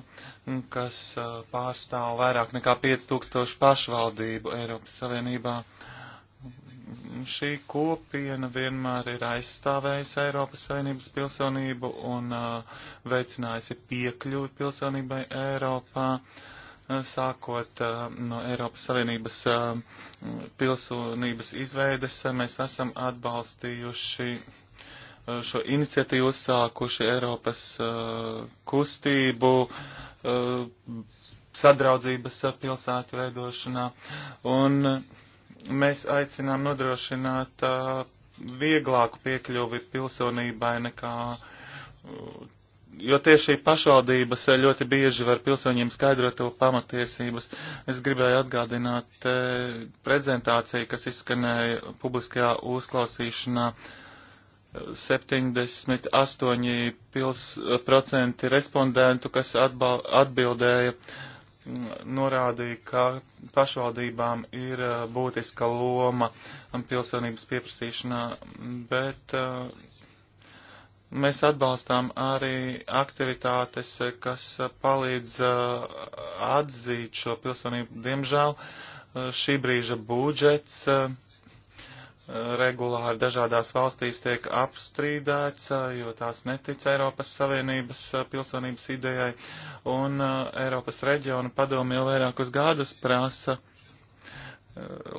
kas uh, pārstāv vairāk nekā 5000 pašvaldību Eiropas Savienībā. Šī kopiena vienmēr ir aizstāvējusi Eiropas Savienības pilsonību un uh, veicinājusi piekļuvi pilsonībai Eiropā. Uh, sākot uh, no Eiropas Savienības uh, pilsonības izveides, uh, mēs esam atbalstījuši šo iniciatīvu uzsākuši Eiropas kustību sadraudzības pilsētu veidošanā. Un mēs aicinām nodrošināt vieglāku piekļuvi pilsonībai nekā jo tieši pašvaldības eh, ļoti bieži var pilsoņiem skaidrot to pamatiesības. Es gribēju atgādināt eh, prezentāciju, kas izskanēja publiskajā uzklausīšanā. 78% respondentu, kas atbildēja, mm, norādīja, ka pašvaldībām ir eh, būtiska loma pilsonības pieprasīšanā, bet uh, Mēs atbalstām arī aktivitātes, kas palīdz uh, atzīt šo pilsonību. Diemžēl uh, šī brīža budžets uh, regulāri dažādās valstīs tiek apstrīdēts, jo tās netic Eiropas Savienības pilsonības idejai, un Eiropas reģiona padomi jau vairākus gadus prasa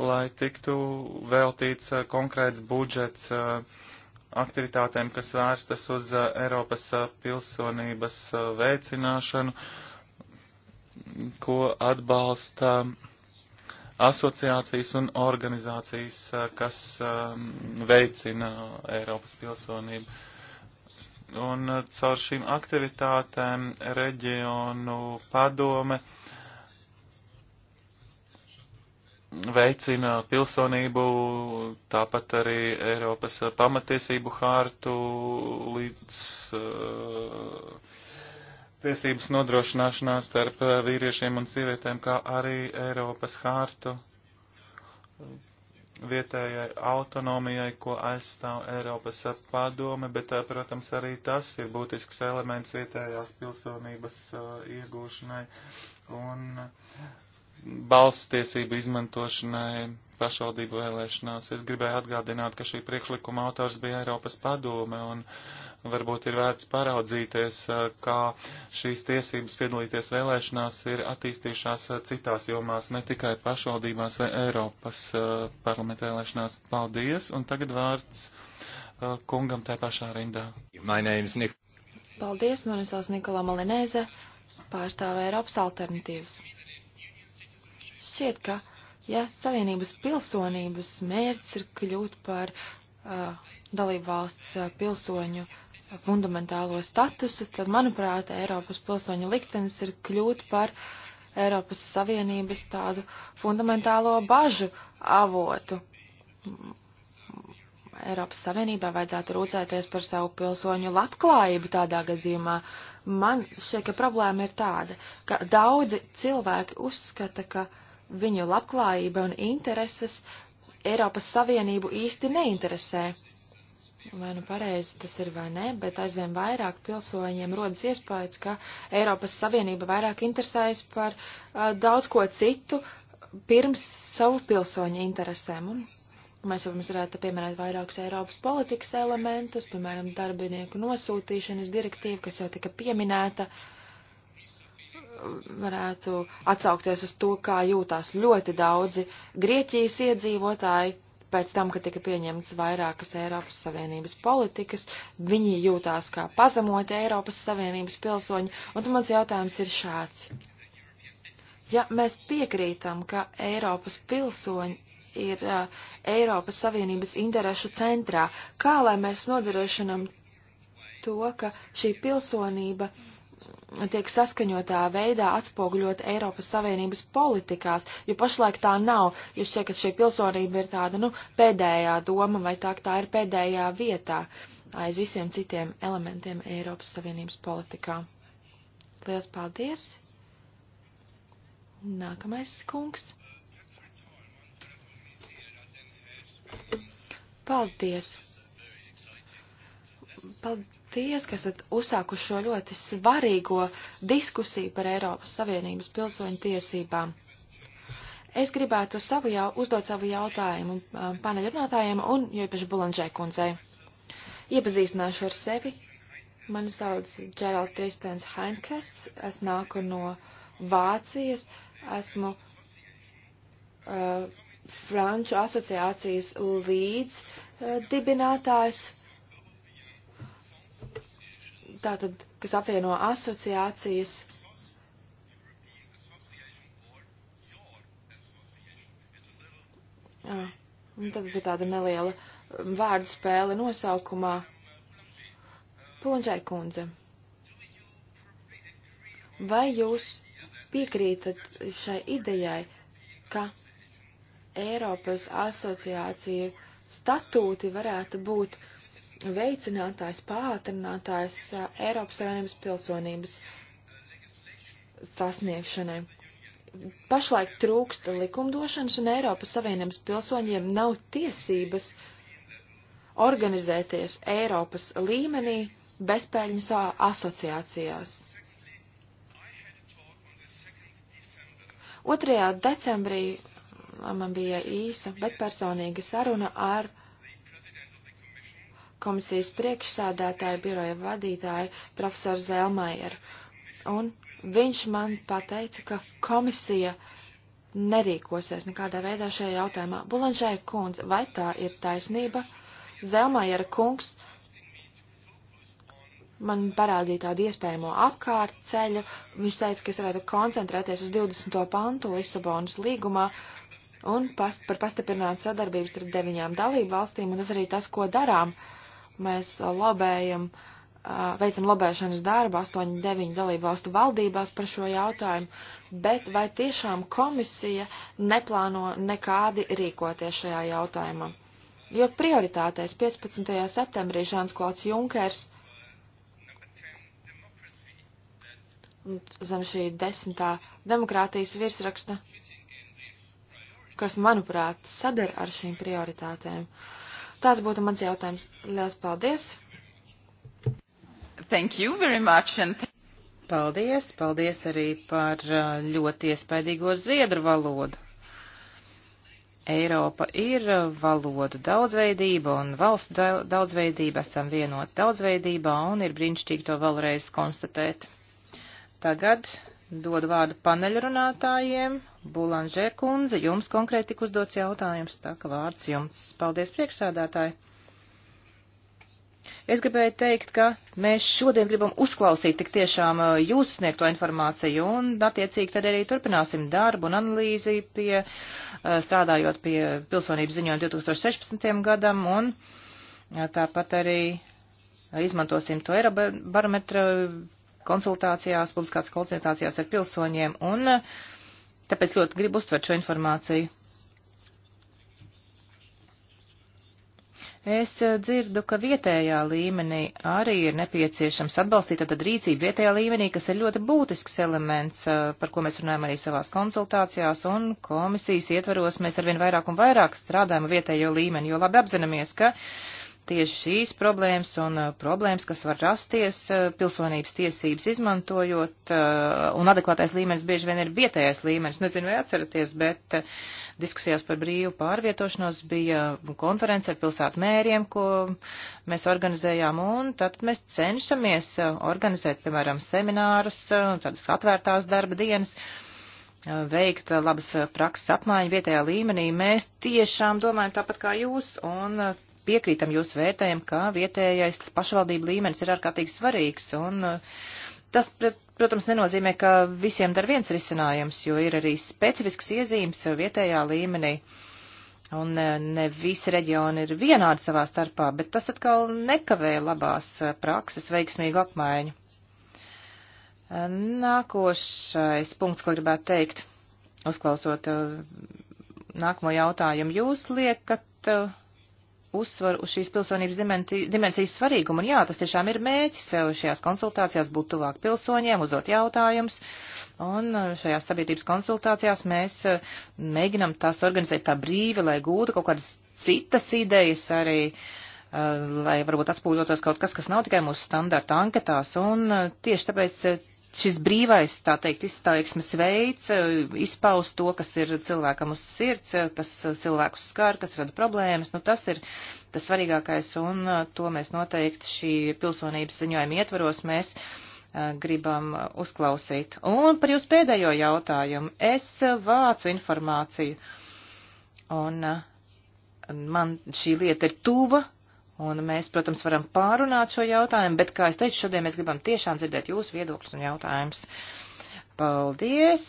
lai tiktu veltīts konkrēts budžets uh, aktivitātēm, kas vērstas uz uh, Eiropas uh, pilsonības uh, veicināšanu, ko atbalsta asociācijas un organizācijas, kas um, veicina Eiropas pilsonību. Un caur šīm aktivitātēm reģionu padome veicina pilsonību, tāpat arī Eiropas pamatiesību hārtu līdz uh, tiesības nodrošināšanā starp vīriešiem un sievietēm, kā arī Eiropas hārtu vietējai autonomijai, ko aizstāv Eiropas padome, bet, eh, protams, arī tas ir būtisks elements vietējās pilsonības uh, iegūšanai. Un balss tiesību izmantošanai pašvaldību vēlēšanās. Es gribēju atgādināt, ka šī priekšlikuma autors bija Eiropas padome un varbūt ir vērts paraudzīties, kā šīs tiesības piedalīties vēlēšanās ir attīstījušās citās jomās, ne tikai pašvaldībās vai Eiropas eh, parlamenta vēlēšanās. Paldies, un tagad vārds eh, kungam tā pašā rindā. Paldies, mani sauc Nikola Malinēze, pārstāvē Eiropas alternatīvas šķiet, ka, ja Savienības pilsonības mērķis ir kļūt par uh, dalību valsts uh, pilsoņu uh, fundamentālo statusu, tad, manuprāt, Eiropas pilsoņu liktenis ir kļūt par Eiropas Savienības tādu fundamentālo bažu avotu. Eiropas Savienībā vajadzētu rūcēties par savu pilsoņu labklājību tādā gadījumā. Man šķiet, ka problēma ir tāda, ka daudzi cilvēki uzskata, ka uh, viņu labklājība un intereses Eiropas Savienību īsti neinteresē. Vai nu pareizi tas ir vai nē, bet aizvien vairāk pilsoņiem rodas iespējas, ka Eiropas Savienība vairāk interesējas par uh, daudz ko citu pirms savu pilsoņu interesēm. Un mēs jau mums varētu pieminēt vairākus Eiropas politikas elementus, piemēram, darbinieku nosūtīšanas direktīvu, kas jau tika pieminēta. Uh, varētu atsaukties uz to, kā jūtās ļoti daudzi Grieķijas iedzīvotāji pēc tam, kad tika pieņemts vairākas Eiropas Savienības politikas, viņi jūtās kā pazemoti Eiropas Savienības pilsoņi, un mans jautājums ir šāds. Ja mēs piekrītam, ka Eiropas pilsoņi ir uh, Eiropas Savienības interešu centrā, kā lai mēs nodrošinam to, ka šī pilsonība tiek saskaņotā veidā atspoguļot Eiropas Savienības politikās, jo pašlaik tā nav. Jūs šķiet, ka šī pilsonība ir tāda, nu, pēdējā doma vai tā, tā ir pēdējā vietā aiz visiem citiem elementiem Eiropas Savienības politikā. Lielas paldies! Nākamais kungs. Paldies! Paldies! Paldies, ka esat uzsākuši šo ļoti svarīgo diskusiju par Eiropas Savienības pilsoņu tiesībām. Es gribētu savu jau, uzdot savu jautājumu uh, paneļrunātājiem un jo īpaši Bulanžai kundzei. Iepazīstināšu ar sevi. Mani sauc Džerals Tristens Heinkests, es nāku no Vācijas, esmu uh, Franču asociācijas līdz uh, dibinātājs tātad, kas apvieno asociācijas. Jā, tad bija tāda neliela um, vārdu spēle nosaukumā. Plunžai kundze, vai jūs piekrītat šai idejai, ka Eiropas asociāciju statūti varētu būt veicinātājs, pātrinātājs Eiropas Savienības pilsonības sasniegšanai. Pašlaik trūksta likumdošanas un Eiropas Savienības pilsoņiem nav tiesības organizēties Eiropas līmenī bezpēļņas asociācijās. 2. decembrī man bija īsa, bet personīga saruna ar uh, komisijas priekšsādātāja biroja vadītāja profesora Zelmajer. Un viņš man pateica, ka komisija nerīkosies nekādā veidā šajā jautājumā. Bulanžai kundze, vai tā ir taisnība? Zelmajera kungs man parādīja tādu iespējamo apkārt ceļu. Viņš teica, ka es varētu koncentrēties uz 20. pantu Lisabonas līgumā un past, par pastiprinātu sadarbību starp deviņām dalību valstīm, un tas arī tas, ko darām. Uh, Mēs uh, lobējam, uh, veicam lobēšanas darbu 8-9 dalību valstu valdībās par šo jautājumu, bet vai tiešām komisija neplāno nekādi rīkoties šajā jautājumā? Jo prioritātēs 15. septembrī Žāns Klauds Junkers zem šī desmitā demokrātijas virsraksta, kas, manuprāt, sadara ar šīm prioritātēm. Uh, Tāds būtu mans jautājums. Lielas paldies! Thank you very much and Paldies, paldies arī par uh, ļoti iespaidīgo zviedru valodu. Eiropa ir uh, valodu daudzveidība un valstu daudzveidība, esam vienoti daudzveidībā un ir brīnišķīgi to vēlreiz konstatēt. Tagad Dodu vārdu paneļrunātājiem. Bulanžē kundze, jums konkrēti tik uzdots jautājums, tā ka vārds jums. Paldies priekšsādātāji. Es gribēju teikt, ka mēs šodien gribam uzklausīt tik tiešām jūsu sniegto informāciju un attiecīgi tad arī turpināsim darbu un analīzi pie, strādājot pie pilsonības ziņojuma 2016. gadam un tāpat arī izmantosim to Eirobarometra konsultācijās, publiskās konsultācijās ar pilsoņiem, un eh, tāpēc ļoti gribu uztvert šo informāciju. Es eh, dzirdu, ka vietējā līmenī arī ir nepieciešams atbalstīt tad rīcību vietējā līmenī, kas ir ļoti būtisks elements, eh, par ko mēs runājam arī savās konsultācijās, un komisijas ietvaros mēs arvien vairāk un vairāk strādājam vietējo līmeni, jo labi apzināmies, ka uh, tieši šīs problēmas un uh, problēmas, kas var rasties uh, pilsonības tiesības izmantojot, uh, un adekvātais līmenis bieži vien ir vietējais līmenis. Nezinu, vai atceraties, bet diskusijās par brīvu pārvietošanos bija konference ar pilsētu mēriem, ko mēs organizējām, un tad mēs cenšamies organizēt, piemēram, seminārus, tādas atvērtās darba dienas veikt labas prakses apmaiņu vietējā līmenī. Mēs tiešām domājam tāpat kā jūs, un piekrītam jūsu vērtējiem, ka vietējais pašvaldību līmenis ir ārkārtīgi svarīgs. Un, uh, tas, protams, nenozīmē, ka visiem dar viens risinājums, jo ir arī specifisks iezīmes vietējā līmenī. Un uh, ne visi reģioni ir vienādi savā starpā, bet tas atkal nekavē labās uh, prakses veiksmīgu apmaiņu. Nākošais punkts, ko gribētu teikt, uzklausot nākamo jautājumu, jūs liekat uzsvaru uz šīs pilsonības dimensijas svarīgumu. Un jā, tas tiešām ir mēķis šajās konsultācijās būt tuvāk pilsoņiem, uzdot jautājumus. Un uh, šajās sabiedrības konsultācijās mēs uh, mēģinam tās organizēt tā brīvi, lai gūtu kaut kādas citas idejas arī, uh, lai varbūt atspūļotos kaut kas, kas nav tikai mūsu standarta anketās. Un tieši tāpēc šis brīvais, tā teikt, izstājiksmes veids e, izpaust to, kas ir cilvēkam uz sirds, e, kas cilvēku skar, kas rada problēmas, nu tas ir tas svarīgākais, un e, to mēs noteikti šī pilsonības ziņojuma ietvaros mēs gribam uzklausīt. Un par jūsu pēdējo jautājumu. Es vācu informāciju, un man šī lieta ir tuva, Un mēs, protams, varam pārunāt šo jautājumu, bet, kā es teicu, šodien mēs gribam tiešām dzirdēt jūsu viedokļus un jautājumus. Paldies!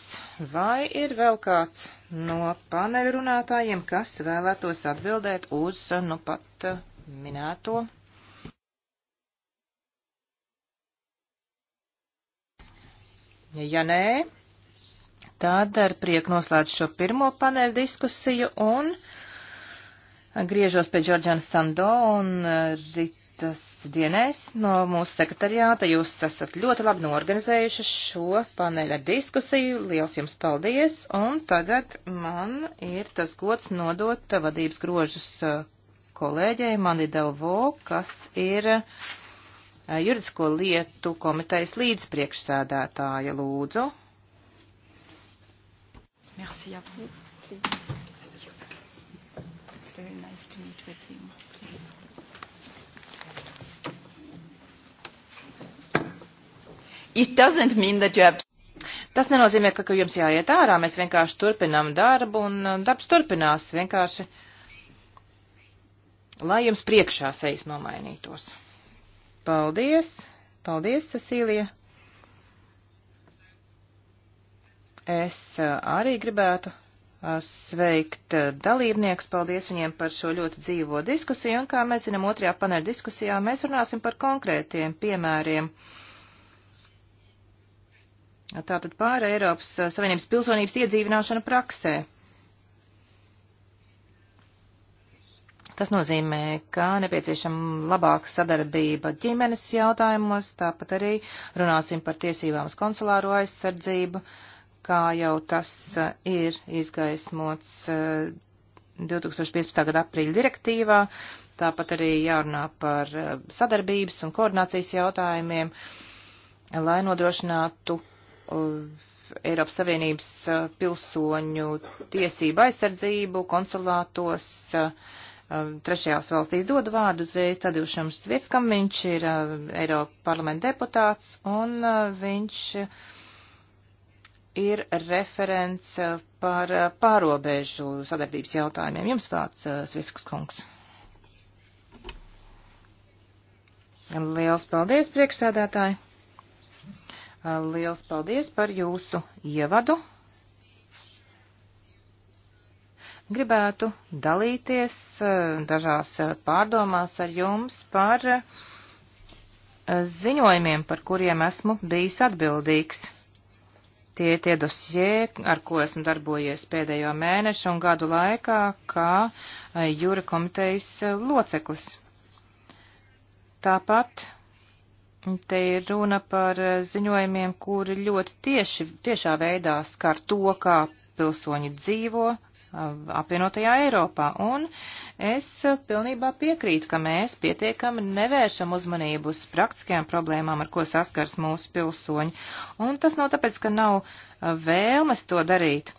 Vai ir vēl kāds no paneļu runātājiem, kas vēlētos atbildēt uz, nu pat eh, minēto? Ja nē, tad ar prieku noslēdz šo pirmo paneļu diskusiju un. Griežos pie Džordžana Sando un uh, Ritas Dienēs no mūsu sekretariāta. Jūs esat ļoti labi norganizējuši šo paneļa diskusiju. Liels jums paldies! Un tagad man ir tas gods nodot vadības grožus uh, kolēģei Mandi Delvo, kas ir uh, juridisko lietu komitejas līdzpriekšsēdētāja. Lūdzu! Merci à vous to meet with him, please. It doesn't mean that you have to Tas nenozīmē, ka, ka jums jāiet ārā, mēs vienkārši turpinām darbu un uh, darbs turpinās vienkārši, lai jums priekšā sejas nomainītos. Paldies, paldies, Cecīlija. Es uh, arī gribētu Uh, sveikt uh, dalībnieks. Paldies viņiem par šo ļoti dzīvo diskusiju. Un, kā mēs zinām, otrajā paneļa diskusijā mēs runāsim par konkrētiem piemēriem. Tātad pāri Eiropas uh, Savienības pilsonības iedzīvināšana praksē. Tas nozīmē, ka nepieciešama labāka sadarbība ģimenes jautājumos, tāpat arī runāsim par tiesībām uz konsulāro aizsardzību. Uh, kā jau tas uh, ir izgaismots 2015. Uh, gada aprīļa direktīvā. Tāpat arī jārunā par uh, sadarbības un koordinācijas jautājumiem, lai nodrošinātu Eiropas Savienības pilsoņu tiesību aizsardzību konsulātos um, trešajās valstīs dodu vārdu uzreiz Tadeušam Svifkam. Viņš ir Eiropa parlamenta deputāts un viņš ir referents uh, par uh, pārobežu sadarbības jautājumiem. Jums vārds, uh, Svifks kungs. Liels paldies, priekšsēdētāji! Liels paldies par jūsu ievadu. Gribētu dalīties dažās pārdomās ar jums par ziņojumiem, par kuriem esmu bijis atbildīgs Tie ir tie dosie, ar ko esmu darbojies pēdējo mēnešu un gadu laikā, kā eh, jūra komitejas eh, loceklis. Tāpat te ir runa par eh, ziņojumiem, kuri ļoti tieši, tiešā veidā skar to, kā pilsoņi dzīvo, Uh, apvienotajā Eiropā. Un es pilnībā piekrītu, ka mēs pietiekami nevēršam uzmanību uz praktiskajām problēmām, ar ko saskars mūsu pilsoņi. Un tas nav tāpēc, ka nav uh, vēlmes to darīt.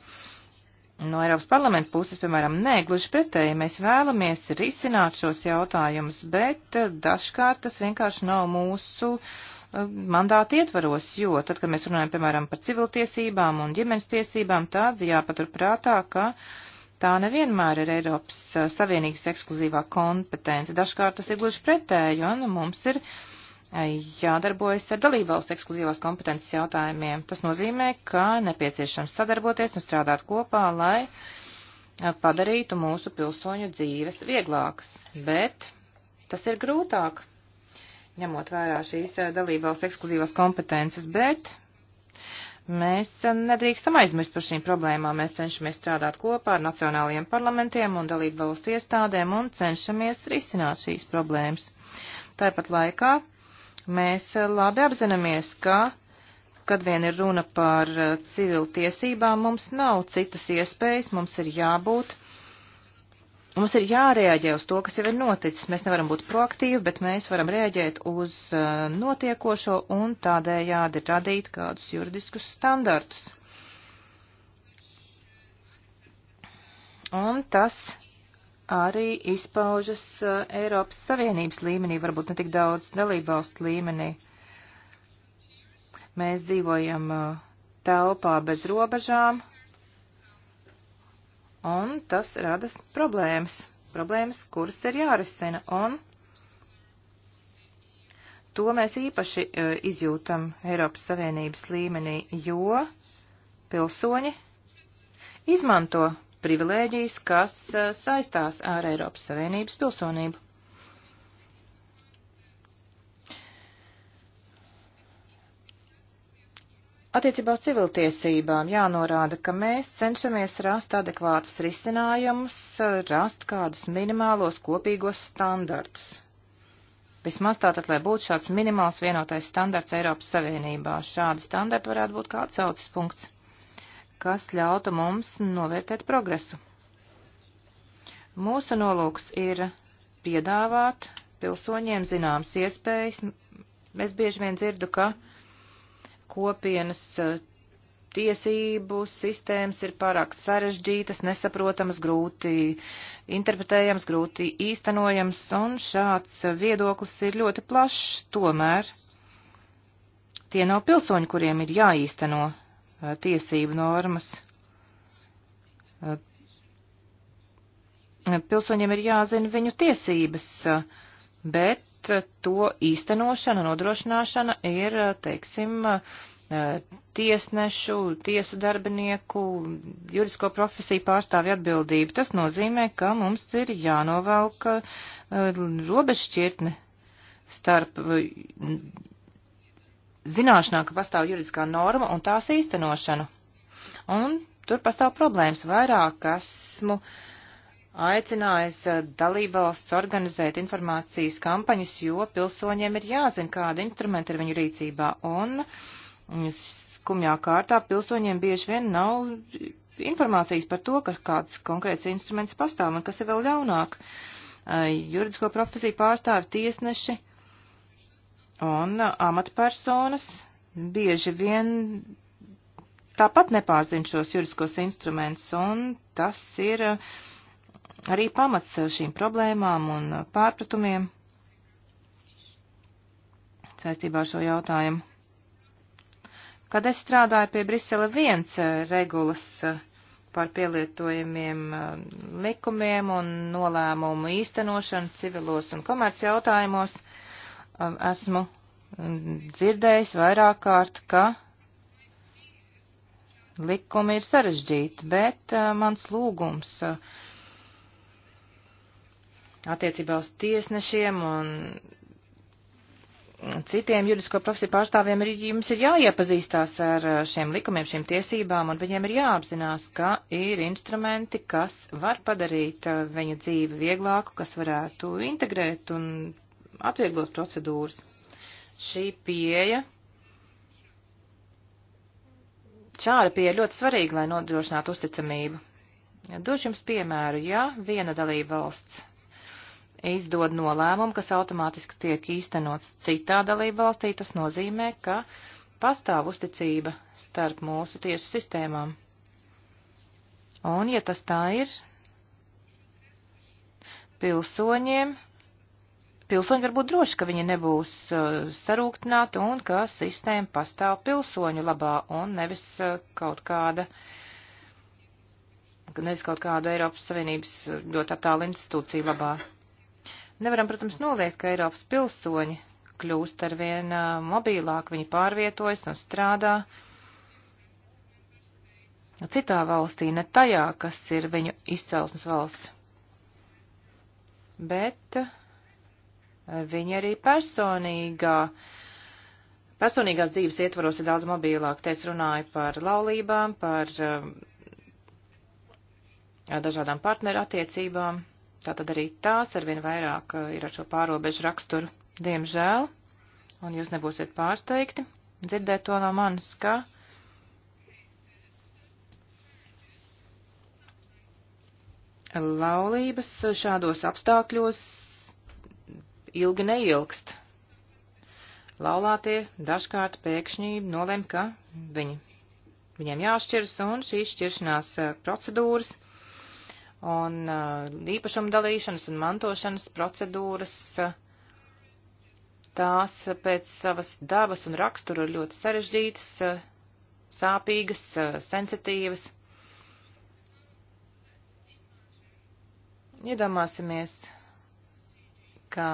No Eiropas parlamenta puses, piemēram, nē, gluži pretēji, mēs vēlamies risināt šos jautājumus, bet uh, dažkārt tas vienkārši nav mūsu uh, mandāta ietvaros, jo tad, kad mēs runājam, piemēram, par civiltiesībām un ģimenes tiesībām, tad jāpaturprātā, ka tā nevienmēr ir Eiropas Savienības ekskluzīvā kompetence. Dažkārt tas ir gluži pretēji, un mums ir jādarbojas ar dalībvalstu ekskluzīvās kompetences jautājumiem. Tas nozīmē, ka nepieciešams sadarboties un strādāt kopā, lai padarītu mūsu pilsoņu dzīves vieglākas. Bet tas ir grūtāk, ņemot vērā šīs eh, dalībvalsts ekskluzīvās kompetences, bet mēs eh, nedrīkstam aizmirst par šīm problēmām. Mēs cenšamies strādāt kopā ar nacionālajiem parlamentiem un dalībvalstu iestādēm un cenšamies risināt šīs problēmas. Tāpat laikā mēs eh, labi apzināmies, ka, kad vien ir runa par civilu tiesībām, mums nav citas iespējas, mums ir jābūt Mums ir jārēģē uz to, kas jau ir noticis. Mēs nevaram būt proaktīvi, bet mēs varam rēģēt uz uh, notiekošo un tādējādi radīt kādus juridiskus standartus. Un tas arī izpaužas uh, Eiropas Savienības līmenī, varbūt ne tik daudz dalībvalstu līmenī. Mēs dzīvojam uh, telpā bez robežām, un tas rada problēmas, problēmas, kuras ir jārisina, un to mēs īpaši e, izjūtam Eiropas Savienības līmenī, jo pilsoņi izmanto privilēģijas, kas e, saistās ar Eiropas Savienības pilsonību. Attiecībā uz civiltiesībām jānorāda, ka mēs cenšamies rast adekvātus risinājumus, rast kādus minimālos kopīgos standartus. Vismaz tātad, lai būtu šāds minimāls vienotais standarts Eiropas Savienībā, šādi standarti varētu būt kā atsaucas punkts, kas ļautu mums novērtēt progresu. Mūsu nolūks ir piedāvāt pilsoņiem zināmas iespējas. Es bieži vien dzirdu, ka uh, kopienas eh, tiesību sistēmas ir pārāk sarežģītas, nesaprotamas, grūti interpretējams, grūti īstenojams, un šāds viedoklis ir ļoti plašs. Tomēr tie nav pilsoņi, kuriem ir jāīsteno eh, tiesību normas. Eh, pilsoņiem ir jāzina viņu tiesības, bet bet eh, to īstenošana, nodrošināšana ir, eh, teiksim, eh, tiesnešu, tiesu darbinieku, juridisko profesiju pārstāvju atbildība. Tas nozīmē, ka mums ir jānovelk robežšķirtne starp zināšanā, ka pastāv juridiskā norma un tās īstenošanu. Un tur pastāv problēmas. Vairāk esmu uh, aicinājis eh, dalībvalsts organizēt informācijas kampaņas, jo pilsoņiem ir jāzina, kāda instrumenta ir viņu rīcībā. Un skumjā kārtā pilsoņiem bieži vien nav informācijas par to, ka kāds konkrēts instruments pastāv un kas ir vēl ļaunāk. Eh, juridisko profesiju pārstāvi tiesneši un eh, amatpersonas bieži vien tāpat nepārzina šos juridiskos instrumentus, un tas ir uh, arī pamats šīm problēmām un pārpratumiem saistībā ar šo jautājumu. Kad es strādāju pie Brisele 1 eh, regulas eh, par pielietojumiem eh, likumiem un nolēmumu īstenošanu civilos un komerci jautājumos, esmu mm, dzirdējis vairāk kārt, ka likumi ir sarežģīti, bet mans lūgums uh, attiecībā uz tiesnešiem un citiem juridisko profesiju pārstāvjiem ir, jums ir jāiepazīstās ar eh, šiem likumiem, šīm tiesībām, un viņiem ir jāapzinās, ka ir instrumenti, kas var padarīt eh, viņu dzīvi vieglāku, kas varētu integrēt un atvieglot procedūras. Šī pieeja, šāda pieeja ļoti svarīga, lai nodrošinātu uzticamību. Došu jums piemēru, ja viena dalība valsts izdod nolēmumu, kas automātiski tiek īstenots citā dalība valstī, tas nozīmē, ka pastāv uzticība starp mūsu tiesu sistēmām. Un, ja tas tā ir, pilsoņiem, pilsoņi var būt droši, ka viņi nebūs uh, sarūktināti un ka sistēma pastāv pilsoņu labā un nevis uh, kaut kāda uh, nevis kaut kādu Eiropas Savienības uh, ļoti attālu institūciju labā. Nevaram, protams, noliegt, ka Eiropas pilsoņi kļūst ar vien mobilāk, viņi pārvietojas un strādā citā valstī, ne tajā, kas ir viņu izcelsmes valsts. Bet viņi arī personīgā, personīgās dzīves ietvaros ir daudz mobilāk. Te es runāju par laulībām, par dažādām partneru attiecībām. Tātad arī tās arvien vairāk uh, ir ar šo pārobežu raksturu, diemžēl, un jūs nebūsiet pārsteigti dzirdēt to no manis, ka laulības šādos apstākļos ilgi neilgst. Laulātie dažkārt pēkšņi nolem, ka viņi, viņiem jāšķiras, un šīs šķiršanās uh, procedūras un uh, īpašumu dalīšanas un mantošanas procedūras. Tās pēc savas dabas un rakstura ir ļoti sarežģītas, uh, sāpīgas, uh, sensitīvas. Iedomāsimies, ka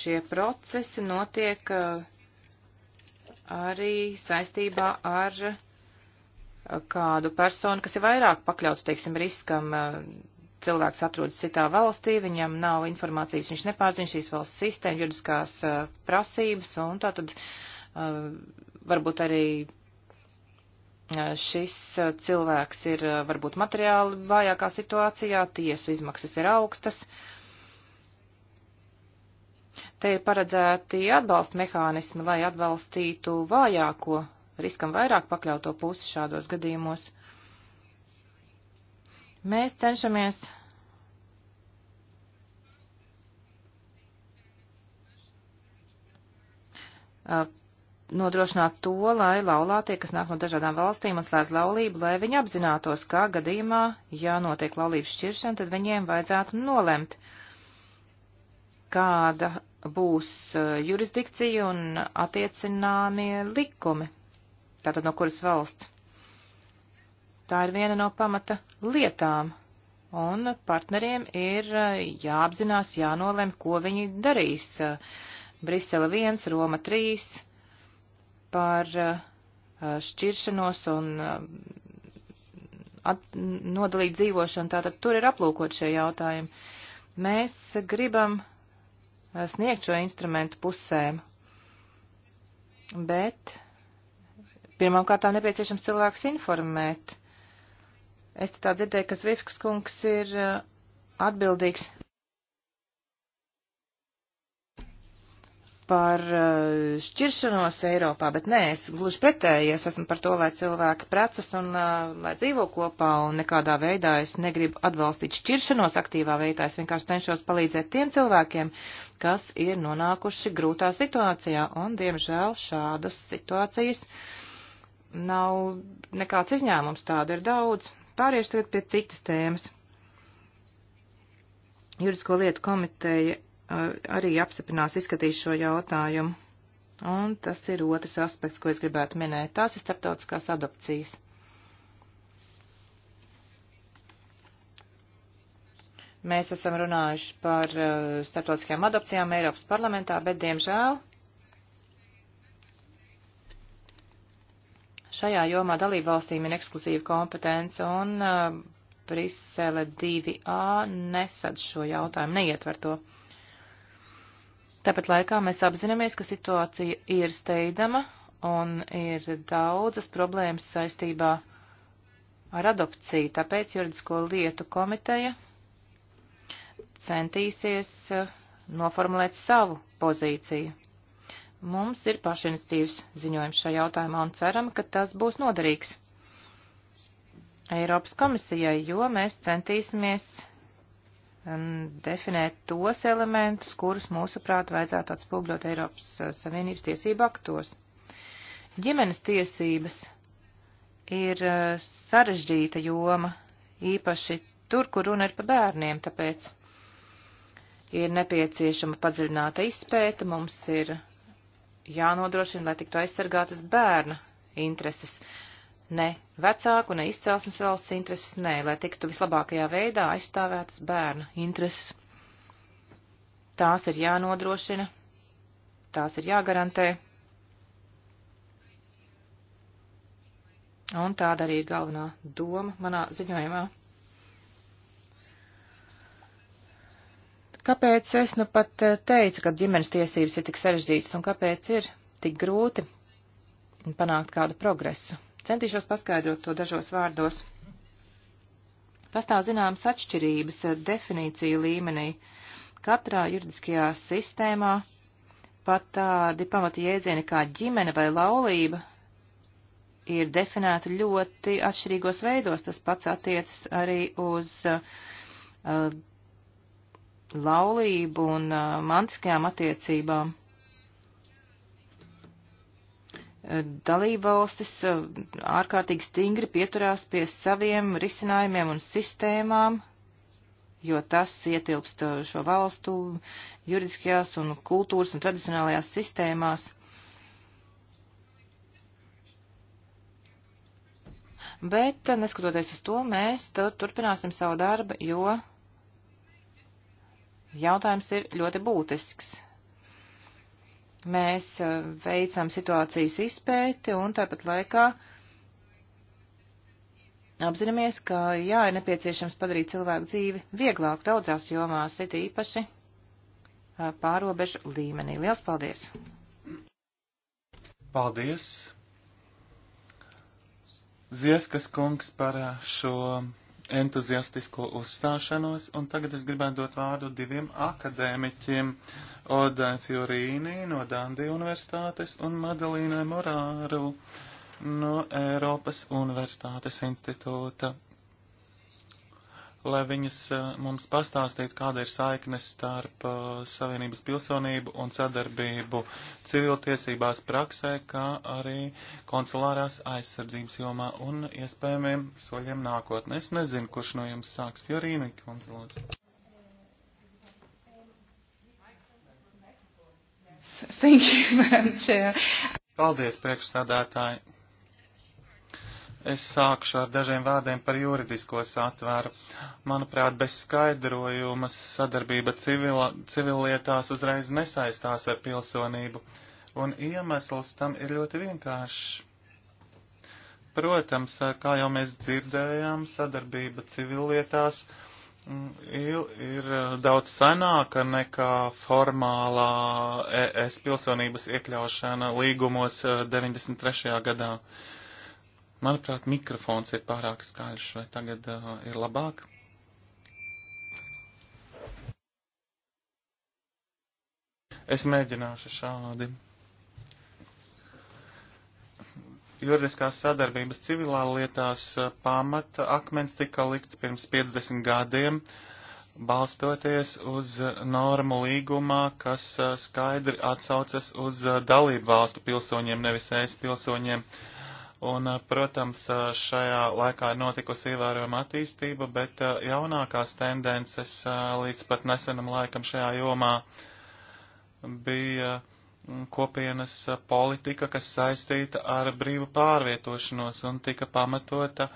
šie procesi notiek arī saistībā ar kādu personu, kas ir vairāk pakļauts, teiksim, riskam, cilvēks atrodas citā valstī, viņam nav informācijas, viņš nepārzina šīs valsts sistēmu, juridiskās prasības, un tā tad varbūt arī šis cilvēks ir varbūt materiāli vājākā situācijā, tiesu izmaksas ir augstas. Te ir paredzēti atbalsta mehānismi, lai atbalstītu vājāko riskam vairāk pakļauto pusi šādos gadījumos. Mēs cenšamies nodrošināt to, lai laulātie, kas nāk no dažādām valstīm un slēdz laulību, lai viņi apzinātos, kā gadījumā, ja notiek laulības šķiršana, tad viņiem vajadzētu nolemt, kāda būs jurisdikcija un attiecināmie likumi. Tātad no kuras valsts? Tā ir viena no pamata lietām, un partneriem ir eh, jāapzinās, jānolem, ko viņi darīs. Eh, Brisele 1, Roma 3 par eh, šķiršanos un at, nodalīt dzīvošanu, tātad tur ir aplūkot šie jautājumi. Mēs gribam sniegt šo instrumentu pusēm, bet Pirmkārt, nepieciešams cilvēks informēt. Es tā dzirdēju, ka Zvifks kungs ir uh, atbildīgs par uh, šķiršanos Eiropā, bet nē, es gluži pretēji, es esmu par to, lai cilvēki precas un uh, lai dzīvo kopā, un nekādā veidā es negribu atbalstīt šķiršanos aktīvā veidā, es vienkārši cenšos palīdzēt tiem cilvēkiem, kas ir nonākuši grūtā situācijā, un, diemžēl, šādas situācijas. Uh, nav nekāds izņēmums, tāda ir daudz. Pāriešu tagad pie citas tēmas. Juridisko lietu komiteja uh, arī apstiprinās izskatīs šo jautājumu. Un tas ir otrs aspekts, ko es gribētu minēt. Tās ir starptautiskās adopcijas. Mēs esam runājuši par uh, starptautiskajām adopcijām Eiropas parlamentā, bet, diemžēl, Šajā jomā dalībvalstīm ir ekskluzīva kompetence un uh, Brisele 2A nesadz šo jautājumu, neietver to. Tāpat laikā mēs apzināmies, ka situācija ir steidama un ir daudzas problēmas saistībā ar adopciju, tāpēc juridisko lietu komiteja centīsies uh, noformulēt savu pozīciju. Mums ir pašinicitīvs ziņojums šajā jautājumā un ceram, ka tas būs noderīgs Eiropas komisijai, jo mēs centīsimies um, definēt tos elementus, kurus mūsuprāt vajadzētu atspūgļot Eiropas uh, Savienības tiesību aktos. Ģimenes tiesības ir uh, sarežģīta joma, īpaši tur, kur runa ir par bērniem, tāpēc ir nepieciešama padziļināta izpēta, mums ir jānodrošina, lai tiktu aizsargātas bērna intereses. Ne vecāku, ne izcelsmes valsts intereses, nē, lai tiktu vislabākajā veidā aizstāvētas bērna intereses. Tās ir jānodrošina, tās ir jāgarantē. Un tāda arī ir galvenā doma manā ziņojumā. Kāpēc es nu pat eh, teicu, ka ģimenes tiesības ir tik sarežģītas un kāpēc ir tik grūti panākt kādu progresu? Centīšos paskaidrot to dažos vārdos. Pastāv zināmas atšķirības eh, definīciju līmenī. Katrā juridiskajā sistēmā pat tādi pamata jēdzieni kā ģimene vai laulība ir definēti ļoti atšķirīgos veidos. Tas pats attiecas arī uz uh, laulību un uh, mantiskajām attiecībām. Uh, Dalība valstis uh, ārkārtīgi stingri pieturās pie saviem risinājumiem un sistēmām, jo tas ietilpst šo valstu juridiskajās un kultūras un tradicionālajās sistēmās. Bet, neskatoties uz to, mēs turpināsim savu darbu, jo jautājums ir ļoti būtisks. Mēs uh, veicam situācijas izpēti un tāpat laikā apzināmies, ka jā, ir nepieciešams padarīt cilvēku dzīvi vieglāku daudzās jomās, it īpaši uh, pārobežu līmenī. Liels paldies! Paldies! Ziefkas kungs par uh, šo entuziastisko uzstāšanos, un tagad es gribētu dot vārdu diviem akadēmiķiem - Odai Fiorīnī no Dandi Universitātes un Madalīnai Morāru no Eiropas Universitātes institūta lai viņas eh, mums pastāstītu, kāda ir saiknes starp eh, Savienības pilsonību un sadarbību civiltiesībās praksē, kā arī konsulārās aizsardzības jomā un iespējamiem soļiem nākotnē. Es nezinu, kurš no jums sāks Fiorīni, kundze, lūdzu. Thank you, (laughs) Paldies, priekšsādātāji. Es sākšu ar dažiem vārdiem par juridisko satvēru. Manuprāt, bez skaidrojuma sadarbība civila, civilietās uzreiz nesaistās ar pilsonību, un iemesls tam ir ļoti vienkāršs. Protams, kā jau mēs dzirdējām, sadarbība civilietās mm, ir, ir eh, daudz senāka nekā formālā eh, ES pilsonības iekļaušana līgumos 93. Eh, gadā Manuprāt, mikrofons ir pārāk skaļš, vai tagad uh, ir labāk? Es mēģināšu šādi. Juridiskās sadarbības civilā lietās uh, pamata akmens tika likts pirms 50 gadiem, balstoties uz uh, normu līgumā, kas uh, skaidri atsaucas uz dalību valstu pilsoņiem, nevis ēs pilsoņiem. Uh, Un, eh, protams, eh, šajā laikā ir notikusi ievērojama attīstība, bet eh, jaunākās tendences līdz pat nesenam laikam šajā jomā bija mm, kopienas politika, kas saistīta ar brīvu pārvietošanos un tika pamatota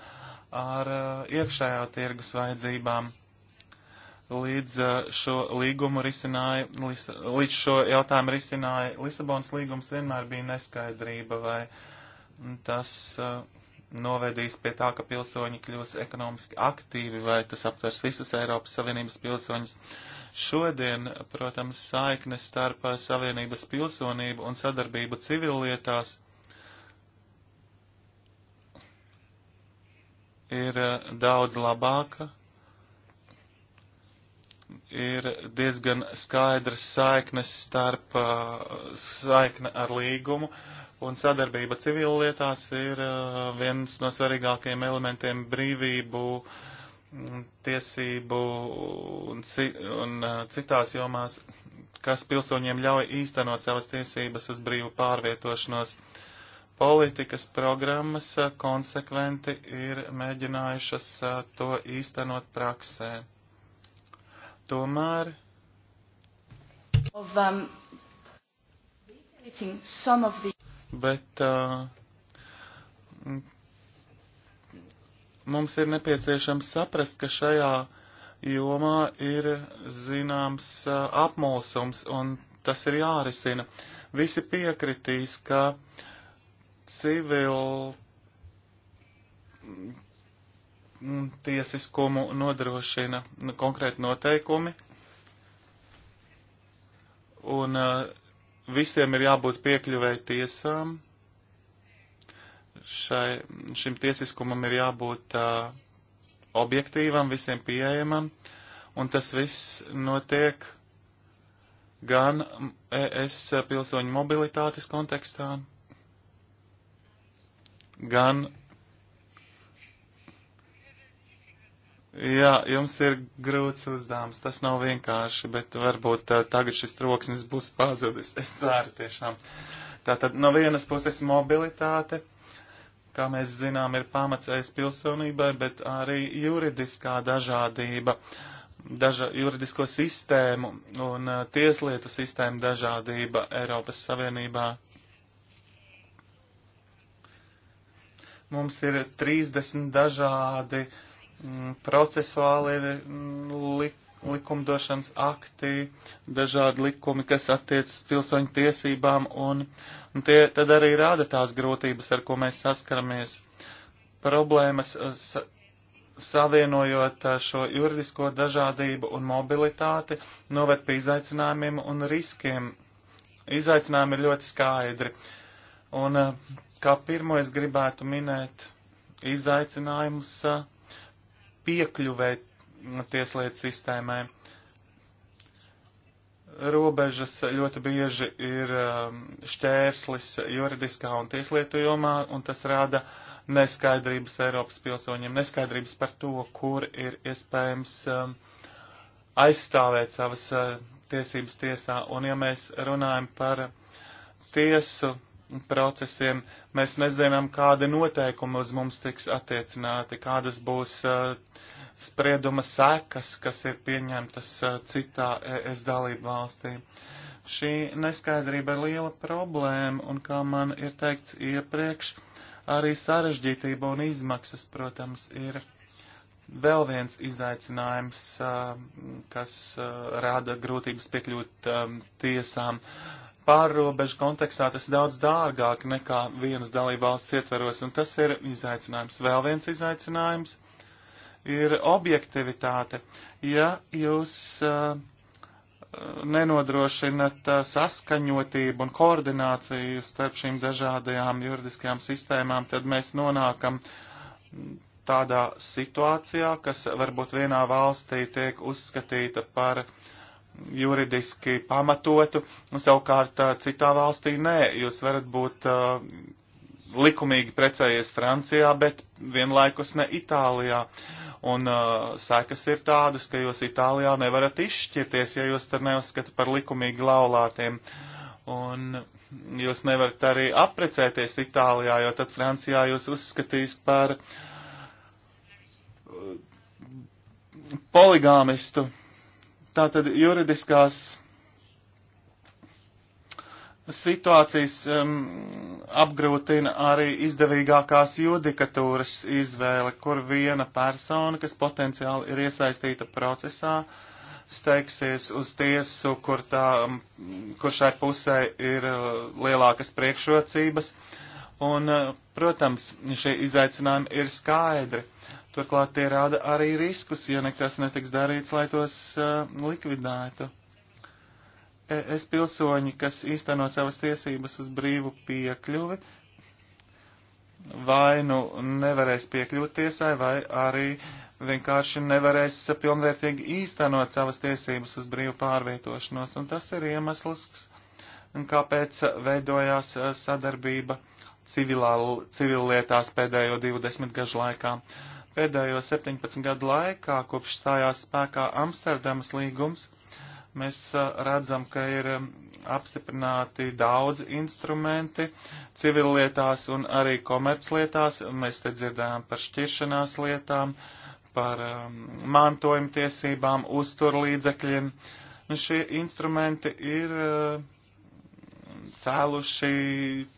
ar iekšējā tirgus vajadzībām līdz šo līgumu risināja, līdz šo jautājumu risināja Lisabonas līgums, vienmēr bija neskaidrība vai tas uh, novedīs pie tā, ka pilsoņi kļūs ekonomiski aktīvi, vai tas aptvers visus Eiropas Savienības pilsoņus. Šodien, protams, saikne starp uh, Savienības pilsonību un sadarbību civillietās ir uh, daudz labāka ir diezgan skaidras saiknes starp uh, saikne ar līgumu, un sadarbība civillietās ir uh, viens no svarīgākajiem elementiem brīvību, mm, tiesību un, ci, un uh, citās jomās, kas pilsoņiem ļauj īstenot savas tiesības uz brīvu pārvietošanos. Politikas programmas konsekventi ir mēģinājušas to īstenot praksē. Tomēr. Of, um, the... Bet uh, mums ir nepieciešams saprast, ka šajā jomā ir zināms uh, apmulsums un tas ir jārisina. Visi piekritīs, ka civil Mm, tiesiskumu nodrošina konkrēti noteikumi, un uh, visiem ir jābūt piekļuvēji tiesām. Šai, šim tiesiskumam ir jābūt uh, objektīvam, visiem pieejamam, un tas viss notiek gan ES pilsoņu mobilitātes kontekstā, gan Jā, jums ir grūts uzdevums. Tas nav vienkārši, bet varbūt uh, tagad šis troksnis būs pazudis. Es ceru tiešām. Tātad no vienas puses mobilitāte, kā mēs zinām, ir pamacējis pilsonībai, bet arī juridiskā dažādība, daža, juridisko sistēmu un uh, tieslietu sistēmu dažādība Eiropas Savienībā mums ir 30 dažādi Mm, procesuālie mm, lik, likumdošanas akti, dažādi likumi, kas attiecas pilsoņu tiesībām, un, un tie tad arī rāda tās grūtības, ar ko mēs saskaramies. Problēmas uh, sa, savienojot uh, šo juridisko dažādību un mobilitāti noved pie izaicinājumiem un riskiem. Izaicinājumi ir ļoti skaidri. Un uh, kā pirmo es gribētu minēt izaicinājumus uh, piekļuvē tieslietu sistēmai. Robežas ļoti bieži ir um, šķērslis juridiskā un tieslietu jomā, un tas rāda neskaidrības Eiropas pilsoņiem, neskaidrības par to, kur ir iespējams um, aizstāvēt savas uh, tiesības tiesā. Un ja mēs runājam par tiesu procesiem. Mēs nezinām, kāda noteikuma uz mums tiks attiecināti, kādas būs uh, sprieduma sekas, kas ir pieņemtas uh, citā ES dalību valstī. Šī neskaidrība ir liela problēma, un kā man ir teikts iepriekš, arī sarežģītība un izmaksas, protams, ir vēl viens izaicinājums, uh, kas uh, rada grūtības piekļūt um, tiesām pārrobežu kontekstā tas ir daudz dārgāk nekā vienas dalībvalsts ietveros, un tas ir izaicinājums. Vēl viens izaicinājums ir objektivitāte. Ja jūs uh, nenodrošinat uh, saskaņotību un koordināciju starp šīm dažādajām juridiskajām sistēmām, tad mēs nonākam tādā situācijā, kas varbūt vienā valstī tiek uzskatīta par uh, juridiski pamatotu, savukārt citā valstī nē. Jūs varat būt uh, likumīgi precējies Francijā, bet vienlaikus ne Itālijā. Un uh, sekas ir tādas, ka jūs Itālijā nevarat izšķirties, ja jūs tur neuzskata par likumīgi laulātiem. Un jūs nevarat arī aprecēties Itālijā, jo tad Francijā jūs uzskatīs par poligāmistu. Uh, Tātad juridiskās situācijas um, apgrūtina arī izdevīgākās judikatūras izvēle, kur viena persona, kas potenciāli ir iesaistīta procesā, steigsies uz tiesu, kur, tā, um, kur šai pusē ir uh, lielākas priekšrocības. Un, uh, protams, šie izaicinājumi ir skaidri. Turklāt tie rāda arī riskus, ja nekas netiks darīts, lai tos uh, likvidētu. E, es pilsoņi, kas īsteno savas tiesības uz brīvu piekļuvi, vai nu nevarēs piekļūt tiesai, vai arī vienkārši nevarēs pilnvērtīgi īstenot savas tiesības uz brīvu pārvietošanos. Un tas ir iemesls, kāpēc veidojās uh, sadarbība civilā, civillietās pēdējo 20 gažu laikā. Uh, Pēdējo 17 gadu laikā, kopš stājās spēkā Amsterdamas līgums, mēs redzam, ka ir apstiprināti daudzi instrumenti civillietās un arī komerclietās. Mēs te dzirdējām par šķiršanās lietām, par mantojuma tiesībām, uzturlīdzekļiem. Un šie instrumenti ir uh, cēluši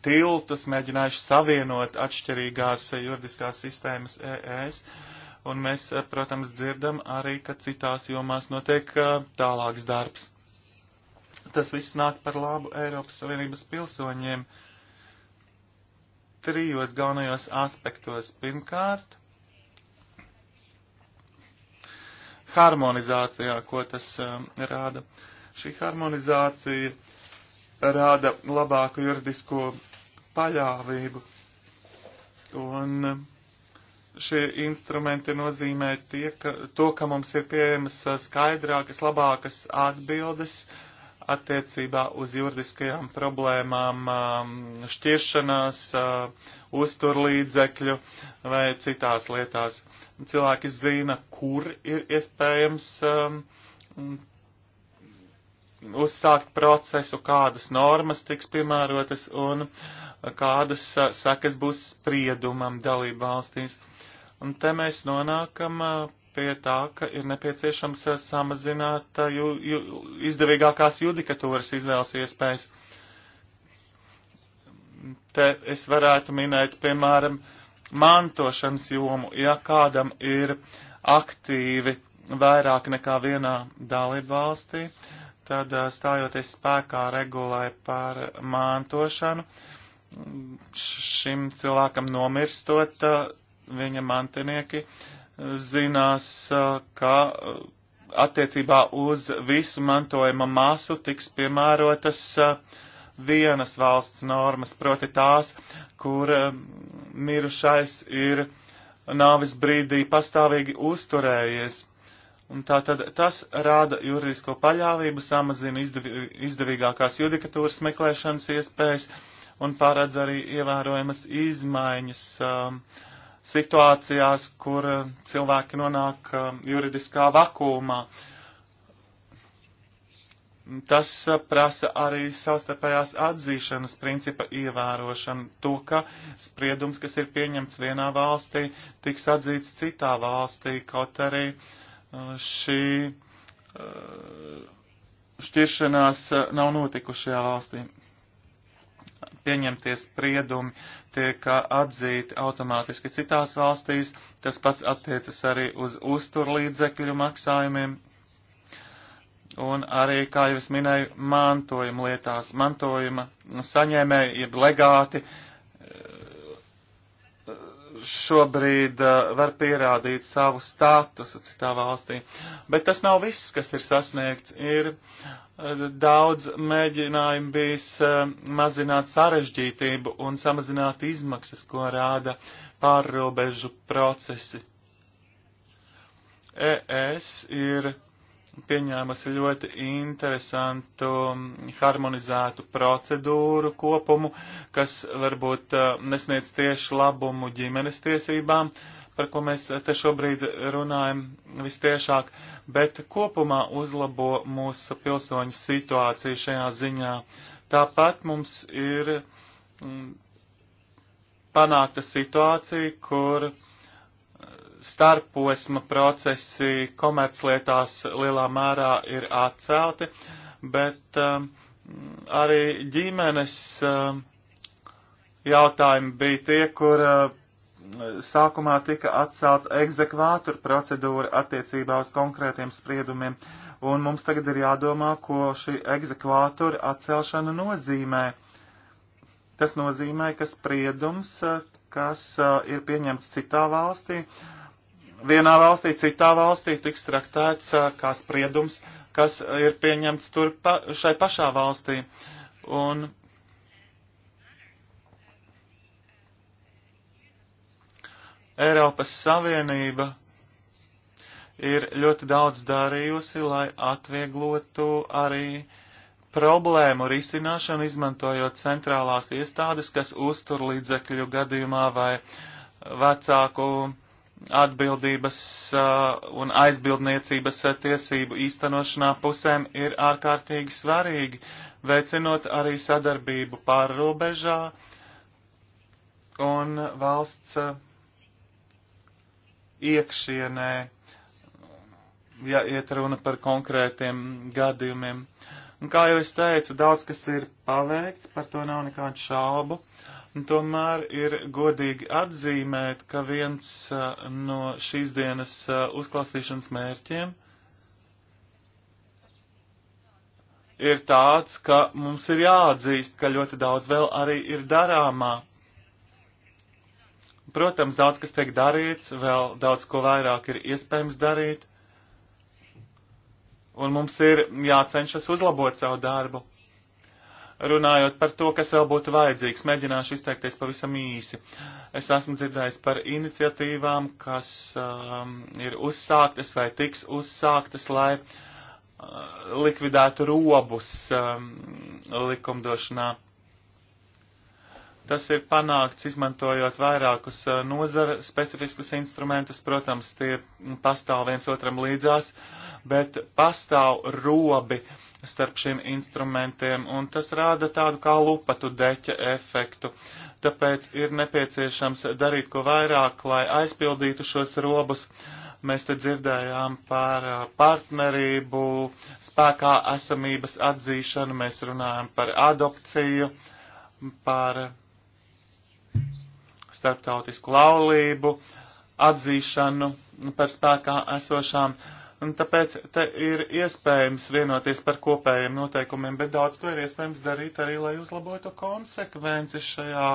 tiltus, mēģinājuši savienot atšķirīgās juridiskās sistēmas ES. Un mēs, eh, protams, dzirdam arī, ka citās jomās notiek eh, tālāks darbs. Tas viss nāk par labu Eiropas Savienības pilsoņiem trijos galvenajos aspektos. Pirmkārt, harmonizācijā, ko tas um, rāda. Šī harmonizācija rāda labāku juridisko paļāvību. Un um, šie instrumenti nozīmē tie, ka, to, ka mums ir pieejamas uh, skaidrākas, labākas atbildes attiecībā uz juridiskajām problēmām, um, šķiršanās, uh, uzturlīdzekļu vai citās lietās. Cilvēki zina, kur ir iespējams um, uzsākt procesu, kādas normas tiks piemērotas un kādas sekas būs spriedumam dalību valstīs. Un te mēs nonākam pie tā, ka ir nepieciešams samazināt ju, ju, izdevīgākās judikatūras izvēles iespējas. Te es varētu minēt, piemēram, mantošanas jomu, ja kādam ir aktīvi vairāk nekā vienā dalību valstī, uh, tad stājoties spēkā regulē par mantošanu, šim cilvēkam nomirstot, viņa mantinieki zinās, ka attiecībā uz visu mantojuma masu tiks piemērotas vienas valsts normas, proti tās, kur mirušais ir nāvis brīdī pastāvīgi uzturējies Un tātad tas rāda juridisko paļāvību, samazina izdevīgākās judikatūras meklēšanas iespējas un pārēdz arī ievērojamas izmaiņas um, situācijās, kur um, cilvēki nonāk um, juridiskā vakumā. Tas uh, prasa arī savstarpējās atzīšanas principa ievērošanu, to, ka spriedums, kas ir pieņemts vienā valstī, tiks atzīts citā valstī, kaut arī uh, šī eh, šķiršanās eh, nav notikušajā valstī. Pieņemties spriedumi tiek eh, atzīti automātiski citās valstīs, tas pats attiecas arī uz uzturlīdzekļu maksājumiem un arī, kā jau es minēju, mantojuma lietās. Mantojuma saņēmēji ir legāti uh, šobrīd uh, var pierādīt savu statusu citā valstī. Bet tas nav viss, kas ir sasniegts. Ir uh, daudz mēģinājumu bijis uh, mazināt sarežģītību un samazināt izmaksas, ko rāda pārrobežu procesi. ES ir pieņēmusi ļoti interesantu mm, harmonizētu procedūru kopumu, kas varbūt eh, nesniedz tieši labumu ģimenes tiesībām, par ko mēs eh, te šobrīd runājam vistiešāk, bet kopumā uzlabo mūsu pilsoņu situāciju šajā ziņā. Tāpat mums ir mm, panākta situācija, kur uh, starposma procesi komerclietās lielā mērā ir atcelti, bet um, arī ģimenes um, jautājumi bija tie, kur uh, sākumā tika atcelta egzekvātura procedūra attiecībā uz konkrētiem spriedumiem, un mums tagad ir jādomā, ko šī egzekvātura atcelšana nozīmē. Tas nozīmē, ka spriedums, uh, kas uh, ir pieņemts citā valstī, uh, vienā valstī, citā valstī tiks traktēts kā spriedums, kas ir pieņemts tur pa, šai pašā valstī. Un Eiropas Savienība ir ļoti daudz darījusi, lai atvieglotu arī problēmu risināšanu, izmantojot centrālās iestādes, kas uztur līdzekļu gadījumā vai vecāku uh, atbildības un aizbildniecības tiesību īstenošanā pusēm ir ārkārtīgi svarīgi, veicinot arī sadarbību pārrobežā un valsts iekšienē, ja iet runa par konkrētiem gadījumiem. Un kā jau es teicu, daudz kas ir paveikts, par to nav nekādu šaubu Tomēr ir godīgi atzīmēt, ka viens no šīs dienas uzklāstīšanas mērķiem ir tāds, ka mums ir jāatzīst, ka ļoti daudz vēl arī ir darāmā. Protams, daudz kas tiek darīts, vēl daudz ko vairāk ir iespējams darīt, un mums ir jācenšas uzlabot savu darbu. Runājot par to, kas vēl būtu vajadzīgs, mēģināšu izteikties pavisam īsi. Es esmu dzirdējis par iniciatīvām, kas um, ir uzsāktas vai tiks uzsāktas, lai uh, likvidētu robus um, likumdošanā. Tas ir panākts izmantojot vairākus uh, nozara specifiskus instrumentus, protams, tie pastāv viens otram līdzās, bet pastāv robi. Uh, starp šiem instrumentiem, un tas rāda tādu kā lupatu deķa efektu. Tāpēc ir nepieciešams darīt ko vairāk, lai aizpildītu šos robus. Mēs te dzirdējām par uh, partnerību, spēkā esamības atzīšanu, mēs runājam par adopciju, par starptautisku laulību, atzīšanu par spēkā esošām uh, Un tāpēc te ir iespējams vienoties par kopējiem noteikumiem, bet daudz ko ir iespējams darīt arī, lai uzlabotu konsekvenci šajā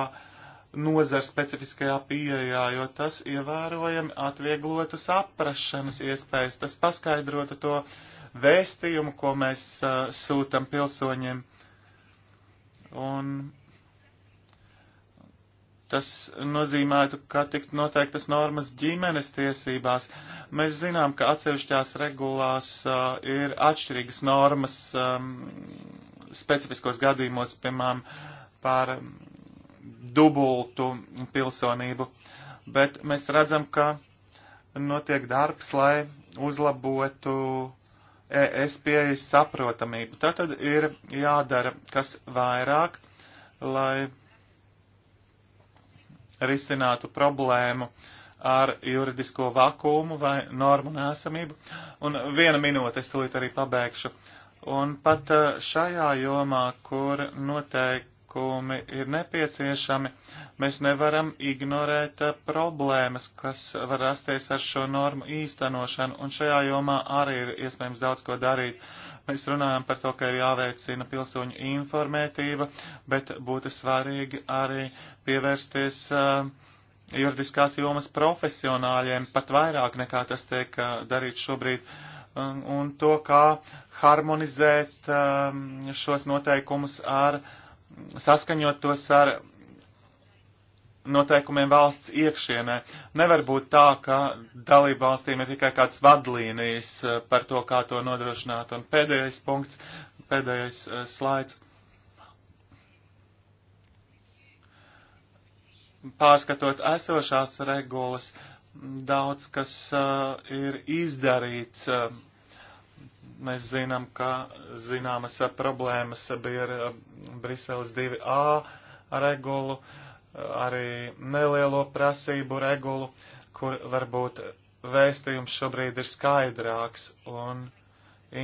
nozars specifiskajā pieejā, jo tas ievērojami atvieglotu saprašanas iespējas, tas paskaidrotu to vēstījumu, ko mēs uh, sūtam pilsoņiem. Un Tas nozīmētu, ka tikt noteiktas normas ģimenes tiesībās. Mēs zinām, ka atsevišķās regulās uh, ir atšķirīgas normas um, specifiskos gadījumos, piemēram, par dubultu pilsonību. Bet mēs redzam, ka notiek darbs, lai uzlabotu ES pieejas saprotamību. Tātad ir jādara kas vairāk, lai risinātu problēmu ar juridisko vakumu vai normu nēsamību. Un viena minūte es tūlīt arī pabeigšu. Un pat eh, šajā jomā, kur noteikumi ir nepieciešami, mēs nevaram ignorēt eh, problēmas, kas var rasties ar šo normu īstenošanu, un šajā jomā arī ir iespējams daudz ko darīt. Mēs runājam par to, ka ir jāveicina pilsoņu informētība, bet būtu svarīgi arī pievērsties uh, juridiskās jomas profesionāļiem, pat vairāk nekā tas tiek uh, darīts šobrīd, un, un to, kā harmonizēt um, šos noteikumus ar, saskaņot tos ar noteikumiem valsts iekšienē. Nevar būt tā, ka dalību valstīm ir tikai kāds vadlīnijas eh, par to, kā to nodrošināt. Un pēdējais punkts, pēdējais eh, slaids. Pārskatot esošās regulas, daudz kas uh, ir izdarīts. Uh, mēs zinām, ka zināmas problēmas bija ar Briseles 2A regulu. Uh, arī nelielo prasību regulu, kur varbūt vēstījums šobrīd ir skaidrāks un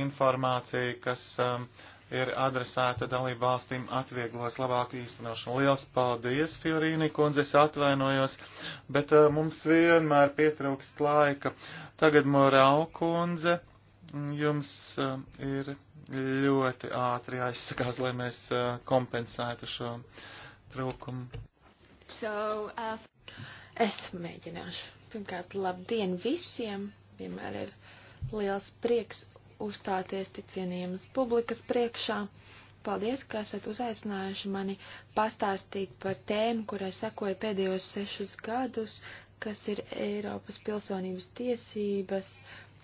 informācija, kas um, ir adresēta dalību valstīm, atvieglos labāku īstenošanu. Liels paldies, Fiorīni kundze, es atvainojos, bet uh, mums vienmēr pietrūkst laika. Tagad Morau kundze, jums uh, ir ļoti ātri jāizsakās, lai mēs uh, kompensētu šo trūkumu. So, uh... Es mēģināšu. Pirmkārt, labdien visiem! Vienmēr ir liels prieks uzstāties ticienījumas publikas priekšā. Paldies, ka esat uzaicinājuši mani pastāstīt par tēmu, kurai sekoja pēdējos sešus gadus, kas ir Eiropas pilsonības tiesības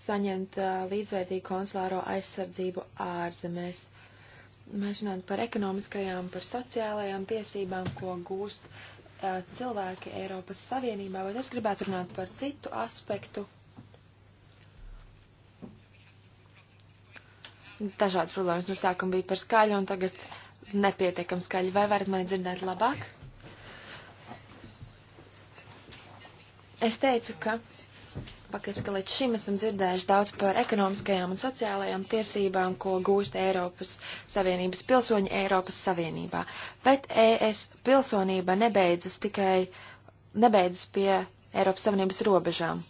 saņemt uh, līdzvērtīgu konsulāro aizsardzību ārzemēs. Mēs runājam par ekonomiskajām, par sociālajām tiesībām, ko gūst uh, cilvēki Eiropas Savienībā, bet es gribētu runāt par citu aspektu. Dažādas problēmas no sākuma bija par skaļu un tagad nepietiekam skaļi. Vai varat mani dzirdēt labāk? Es teicu, ka Pakaļ, ka līdz šim esam dzirdējuši daudz par ekonomiskajām un sociālajām tiesībām, ko gūst Eiropas Savienības pilsoņi Eiropas Savienībā. Bet ES pilsonība nebeidzas tikai nebeidzas pie Eiropas Savienības robežām.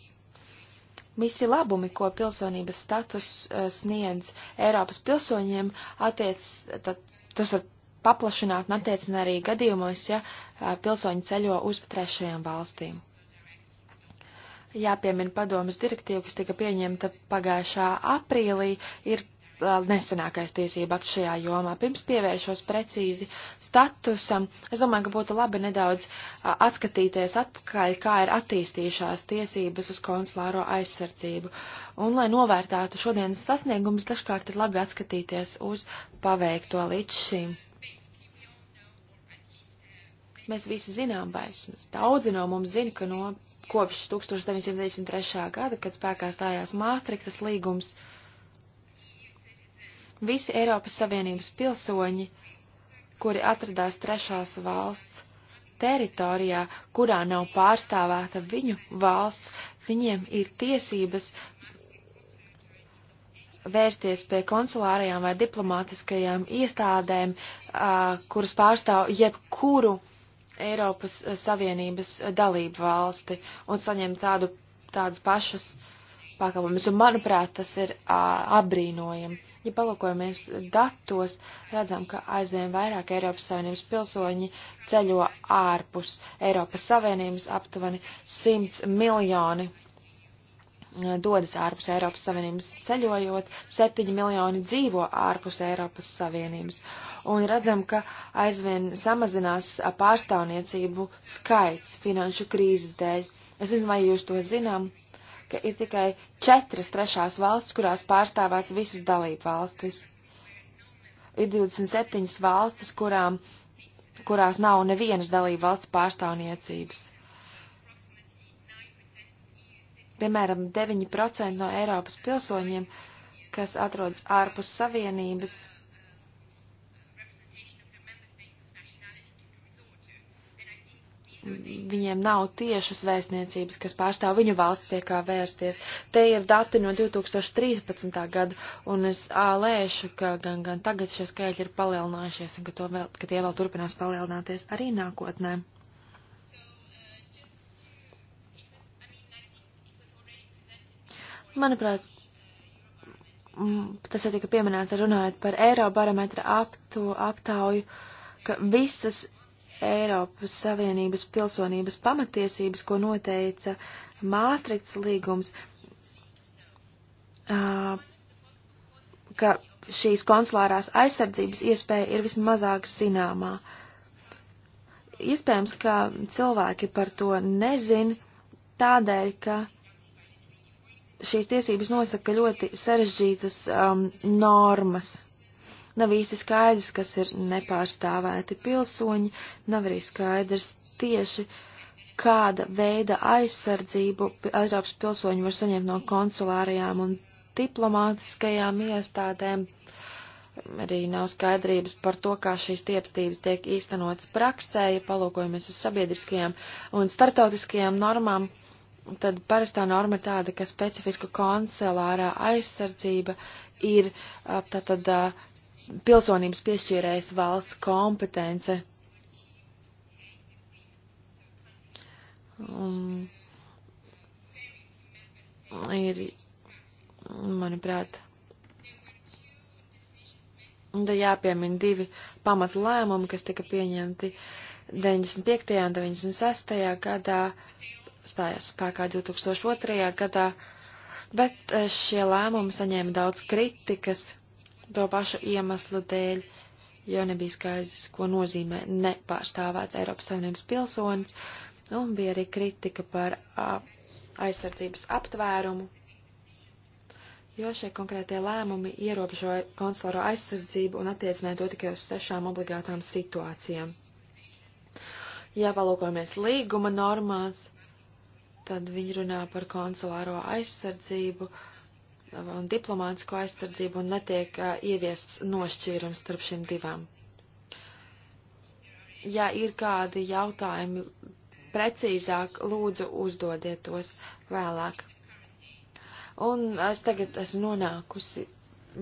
Visi labumi, ko pilsonības status e, sniedz Eiropas pilsoņiem, attiec, tad, tos var paplašināt un attiecināt arī gadījumos, ja e, pilsoņi ceļo uz trešajām valstīm jāpiemina padomas direktīva, kas tika pieņemta pagājušā aprīlī, ir uh, nesenākais tiesība akts šajā jomā. Pirms pievēršos precīzi statusam, es domāju, ka būtu labi nedaudz uh, atskatīties atpakaļ, kā ir attīstījušās tiesības uz konsulāro aizsardzību. Un, lai novērtātu šodienas sasniegumus, dažkārt ir labi atskatīties uz paveikto līdz šim. Mēs visi zinām, vai vismaz daudzi no mums zina, ka no kopš 1993. gada, kad spēkā stājās Māstriktas līgums, visi Eiropas Savienības pilsoņi, kuri atradās trešās valsts teritorijā, kurā nav pārstāvēta viņu valsts, viņiem ir tiesības vērsties pie konsulārajām vai diplomātiskajām iestādēm, kuras pārstāv jebkuru Eiropas eh, Savienības eh, dalību valsti un saņem tādu, tādas pašas pakalpojumus. Un, manuprāt, tas ir ā, apbrīnojami. Ja palūkojamies datos, redzam, ka aizvien vairāk Eiropas Savienības pilsoņi ceļo ārpus Eiropas Savienības aptuveni 100 miljoni Eh, dodas ārpus Eiropas Savienības ceļojot, 7 miljoni dzīvo ārpus Eiropas Savienības. Un redzam, ka aizvien samazinās eh, pārstāvniecību skaits finanšu krīzes dēļ. Es nezinu, vai jūs to zinām, ka ir tikai četras trešās valsts, kurās pārstāvēts visas dalību valstis. Ir 27 valstis, kurām, kurās nav nevienas dalību valsts pārstāvniecības Piemēram, 9% no Eiropas pilsoņiem, kas atrodas ārpus Savienības, viņiem nav tiešas vēstniecības, kas pārstāv viņu valsts pie kā vērsties. Te ir dati no 2013. gada, un es ālēšu, ka gan, gan tagad šie skaitļi ir palielinājušies, un ka, to vēl, ka tie vēl turpinās palielināties arī nākotnē. Manuprāt, tas jau tika pieminēts runājot par Eirobarometra aptu, aptauju, ka visas Eiropas Savienības pilsonības pamatiesības, ko noteica Māstrikts līgums, ka šīs konsulārās aizsardzības iespēja ir vismazāk zināmā. Iespējams, ka cilvēki par to nezin, tādēļ, ka šīs tiesības nosaka ļoti sarežģītas um, normas. Nav īsti skaidrs, kas ir nepārstāvēti pilsoņi, nav arī skaidrs tieši, kāda veida aizsardzību Eiropas pilsoņi var saņemt no konsulārajām un diplomātiskajām iestādēm. Arī nav skaidrības par to, kā šīs tiepstības tiek īstenotas praksē, ja palūkojamies uz sabiedriskajām un startautiskajām normām. Uh, tad parastā norma ir tāda, ka specifiska koncelārā aizsardzība ir tātad pilsonības piešķīrējas valsts kompetence. Um, ir, manuprāt, da jāpiemina divi pamatlēmumi, kas tika pieņemti 95. un 96. gadā stājās spēkā 2002. gadā, bet eh, šie lēmumi saņēma daudz kritikas to pašu iemeslu dēļ, jo nebija skaidrs, ko nozīmē nepārstāvēts Eiropas Savienības pilsonis, un bija arī kritika par a, aizsardzības aptvērumu, jo šie konkrētie lēmumi ierobežoja konsulāro aizsardzību un attiecināja to tikai uz sešām obligātām situācijām. Ja palūkojamies līguma normās, Tad viņi runā par konsulāro aizsardzību un diplomātsko aizsardzību un netiek uh, ieviests nošķīrums starp šīm divām. Ja ir kādi jautājumi precīzāk, lūdzu uzdodiet tos vēlāk. Un es tagad esmu nonākusi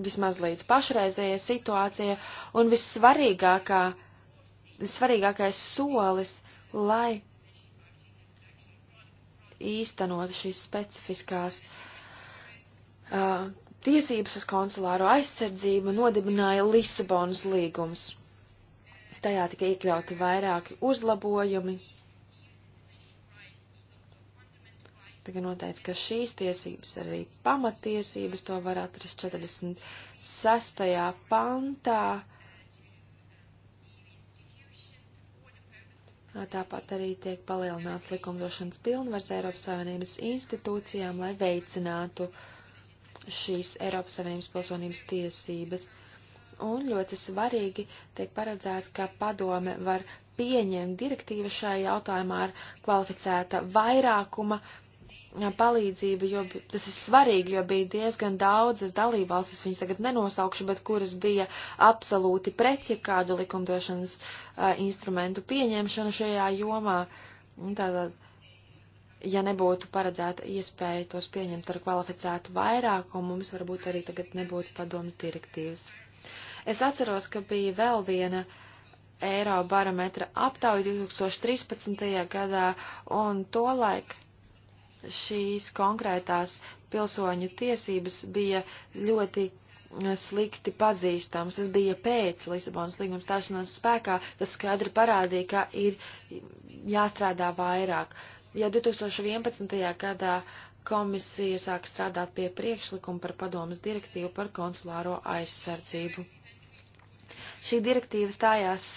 vismaz līdz pašreizējai situācijai, un vissvarīgākā, svarīgākais solis, lai īstenot šīs specifiskās uh, tiesības uz konsulāro aizsardzību nodibināja Lisabonas līgums. Tajā tika iekļauti vairāki uzlabojumi. Tagad noteikts, ka šīs tiesības ir arī pamatiesības, to var atrast 46. pantā Tāpat arī tiek palielināts likumdošanas pilnvars Eiropas Savienības institūcijām, lai veicinātu šīs Eiropas Savienības pilsonības tiesības. Un ļoti svarīgi tiek paredzēts, ka padome var pieņemt direktīvu šajā jautājumā ar kvalificēta vairākuma uh, palīdzība, jo tas ir svarīgi, jo bija diezgan daudzas dalībvalstis, viņas tagad nenosaukšu, bet kuras bija absolūti pret ja kādu likumdošanas uh, instrumentu pieņemšanu šajā jomā. Tātad, ja nebūtu paredzēta iespēja tos pieņemt ar kvalificētu vairākumu, mums varbūt arī tagad nebūtu padomas direktīvas. Es atceros, ka bija vēl viena uh, Eirobarometra aptauja 2013. gadā, un tolaik šīs konkrētās pilsoņu tiesības bija ļoti eh, slikti pazīstams. Tas bija pēc Lisabonas līguma stāšanās spēkā. Tas skaidri parādīja, ka ir jāstrādā vairāk. Ja 2011. gadā komisija sāk strādāt pie priekšlikuma par padomas direktīvu par konsulāro aizsardzību. Šī direktīva stājās,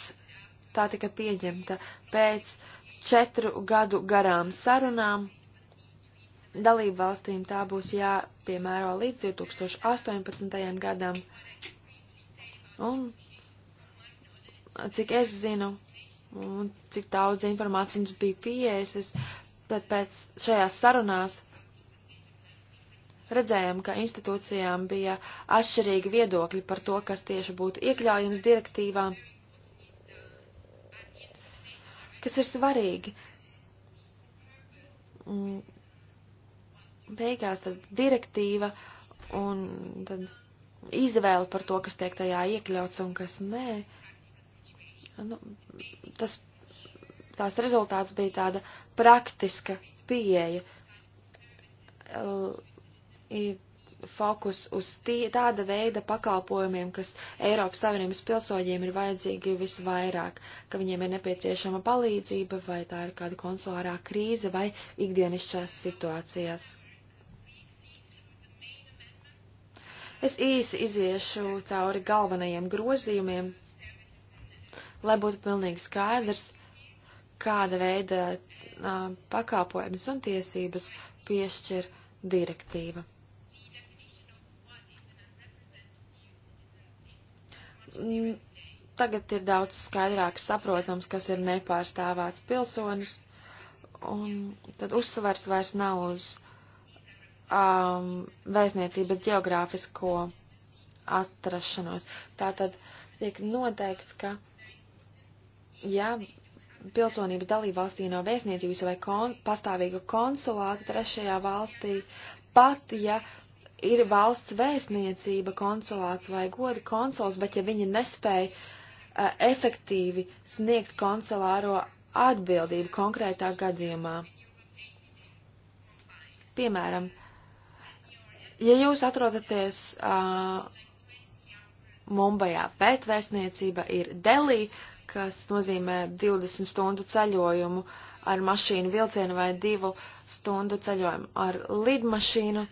tā tika pieņemta pēc četru gadu garām sarunām Dalību valstīm tā būs jāpiemēro līdz 2018. gadam. Un, cik es zinu, un cik daudz informācijas jums bija pieejas, tad pēc šajās sarunās redzējām, ka institūcijām bija atšķirīgi viedokļi par to, kas tieši būtu iekļaujams direktīvā, kas ir svarīgi. Mm beigās tad direktīva un tad izvēle par to, kas tiek tajā iekļauts un kas nē. Nu, tas, tās rezultāts bija tāda praktiska pieeja. Ir fokus uz tie, tāda veida pakalpojumiem, kas Eiropas Savienības pilsoņiem ir vajadzīgi visvairāk, ka viņiem ir nepieciešama palīdzība, vai tā ir kāda konsulārā krīze vai ikdienišķās situācijās. Es īsi iziešu cauri galvenajiem grozījumiem, lai būtu pilnīgi skaidrs, kāda veida uh, pakāpojumus un tiesības piešķir direktīva. Mm, tagad ir daudz skaidrāk saprotams, kas ir nepārstāvāts pilsonis, un tad uzsvars vairs nav uz uh, um, vēstniecības geogrāfisko atrašanos. Tātad tiek noteikts, ka, ja pilsonības dalībvalstī nav vēstniecības vai kon, pastāvīga konsulāta trešajā valstī, pat ja ir valsts vēstniecība, konsulāts vai goda konsuls, bet ja viņi nespēja uh, efektīvi sniegt konsulāro atbildību konkrētā gadījumā. Piemēram, Ja jūs atrodaties uh, Mumbajā, bet vēstniecība ir Delī, kas nozīmē 20 stundu ceļojumu ar mašīnu vilcienu vai 2 stundu ceļojumu ar lidmašīnu,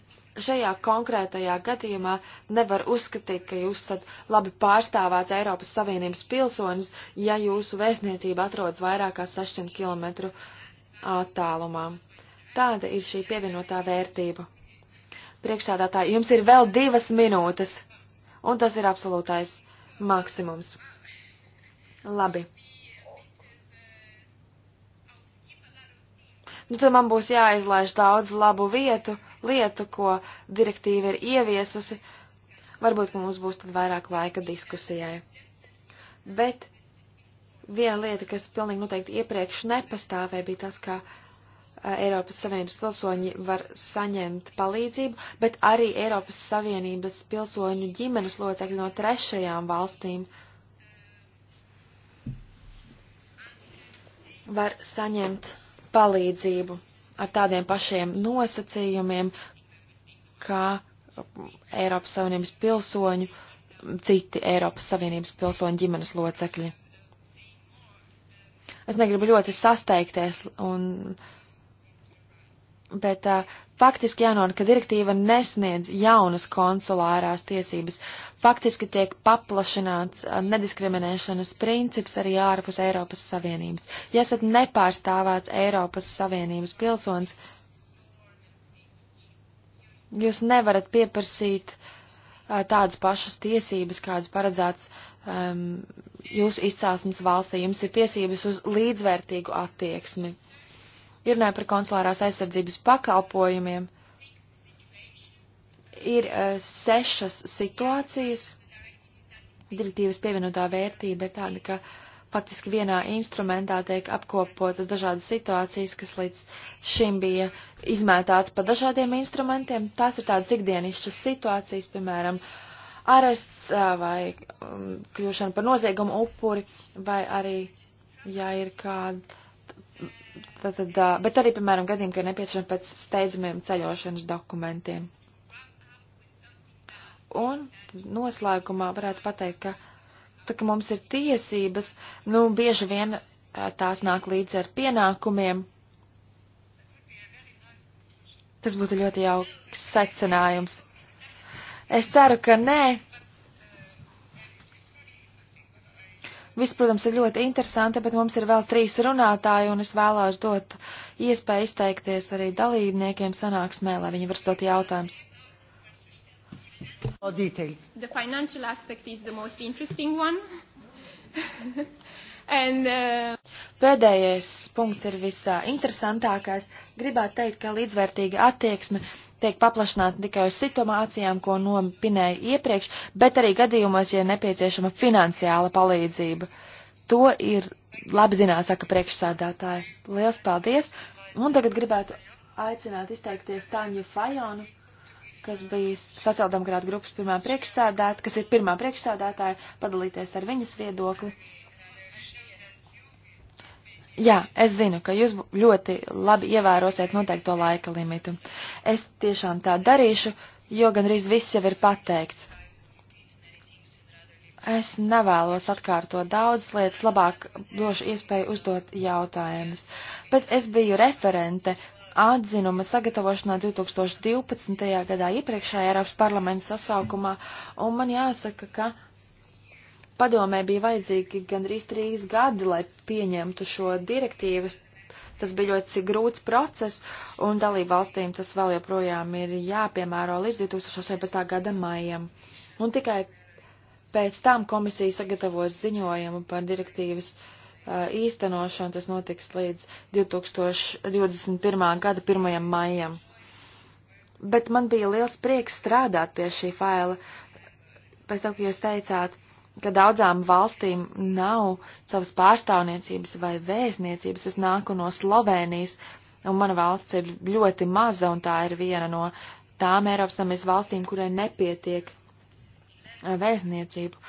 šajā konkrētajā gadījumā nevar uzskatīt, ka jūs esat labi pārstāvāts Eiropas Savienības pilsonis, ja jūsu vēstniecība atrodas vairāk kā 600 km attālumā. Tāda ir šī pievienotā vērtība. Priekšsādātāji, jums ir vēl divas minūtes, un tas ir absolūtais maksimums. Labi. Nu, tad man būs jāizlaiž daudz labu vietu, lietu, ko direktīva ir ieviesusi. Varbūt, ka mums būs tad vairāk laika diskusijai. Bet viena lieta, kas pilnīgi noteikti iepriekš nepastāvēja, bija tas, ka uh, Eiropas Savienības pilsoņi var saņemt palīdzību, bet arī Eiropas Savienības pilsoņu ģimenes locekļi no trešajām valstīm var saņemt palīdzību ar tādiem pašiem nosacījumiem, kā um, Eiropas Savienības pilsoņu, um, citi Eiropas Savienības pilsoņu ģimenes locekļi. Es negribu ļoti sasteigties un uh, Bet uh, faktiski jānorāda, ka direktīva nesniedz jaunas konsulārās tiesības. Faktiski tiek paplašināts uh, nediskriminēšanas princips arī ārpus Eiropas Savienības. Ja esat nepārstāvēts Eiropas Savienības pilsonis, jūs nevarat pieprasīt uh, tādas pašas tiesības, kādas paredzētas um, jūsu izcelsmes valstī. Jums ir tiesības uz līdzvērtīgu attieksmi. Ja runājam par konsulārās aizsardzības pakalpojumiem, ir e, sešas situācijas. Direktīvas pievienotā vērtība ir tāda, ka faktiski vienā instrumentā tiek apkopotas dažādas situācijas, kas līdz šim bija izmētāts pa dažādiem instrumentiem. Tās ir tādas ikdienišķas situācijas, piemēram, arests e, vai mm, kļūšana par noziegumu upuri, vai arī, ja ir kāda Tātad, bet arī, piemēram, gadījumi, ka ir nepieciešami pēc steidzamiem ceļošanas dokumentiem. Un noslēgumā varētu pateikt, ka, tā, ka mums ir tiesības, nu, bieži vien tās nāk līdzi ar pienākumiem. Tas būtu ļoti jauks secinājums. Es ceru, ka nē. Viss, protams, ir ļoti interesanti, bet mums ir vēl trīs runātāji, un es vēlos dot iespēju izteikties arī dalībniekiem sanāksmē, lai viņi var dot jautājumus. All details. The financial aspect is the most interesting one. (laughs) And, uh... Pēdējais punkts ir visā interesantākais. Gribētu teikt, ka līdzvērtīga attieksme tiek paplašināta tikai uz situācijām, ko nopinēju iepriekš, bet arī gadījumos, ja nepieciešama finansiāla palīdzība. To ir labi zināt, saka priekšsādātāji. Liels paldies! Un tagad gribētu aicināt izteikties Tāņu Fajonu, kas bija sociāldemokrāta grupas pirmā priekšsādātāja, kas ir pirmā priekšsādātāja, padalīties ar viņas viedokli. Jā, es zinu, ka jūs ļoti labi ievērosiet noteikto laika limitu. Es tiešām tā darīšu, jo gandrīz viss jau ir pateikts. Es nevēlos atkārtot daudzas lietas, labāk došu iespēju uzdot jautājumus. Bet es biju referente atzinuma sagatavošanā 2012. gadā iepriekšējā Eiropas parlamenta sasaukumā, un man jāsaka, ka Padomē bija vajadzīgi gandrīz trīs gadi, lai pieņemtu šo direktīvu. Tas bija ļoti grūts process, un dalību valstīm tas vēl joprojām ir jāpiemēro līdz 2018. gada maijam. Un tikai pēc tam komisija sagatavos ziņojumu par direktīvas uh, īstenošanu. Tas notiks līdz 2021. gada 1. maijam. Bet man bija liels prieks strādāt pie šī faila. Pēc tam, ka jūs teicāt, uh, ka daudzām valstīm nav savas pārstāvniecības vai vēstniecības. Es nāku no Slovenijas, un mana valsts ir ļoti maza, un tā ir viena no tām Eiropas Savienības valstīm, kurai nepietiek eh, vēstniecību.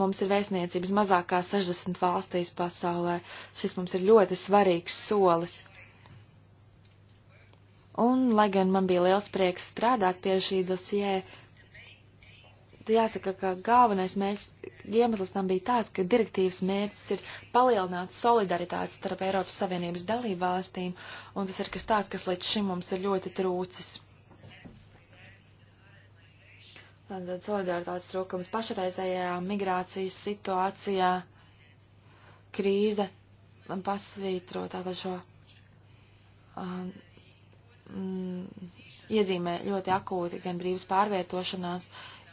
Mums ir vēstniecības mazākā 60 valstīs pasaulē. Šis mums ir ļoti svarīgs solis. Un, lai gan man bija liels prieks strādāt pie šī dosijē, jāsaka, ka galvenais mērķis, iemesls tam bija tāds, ka direktīvas mērķis ir palielināt solidaritāti starp Eiropas Savienības dalībvalstīm, un tas ir kas tāds, kas līdz šim mums ir ļoti trūcis. Tātad solidaritātes trūkums pašreizējā migrācijas situācijā, krīze pasvītro tātad šo um, mm, iezīmē ļoti akūti gan brīvas pārvietošanās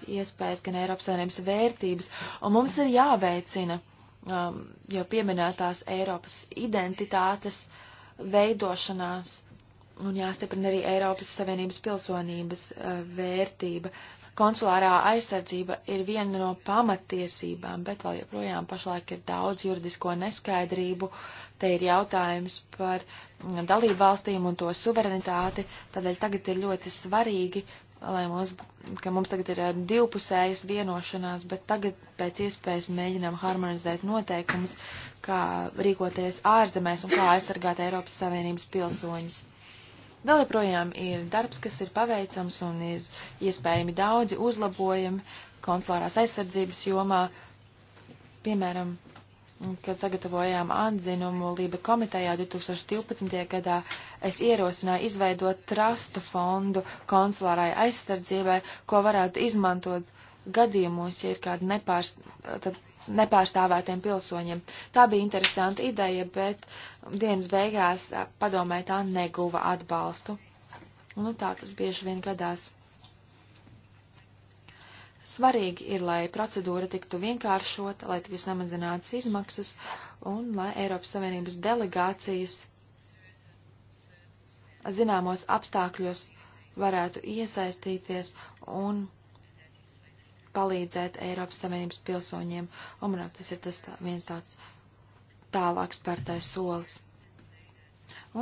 iespējas, gan Eiropas Savienības vērtības, un mums ir jāveicina um, jau pieminētās Eiropas identitātes veidošanās un jāstiprina arī Eiropas Savienības pilsonības uh, vērtība. Konsulārā aizsardzība ir viena no pamatiesībām, bet vēl joprojām pašlaik ir daudz juridisko neskaidrību. Te ir jautājums par mm, dalību valstīm un to suverenitāti, tādēļ tagad ir ļoti svarīgi lai mums, ka mums tagad ir eh, divpusējas vienošanās, bet tagad pēc iespējas mēģinām harmonizēt noteikumus, kā rīkoties ārzemēs un kā aizsargāt Eiropas Savienības pilsoņus. Vēl joprojām ir darbs, kas ir paveicams un ir iespējami daudzi uzlabojumi konsulārās aizsardzības jomā, piemēram, kad sagatavojām atzinumu Lība komitejā 2012. gadā, es ierosināju izveidot trasta fondu konsulārai aizsardzībai, ko varētu izmantot gadījumos, ja ir kādi nepārst, nepārstāvētiem pilsoņiem. Tā bija interesanta ideja, bet dienas beigās padomē tā neguva atbalstu. Nu, tā tas bieži vien gadās. Svarīgi ir, lai procedūra tiktu vienkāršota, lai tiktu samazinātas izmaksas un lai Eiropas Savienības delegācijas zināmos apstākļos varētu iesaistīties un palīdzēt Eiropas Savienības pilsoņiem. Un, manuprāt, tas ir tas tā, viens tāds tālāks spērtais solis.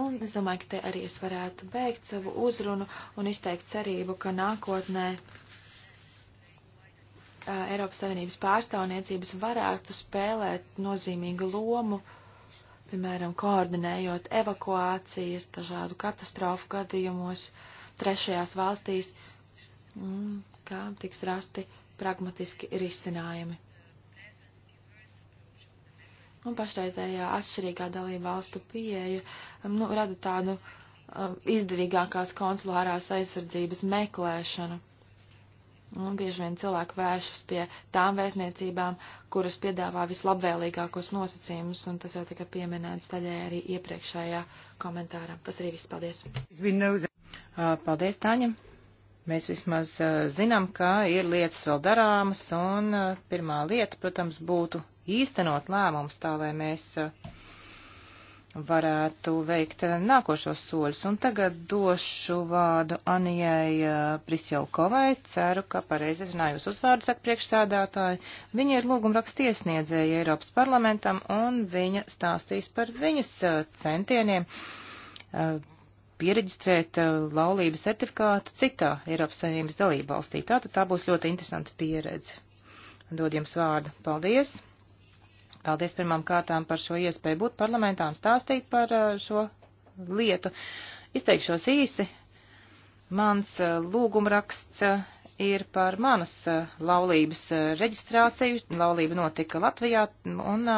Un es domāju, ka te arī es varētu beigt savu uzrunu un izteikt cerību, ka nākotnē Eiropas Savienības pārstāvniecības varētu spēlēt nozīmīgu lomu, piemēram, koordinējot evakuācijas dažādu katastrofu gadījumos trešajās valstīs, kā tiks rasti pragmatiski risinājumi. Un pašreizējā atšķirīgā dalība valstu pieeja um, nu, rada tādu uh, izdevīgākās konsulārās aizsardzības meklēšanu. Un bieži vien cilvēki vēršas pie tām vēstniecībām, kuras piedāvā vislabvēlīgākos nosacījumus, un tas jau tika pieminēts daļai arī iepriekšējā komentārā. Tas arī viss. Paldies! Uh, paldies, Tāņa! Mēs vismaz uh, zinām, ka ir lietas vēl darāmas, un uh, pirmā lieta, protams, būtu īstenot lēmumus tā, lai mēs uh, varētu veikt nākošos soļus. Un tagad došu vārdu Anijai eh, Prisjelkovai. Ceru, ka pareizi izrunāju jūs uzvārdu, saka priekšsādātāji. Viņa ir lūgumraksta iesniedzēja Eiropas parlamentam, un viņa stāstīs par viņas eh, centieniem eh, pieregistrēt laulības certifikātu citā Eiropas Savienības dalība valstī. Tātad tā būs ļoti interesanta pieredze. Dod jums vārdu. Paldies! Paldies pirmām kārtām par šo iespēju būt parlamentā un stāstīt par uh, šo lietu. Izteikšos īsi. Mans uh, lūgumraksts uh, ir par manas laulības reģistrāciju. Laulība notika Latvijā un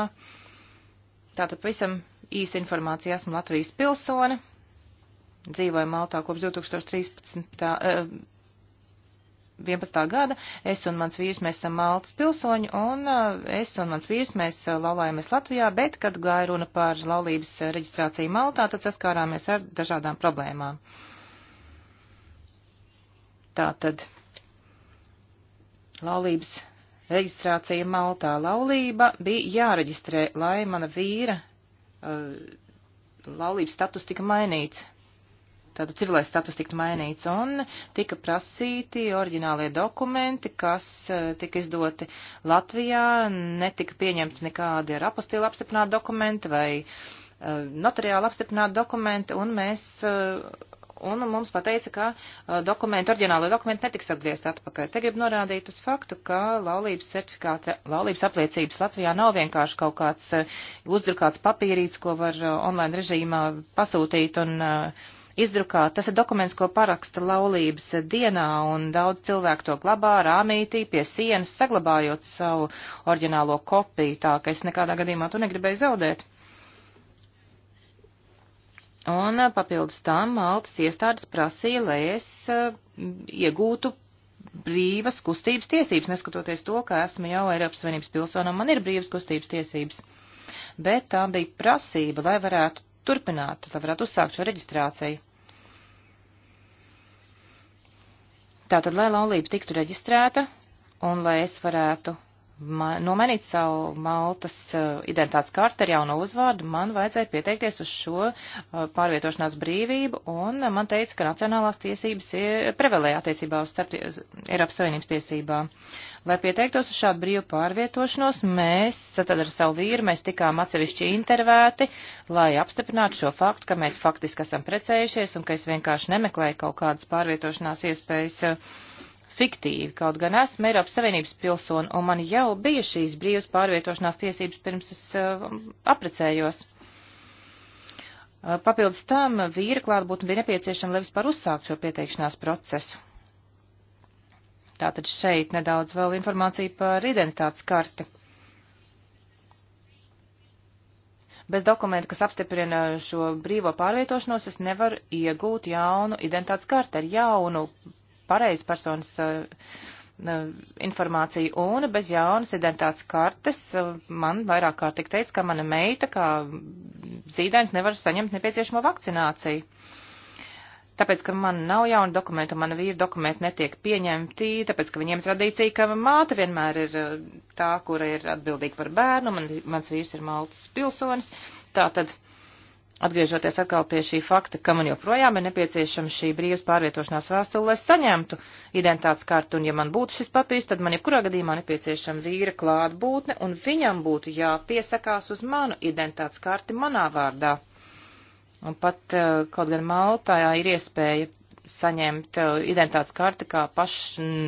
tātad pavisam īsa informācija esmu Latvijas pilsone. Dzīvoju Maltā kopš 2013. 11. gada es un mans vīrs, mēs esam Maltas pilsoņi, un es un mans vīrs, mēs laulājamies Latvijā, bet, kad gāja runa par laulības reģistrāciju Maltā, tad saskārāmies ar dažādām problēmām. Tātad, laulības reģistrācija Maltā laulība bija jāreģistrē, lai mana vīra uh, laulības status tika mainīts tātad civilais status tiktu mainīts, un tika prasīti oriģinālie dokumenti, kas eh, tika izdoti Latvijā, netika pieņemts nekādi ar apostila apstiprināti dokumenti vai eh, notariāli apstiprināti dokumenti, un mēs eh, un mums pateica, ka dokumenti, oriģinālai dokumenti netiks atgriezt atpakaļ. Te grib norādīt uz faktu, ka laulības certifikāta, laulības apliecības Latvijā nav vienkārši kaut kāds uzdrukāts papīrīts, ko var online režīmā pasūtīt un uh, izdrukāt. Tas ir dokuments, ko paraksta laulības dienā, un daudz cilvēku to glabā rāmītī pie sienas, saglabājot savu oriģinālo kopiju, tā ka es nekādā gadījumā to negribēju zaudēt. Un papildus tam Maltas iestādes prasīja, lai es uh, iegūtu brīvas kustības tiesības, neskatoties to, ka esmu jau Eiropas Savienības pilsona, man ir brīvas kustības tiesības. Bet tā bija prasība, lai varētu turpināt, lai varētu uzsākt šo reģistrāciju. Tātad, lai laulība tiktu reģistrēta un lai es varētu nomainīt savu Maltas eh, identitātes karti ar jauno uzvārdu, man vajadzēja pieteikties uz šo eh, pārvietošanās brīvību, un man teica, ka nacionālās tiesības eh, prevelēja attiecībā uz starp, Eiropas Savienības tiesībām. Lai pieteiktos uz šādu brīvu pārvietošanos, mēs tad ar savu vīru mēs tikām atsevišķi intervēti, lai apstiprinātu šo faktu, ka mēs faktiski esam precējušies un ka es vienkārši nemeklēju kaut kādas pārvietošanās iespējas. Uh, fiktīvi, kaut gan esmu Eiropas Savienības pilsona, un man jau bija šīs brīvas pārvietošanās tiesības pirms es uh, aprecējos. Uh, papildus tam vīra klātbūtne bija nepieciešama, lai vispār uzsākt šo pieteikšanās procesu. Tātad šeit nedaudz vēl informācija par identitātes karti. Bez dokumenta, kas apstiprina šo brīvo pārvietošanos, es nevaru iegūt jaunu identitātes karti ar jaunu pareizi personas eh, eh, informāciju un bez jaunas identitātes kartes eh, man vairāk kārt tik teica, ka mana meita kā zīdainis nevar saņemt nepieciešamo vakcināciju. Tāpēc, ka man nav jauna dokumenta, mana vīra dokumenti netiek pieņemti, tāpēc, ka viņiem tradīcija, ka māte vienmēr ir tā, kura ir atbildīga par bērnu, man, mans vīrs ir maltas pilsonis, tā tad atgriežoties atkal pie šī fakta, ka man joprojām ir nepieciešama šī brīvas pārvietošanās vēstule, lai saņemtu identitātes kartu, un ja man būtu šis papīrs, tad man jebkurā gadījumā nepieciešama vīra klātbūtne, un viņam būtu jāpiesakās uz manu identitātes karti manā vārdā. Un pat eh, kaut gan Maltā ir iespēja saņemt uh, identitātes karti kā paš,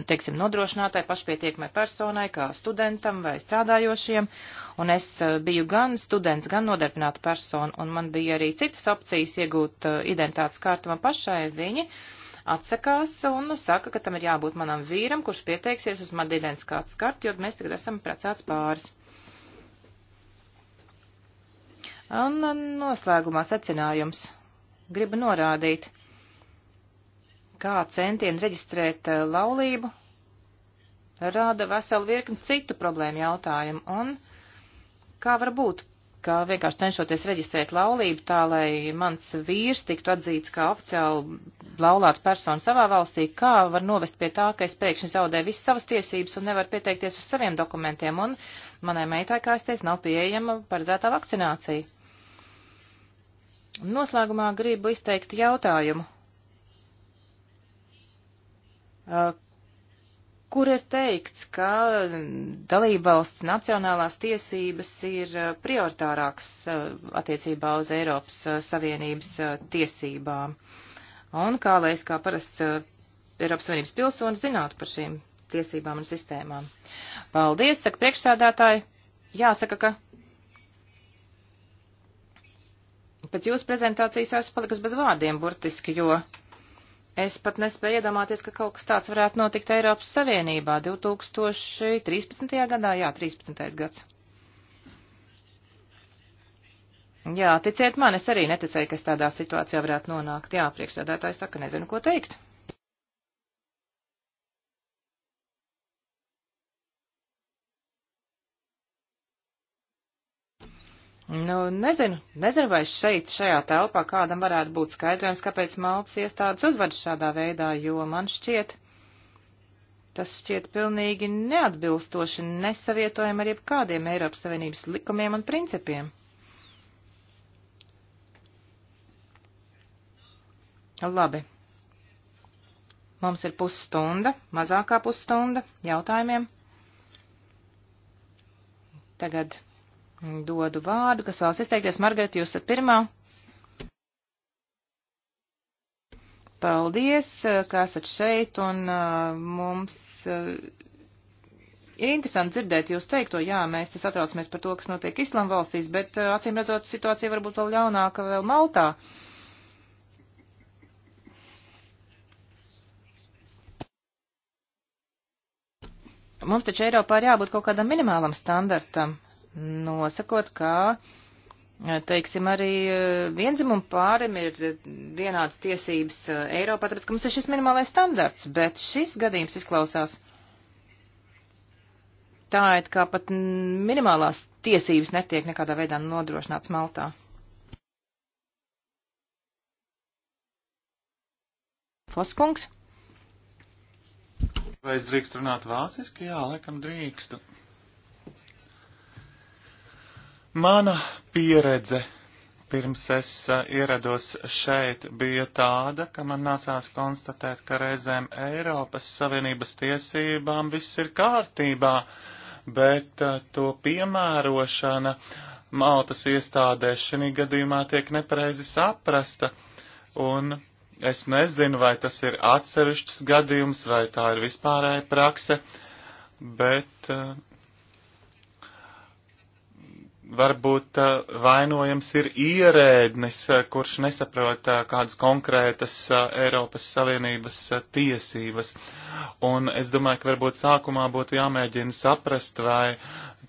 teiksim, nodrošinātai, pašpietiekamai personai, kā studentam vai strādājošiem. Un es uh, biju gan students, gan nodarbināta persona, un man bija arī citas opcijas iegūt uh, identitātes karti man pašai. Viņi atsakās un saka, ka tam ir jābūt manam vīram, kurš pieteiksies uz mani identitātes karti, jo mēs tagad esam precēts pāris. Un noslēgumā secinājums. Gribu norādīt kā centieni reģistrēt eh, laulību rada veselu virkni citu problēmu jautājumu. Un kā var būt, ka vienkārši cenšoties reģistrēt laulību tā, lai mans vīrs tiktu atzīts kā oficiāli laulāts persona savā valstī, kā var novest pie tā, ka es pēkšņi zaudēju visas savas tiesības un nevaru pieteikties uz saviem dokumentiem, un manai meitai, kā es teicu, nav pieejama paredzētā vakcinācija. Noslēgumā gribu izteikt jautājumu Uh, kur ir teikts, ka dalībvalsts nacionālās tiesības ir uh, prioritārāks uh, attiecībā uz Eiropas Savienības tiesībām. Un kā lai es kā parasts Eiropas Savienības pilsonis zinātu par šīm tiesībām un sistēmām. Paldies, saka priekšsādātāji. Jāsaka, ka pēc jūsu prezentācijas esmu palikusi bez vārdiem burtiski, jo Es pat nespēju iedomāties, ka kaut kas tāds varētu notikt Eiropas Savienībā 2013. gadā, jā, 13. gads. Jā, ticiet man, es arī neticēju, ka es tādā situācijā varētu nonākt. Jā, priekšsēdētājs saka, nezinu, ko teikt. Nu, nezinu, nezinu, vai šeit, šajā telpā kādam varētu būt skaidrojums, kāpēc malts iestādes uzvedas šādā veidā, jo man šķiet, tas šķiet pilnīgi neatbilstoši nesavietojami ar jebkādiem Eiropas Savienības likumiem un principiem. Labi. Mums ir pusstunda, mazākā pusstunda jautājumiem. Tagad dodu vārdu, kas vēlas izteikties. Margaret, jūs esat pirmā. Paldies, ka esat šeit, un uh, mums uh, ir interesanti dzirdēt jūs teikto, jā, mēs te satraucamies par to, kas notiek Islam valstīs, bet uh, acīm redzot, situācija varbūt vēl ļaunāka vēl Maltā. Mums taču Eiropā ir jābūt kaut kādam minimālam standartam nosakot, ka, teiksim, arī eh, vienzimumu pārim ir vienāds tiesības eh, Eiropā, tāpēc, ka mums ir šis minimālais standarts, bet šis gadījums izklausās tā, it kā pat minimālās tiesības netiek nekādā veidā nodrošināts Maltā. Foskungs? Vai es drīkst runāt vāciski? Jā, laikam drīkstu. Mana pieredze pirms es ierados šeit bija tāda, ka man nācās konstatēt, ka reizēm Eiropas Savienības tiesībām viss ir kārtībā, bet to piemērošana Maltas iestādē šī gadījumā tiek nepareizi saprasta, un es nezinu, vai tas ir atsevišķs gadījums, vai tā ir vispārēja prakse, bet varbūt eh, vainojams ir ierēdnis, eh, kurš nesaprot eh, kādas konkrētas Eiropas Savienības tiesības. Un es domāju, ka varbūt sākumā būtu jāmēģina saprast, vai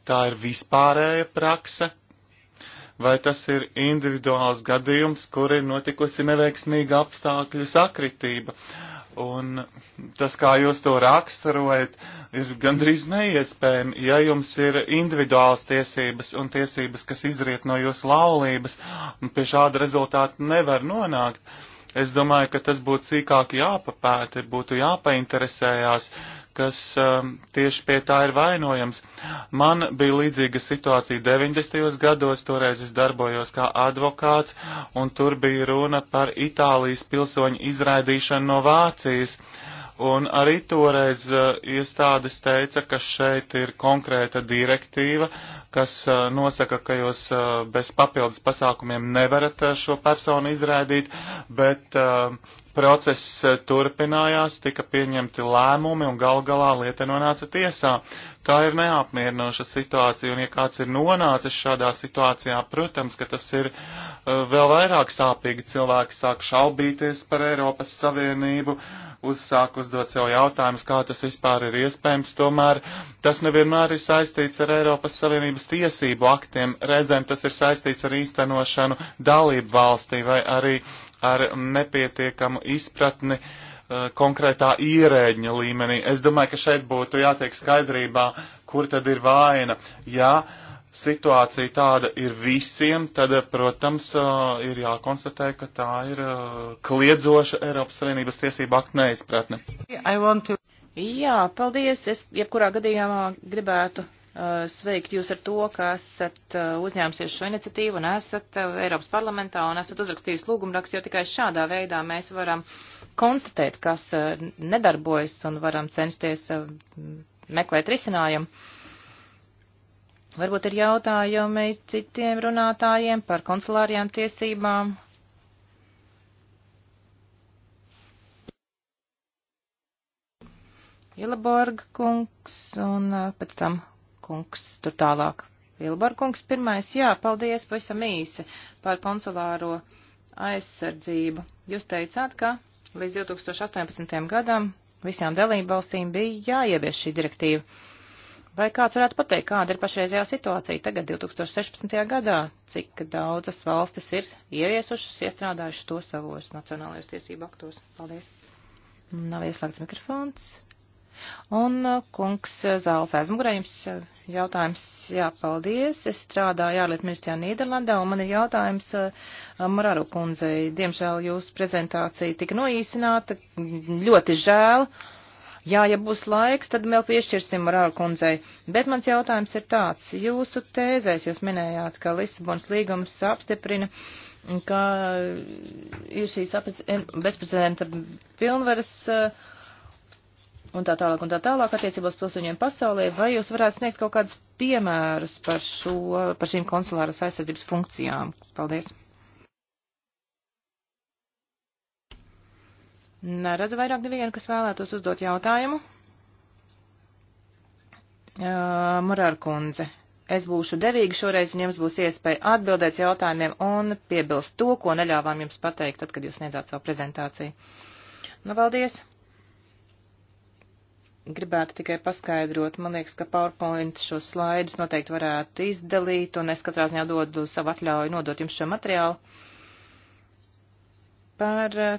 tā ir vispārēja prakse, vai tas ir individuāls gadījums, kur ir notikusi neveiksmīga apstākļu sakritība. Uh, Un tas, kā jūs to raksturojat, ir gandrīz neiespējami. Ja jums ir individuāls tiesības un tiesības, kas izriet no jūsu laulības, pie šāda rezultāta nevar nonākt. Uh, Es domāju, ka tas būtu sīkāk jāpapēta, būtu jāpainteresējās, kas um, tieši pie tā ir vainojams. Man bija līdzīga situācija 90. gados, toreiz es darbojos kā advokāts, un tur bija runa par Itālijas pilsoņu izraidīšanu no Vācijas. Uh, Un arī toreiz uh, iestādes teica, ka šeit ir konkrēta direktīva, kas uh, nosaka, ka jūs uh, bez papildus pasākumiem nevarat šo personu izrādīt, bet Process eh, turpinājās, tika pieņemti lēmumi un gal galā lieta nonāca tiesā. Tā ir neapmierinoša situācija, un ja kāds ir nonācis šādā situācijā, protams, ka tas ir eh, vēl vairāk sāpīgi. Cilvēki sāk šaubīties par Eiropas Savienību, uzsāk uzdot sev jautājumus, kā tas vispār ir iespējams. Tomēr tas nevienmēr ir saistīts ar Eiropas Savienības tiesību aktiem. Reizēm tas ir saistīts ar īstenošanu dalību valstī vai arī ar nepietiekamu izpratni uh, konkrētā īrēģņa līmenī. Es domāju, ka šeit būtu jātiek skaidrībā, kur tad ir vaina. Ja situācija tāda ir visiem, tad, eh, protams, uh, ir jākonstatē, ka tā ir uh, kliedzoša Eiropas Savienības tiesība aktu neizpratne. To... Jā, paldies. Es jebkurā gadījumā gribētu Eh, sveikt jūs ar to, ka esat eh, uzņēmusies šo iniciatīvu un esat eh, Eiropas parlamentā un esat uzrakstījis lūgumrakstu, jo tikai šādā veidā mēs varam konstatēt, kas nedarbojas un varam censties meklēt risinājumu. Varbūt ir jautājumi citiem runātājiem par konsulārijām tiesībām. Ilaborga kungs un pēc tam kungs tur tālāk. Vilbar kungs pirmais, jā, paldies pavisam īsi par konsulāro aizsardzību. Jūs teicāt, ka līdz 2018. gadam visām dalībvalstīm bija jāievies šī direktīva. Vai kāds varētu pateikt, kāda ir pašreizējā situācija tagad 2016. gadā, cik daudzas valstis ir ieviesušas, iestrādājušas to savos nacionālajos tiesību aktos? Paldies. Nav ieslēgts mikrofons. Un uh, kungs uh, zāles aizmugurē jums uh, jautājums jāpaldies. Es strādāju ārlietu ministrijā Nīderlandē un man ir jautājums Mararu kundzei. Diemžēl jūsu prezentācija tika noīsināta. Ļoti žēl. Jā, ja būs laiks, tad vēl piešķirsim Mararu kundzei. Bet mans jautājums ir tāds. Jūsu tēzēs jūs minējāt, ka Lisabons līgums apstiprina ka ir šīs eh, bezprecedenta pilnvaras uh, un tā tālāk un tā tālāk attiecībos pilsoņiem pasaulē, vai jūs varētu sniegt kaut kādus piemērus par, šo, par šīm konsulāras aizsardzības funkcijām? Paldies! Neredzu vairāk nevienu, kas vēlētos uzdot jautājumu. Uh, Morāra kundze, es būšu devīga šoreiz, un jums būs iespēja atbildēt jautājumiem un piebilst to, ko neļāvām jums pateikt, tad, kad jūs sniedzāt savu prezentāciju. Nu, paldies! Gribētu tikai paskaidrot, man liekas, ka PowerPoint šos slaidus noteikti varētu izdalīt, un es katrā ziņā dodu savu atļauju nodot jums šo materiālu. Par eh,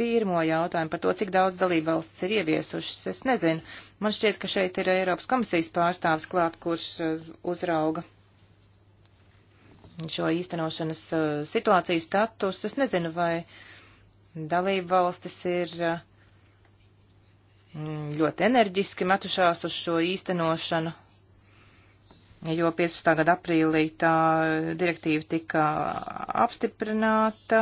pirmo jautājumu, par to, cik daudz dalībvalsts ir ieviesušas, es nezinu. Man šķiet, ka šeit ir Eiropas komisijas pārstāvs klāt, kurš eh, uzrauga šo īstenošanas eh, situāciju status. Es nezinu, vai dalībvalstis ir. Uh, Mm, ļoti enerģiski metušās uz šo īstenošanu, jo 15. gada aprīlī tā direktīva tika apstiprināta.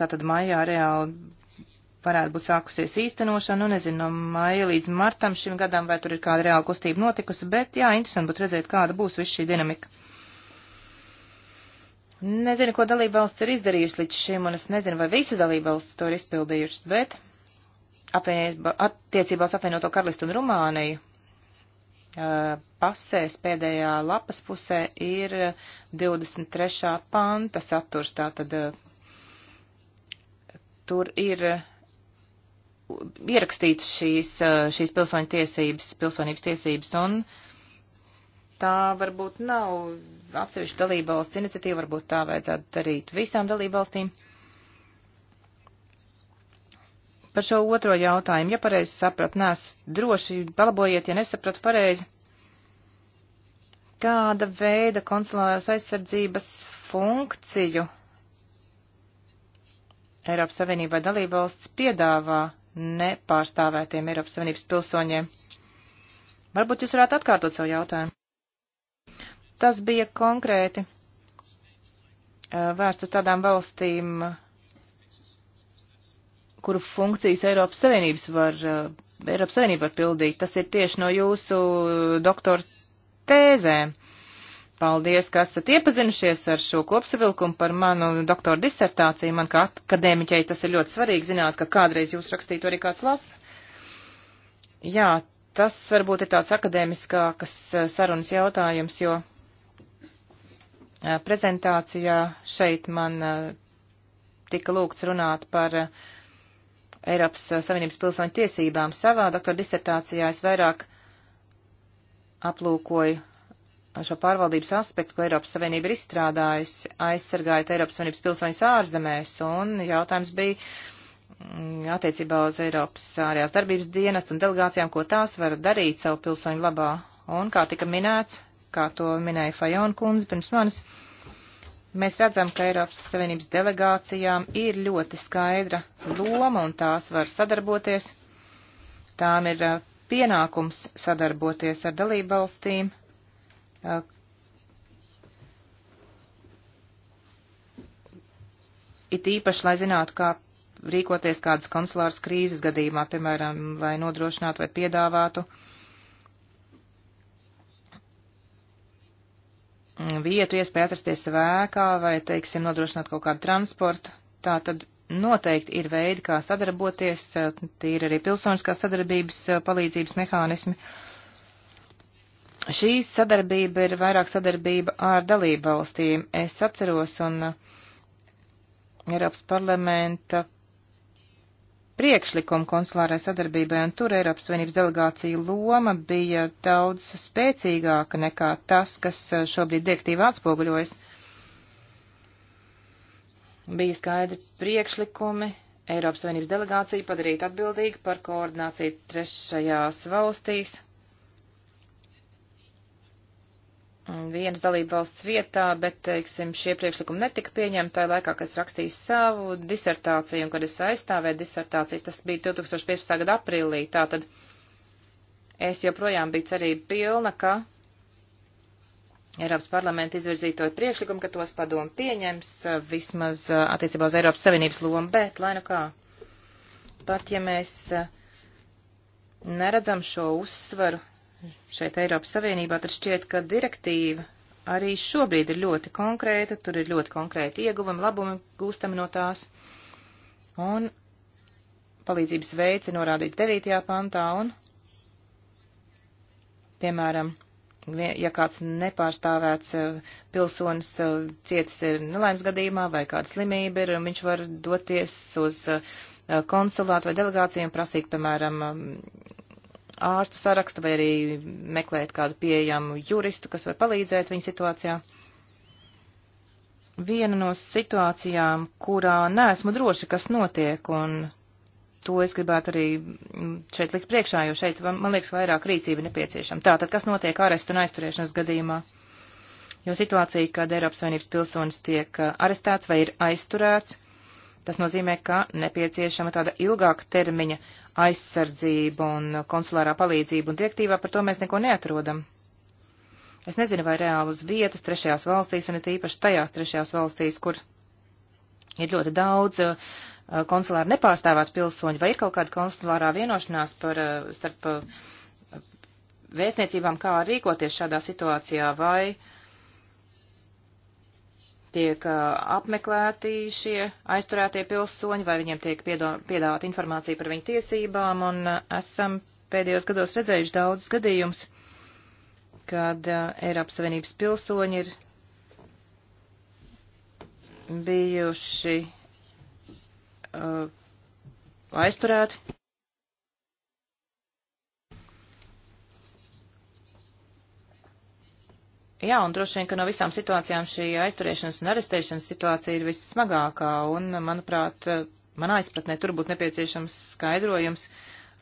Tātad maijā reāli varētu būt sākusies īstenošana, nu nezinu, no maija līdz martam šim gadam, vai tur ir kāda reāla kustība notikusi, bet jā, interesanti būtu redzēt, kāda būs viss šī dinamika. Nezinu, ko dalībvalsts ir izdarījusi līdz šim, un es nezinu, vai visi dalībvalsts to ir izpildījušas, bet attiecībās apvienoto karalistu un Rumāniju pasēs pēdējā lapas pusē ir 23. panta saturs, tātad tur ir ierakstīts šīs, šīs pilsoņu tiesības, pilsonības tiesības, un uh, tā varbūt nav atsevišķa dalībvalsts iniciatīva, varbūt tā vajadzētu darīt visām dalībvalstīm. Par šo otro jautājumu, ja pareizi sapratu, nes droši palabojiet, ja nesapratu pareizi. Kāda veida konsulāras aizsardzības funkciju Eiropas Savienībai dalībvalsts piedāvā nepārstāvētiem Eiropas Savienības pilsoņiem? Varbūt jūs varētu atkārtot savu jautājumu. Tas bija konkrēti vērsts uz tādām valstīm, kuru funkcijas Eiropas Savienības var, Eiropas Savienība var pildīt. Tas ir tieši no jūsu doktora tēzēm. Paldies, ka esat iepazinušies ar šo kopsavilkumu par manu doktora disertāciju. Man kā akadēmiķei tas ir ļoti svarīgi zināt, ka kādreiz jūs rakstītu arī kāds lasa. Jā, tas varbūt ir tāds akadēmiskākas sarunas jautājums, jo Eh, prezentācijā šeit man eh, tika lūgts runāt par eh, Eiropas Savienības pilsoņu tiesībām. Savā doktora disertācijā es vairāk aplūkoju šo pārvaldības aspektu, ko Eiropas Savienība ir izstrādājusi, aizsargājot Eiropas Savienības pilsoņus ārzemēs, un jautājums bija mm, attiecībā uz Eiropas ārējās darbības dienestu un delegācijām, ko tās var darīt savu pilsoņu labā. Un, kā tika minēts, kā to minēja Fajona kundze pirms manis. Mēs redzam, ka Eiropas Savienības delegācijām ir ļoti skaidra loma un tās var sadarboties. Tām ir uh, pienākums sadarboties ar dalību valstīm, uh, it īpaši, lai zinātu, kā rīkoties kādas konsulāras krīzes gadījumā, piemēram, lai nodrošinātu vai piedāvātu uh, vietu, iespēju atrasties vēkā vai, teiksim, nodrošināt kaut kādu transportu. Tā tad noteikti ir veidi, kā sadarboties, tīri arī pilsoniskās sadarbības palīdzības mehānismi. Šī sadarbība ir vairāk sadarbība ar dalību valstīm. Es atceros un Eiropas parlamenta priekšlikumu konsulārai sadarbībai, un tur Eiropas Savienības delegācija loma bija daudz spēcīgāka nekā tas, kas eh, šobrīd direktīva atspoguļojas. Bija skaidri priekšlikumi Eiropas Savienības delegācija padarīt atbildīgu par koordināciju trešajās valstīs, Mm, vienas dalībvalsts vietā, bet, teiksim, šie priekšlikumi netika pieņemti tajā laikā, kad es rakstīju savu disertāciju, un kad es aizstāvēju disertāciju, tas bija 2015. gada aprīlī, tātad es joprojām biju cerība pilna, ka Eiropas parlamenta izvirzīto priekšlikumu, ka tos padomu pieņems vismaz attiecībā uz Eiropas Savienības lomu, bet, lai nu kā, pat ja mēs neredzam šo uzsvaru šeit Eiropas Savienībā, tad šķiet, ka direktīva arī šobrīd ir ļoti konkrēta, tur ir ļoti konkrēti ieguvumi, labumi gūstami no tās. Un palīdzības veids ir norādīts 9. pantā un, piemēram, ja kāds nepārstāvēts eh, pilsonis eh, cietis ir nelaimes gadījumā vai kāda slimība ir, viņš var doties uz eh, konsulātu vai delegāciju un prasīt, piemēram, ārstu sarakstu vai arī meklēt kādu pieejamu juristu, kas var palīdzēt viņa situācijā. Viena no situācijām, kurā neesmu droši, kas notiek, un to es gribētu arī šeit likt priekšā, jo šeit man, man liekas vairāk rīcība nepieciešama. Tātad, kas notiek arestu un aizturēšanas gadījumā? Jo situācija, kad Eiropas Savienības pilsonis tiek uh, arestēts vai ir aizturēts, Tas nozīmē, ka nepieciešama tāda ilgāka termiņa aizsardzība un konsulārā palīdzība, un direktīvā par to mēs neko neatrodam. Es nezinu, vai reālas vietas trešajās valstīs, un it īpaši tajās trešajās valstīs, kur ir ļoti daudz uh, konsulāri nepārstāvāts pilsoņu, vai ir kaut kāda konsulārā vienošanās par uh, starp uh, vēstniecībām, kā rīkoties šādā situācijā, vai uh, tiek apmeklēti šie aizturētie pilsoņi, vai viņiem tiek piedāvāta informācija par viņu tiesībām, un esam pēdējos gados redzējuši daudz gadījumus, kad Eiropas Savienības pilsoņi ir bijuši uh, aizturēti. Jā, un droši vien, ka no visām situācijām šī aizturēšanas un arestēšanas situācija ir vissmagākā, un, manuprāt, manā izpratnē tur būtu nepieciešams skaidrojums,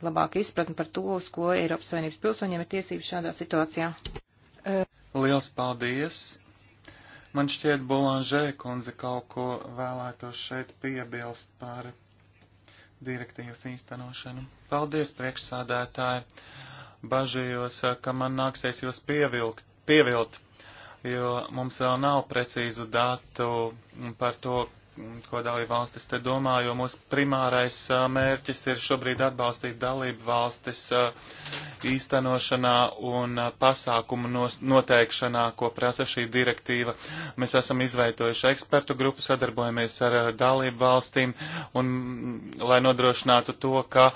labāka izpratne par to, uz ko Eiropas Savienības pilsoņiem ir tiesības šādā situācijā. Liels paldies! Man šķiet, Bolanžē kundze kaut ko vēlētos šeit piebilst par direktīvas īstenošanu. Paldies, priekšsādētāji! Bažījos, ka man nāksies jūs pievilkt, pievilt jo mums vēl nav precīzu datu par to, ko dalību valstis te domā, jo mūsu primārais mērķis ir šobrīd atbalstīt dalību valstis īstenošanā un pasākumu noteikšanā, ko prasa šī direktīva. Mēs esam izveidojuši ekspertu grupu, sadarbojamies ar dalību valstīm, un, lai nodrošinātu to, ka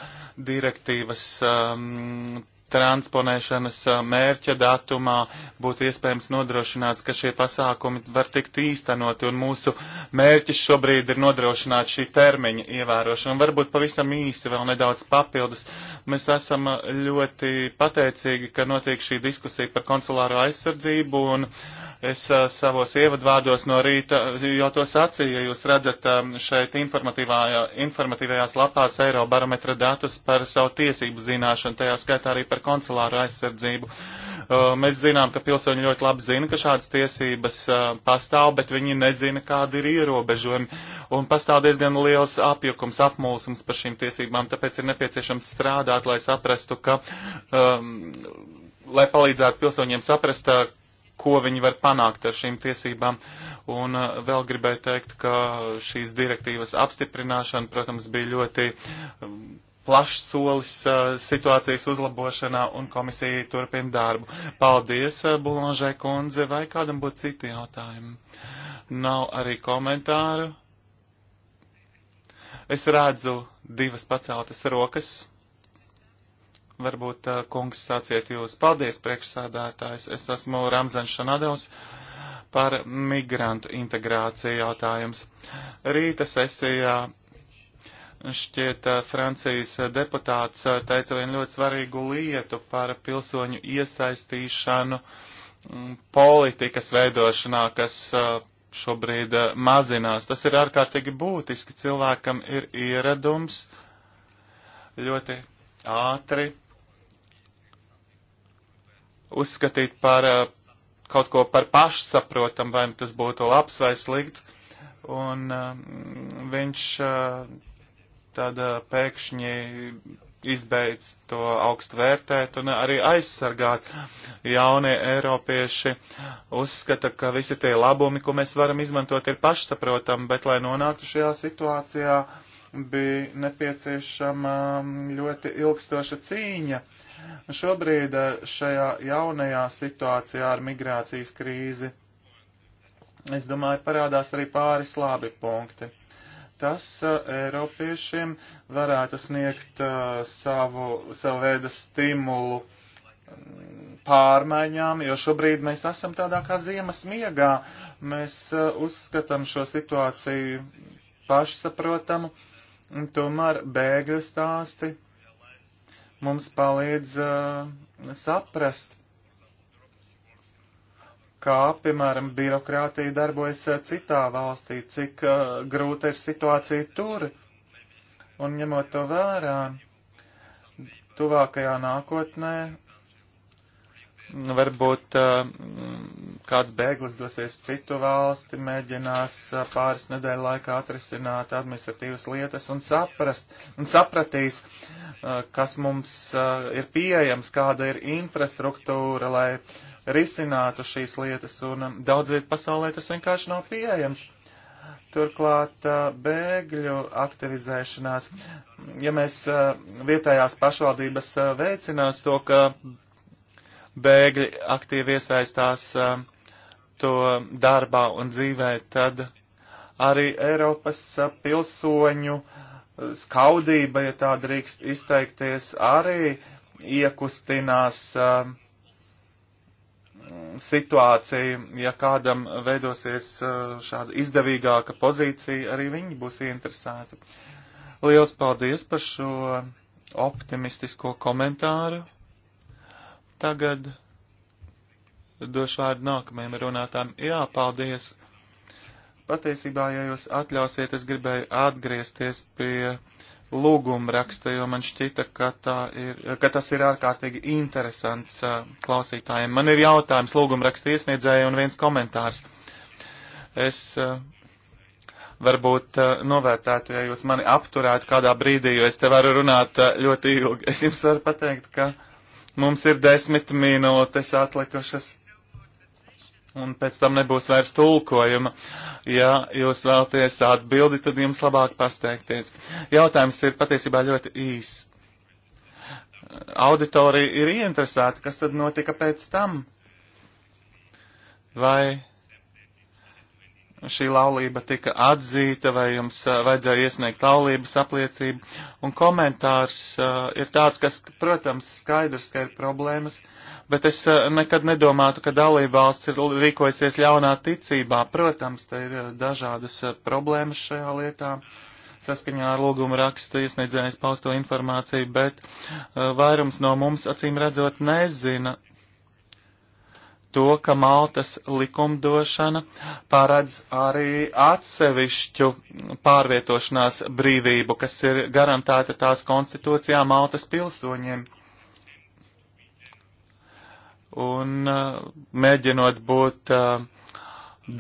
direktīvas um, transponēšanas mērķa datumā būtu iespējams nodrošināts, ka šie pasākumi var tikt īstenoti, un mūsu mērķis šobrīd ir nodrošināt šī termiņa ievērošanu. Varbūt pavisam īsi vēl nedaudz papildus. Mēs esam ļoti pateicīgi, ka notiek šī diskusija par konsulāro aizsardzību, un es savos ievadvārdos no rīta jau to sacīju, ja jūs redzat šeit informatīvajās lapās Eirobarometra datus par savu tiesību zināšanu, tajā skaitā arī par par konsulāru aizsardzību. Uh, mēs zinām, ka pilsoņi ļoti labi zina, ka šādas tiesības uh, pastāv, bet viņi nezina, kādi ir ierobežojumi. Un pastāv diezgan liels apjukums, apmulsums par šīm tiesībām, tāpēc ir nepieciešams strādāt, lai saprastu, ka, um, lai palīdzētu pilsoņiem saprast, uh, ko viņi var panākt ar šīm tiesībām. Un vēl gribēju teikt, ka šīs direktīvas apstiprināšana, protams, bija ļoti um, plašs solis uh, situācijas uzlabošanā un komisija turpina darbu. Paldies, uh, Bulonžai kundze, vai kādam būtu citi jautājumi? Nav arī komentāru. Es redzu divas paceltas rokas. Varbūt, uh, kungs, sāciet jūs. Paldies, priekšsādātājs. Es esmu Ramzans Šanadovs par migrantu integrāciju jautājums. Rīta sesijā šķiet eh, Francijas eh, deputāts eh, teica vienu ļoti svarīgu lietu par pilsoņu iesaistīšanu mm, politikas veidošanā, kas šobrīd mazinās. Tas ir ārkārtīgi būtiski. Cilvēkam ir ieradums ļoti ātri uzskatīt par kaut ko par pašsaprotam, vai tas būtu labs vai slikts. Un mm, viņš tad eh, pēkšņi izbeidz to augstu vērtēt un arī aizsargāt. Jaunie Eiropieši uzskata, ka visi tie labumi, ko mēs varam izmantot, ir pašsaprotami, bet lai nonāktu šajā situācijā, bija nepieciešama mm, ļoti ilgstoša cīņa. Šobrīd eh, šajā jaunajā situācijā ar migrācijas krīzi, es domāju, parādās arī pāris labi punkti tas Eiropiešiem varētu sniegt savu, savu veidu stimulu mm, pārmaiņām, jo šobrīd mēs esam tādā kā ziemas miegā. Mēs uzskatām šo situāciju pašsaprotamu, un tomēr bēgļu stāsti mums palīdz uh, saprast, kā, piemēram, birokrātija darbojas eh, citā valstī, cik uh, grūta ir situācija tur. Un ņemot to vērā, tuvākajā nākotnē varbūt uh, kāds bēglis dosies citu valsti, mēģinās uh, pāris nedēļu laikā atrisināt administratīvas lietas un, saprast, un sapratīs, uh, kas mums ir pieejams, kāda ir infrastruktūra, lai risinātu šīs lietas, un um, daudz vietu pasaulē tas vienkārši nav pieejams. Turklāt bēgļu aktivizēšanās, ja mēs vietējās pašvaldības veicinās to, ka bēgļi aktīvi iesaistās um, to darbā un dzīvē, tad arī Eiropas uh, pilsoņu uh, skaudība, ja tā drīkst izteikties, arī iekustinās um, situāciju, ja kādam veidosies uh, šāda izdevīgāka pozīcija, arī viņi būs interesēti. Liels paldies par šo optimistisko komentāru. Tagad došu vārdu nākamajam runātājam. Jā, paldies! Patiesībā, ja jūs atļausiet, es gribēju atgriezties pie lūguma raksta, jo man šķita, ka, ir, ka tas ir ārkārtīgi interesants uh, klausītājiem. Man ir jautājums lūguma raksta iesniedzēja un viens komentārs. Es uh, varbūt uh, novērtētu, ja jūs mani apturētu kādā brīdī, jo es te varu runāt ļoti ilgi. Es jums varu pateikt, ka Mums ir desmit minūtes atlikušas, un pēc tam nebūs vairs tulkojuma. Ja jūs vēlaties atbildi, tad jums labāk pasteikties. Jautājums ir patiesībā ļoti īs. Auditorija ir ieinteresēta, kas tad notika pēc tam? Vai šī laulība tika atzīta, vai jums vajadzēja iesniegt laulības apliecību. Un komentārs uh, ir tāds, kas, protams, skaidrs, ka ir problēmas, bet es uh, nekad nedomātu, ka dalībvalsts ir rīkojusies ļaunā ticībā. Protams, te ir dažādas problēmas šajā lietā saskaņā ar lūgumu rakstu iesniedzējis pausto informāciju, bet uh, vairums no mums acīm redzot nezina, to, ka Maltas likumdošana paredz arī atsevišķu pārvietošanās brīvību, kas ir garantēta tās konstitūcijā Maltas pilsoņiem. Un uh, mēģinot būt uh,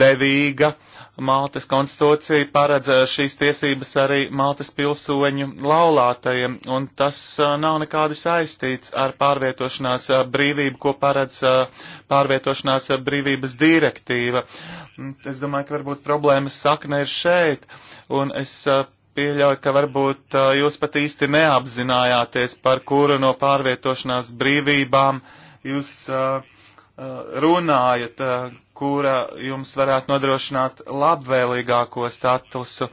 devīga, uh, Maltas konstitūcija paredz eh, šīs tiesības arī Maltas pilsoņu laulātajiem, un tas eh, nav nekādi saistīts ar pārvietošanās eh, brīvību, ko paredz pārvietošanās brīvības direktīva. Mm, es domāju, ka varbūt problēmas sakne ir šeit, un es pieļauju, ka varbūt jūs pat īsti neapzinājāties, par kuru no pārvietošanās brīvībām jūs uh, Eh, runājat, eh, kura jums varētu nodrošināt labvēlīgāko statusu.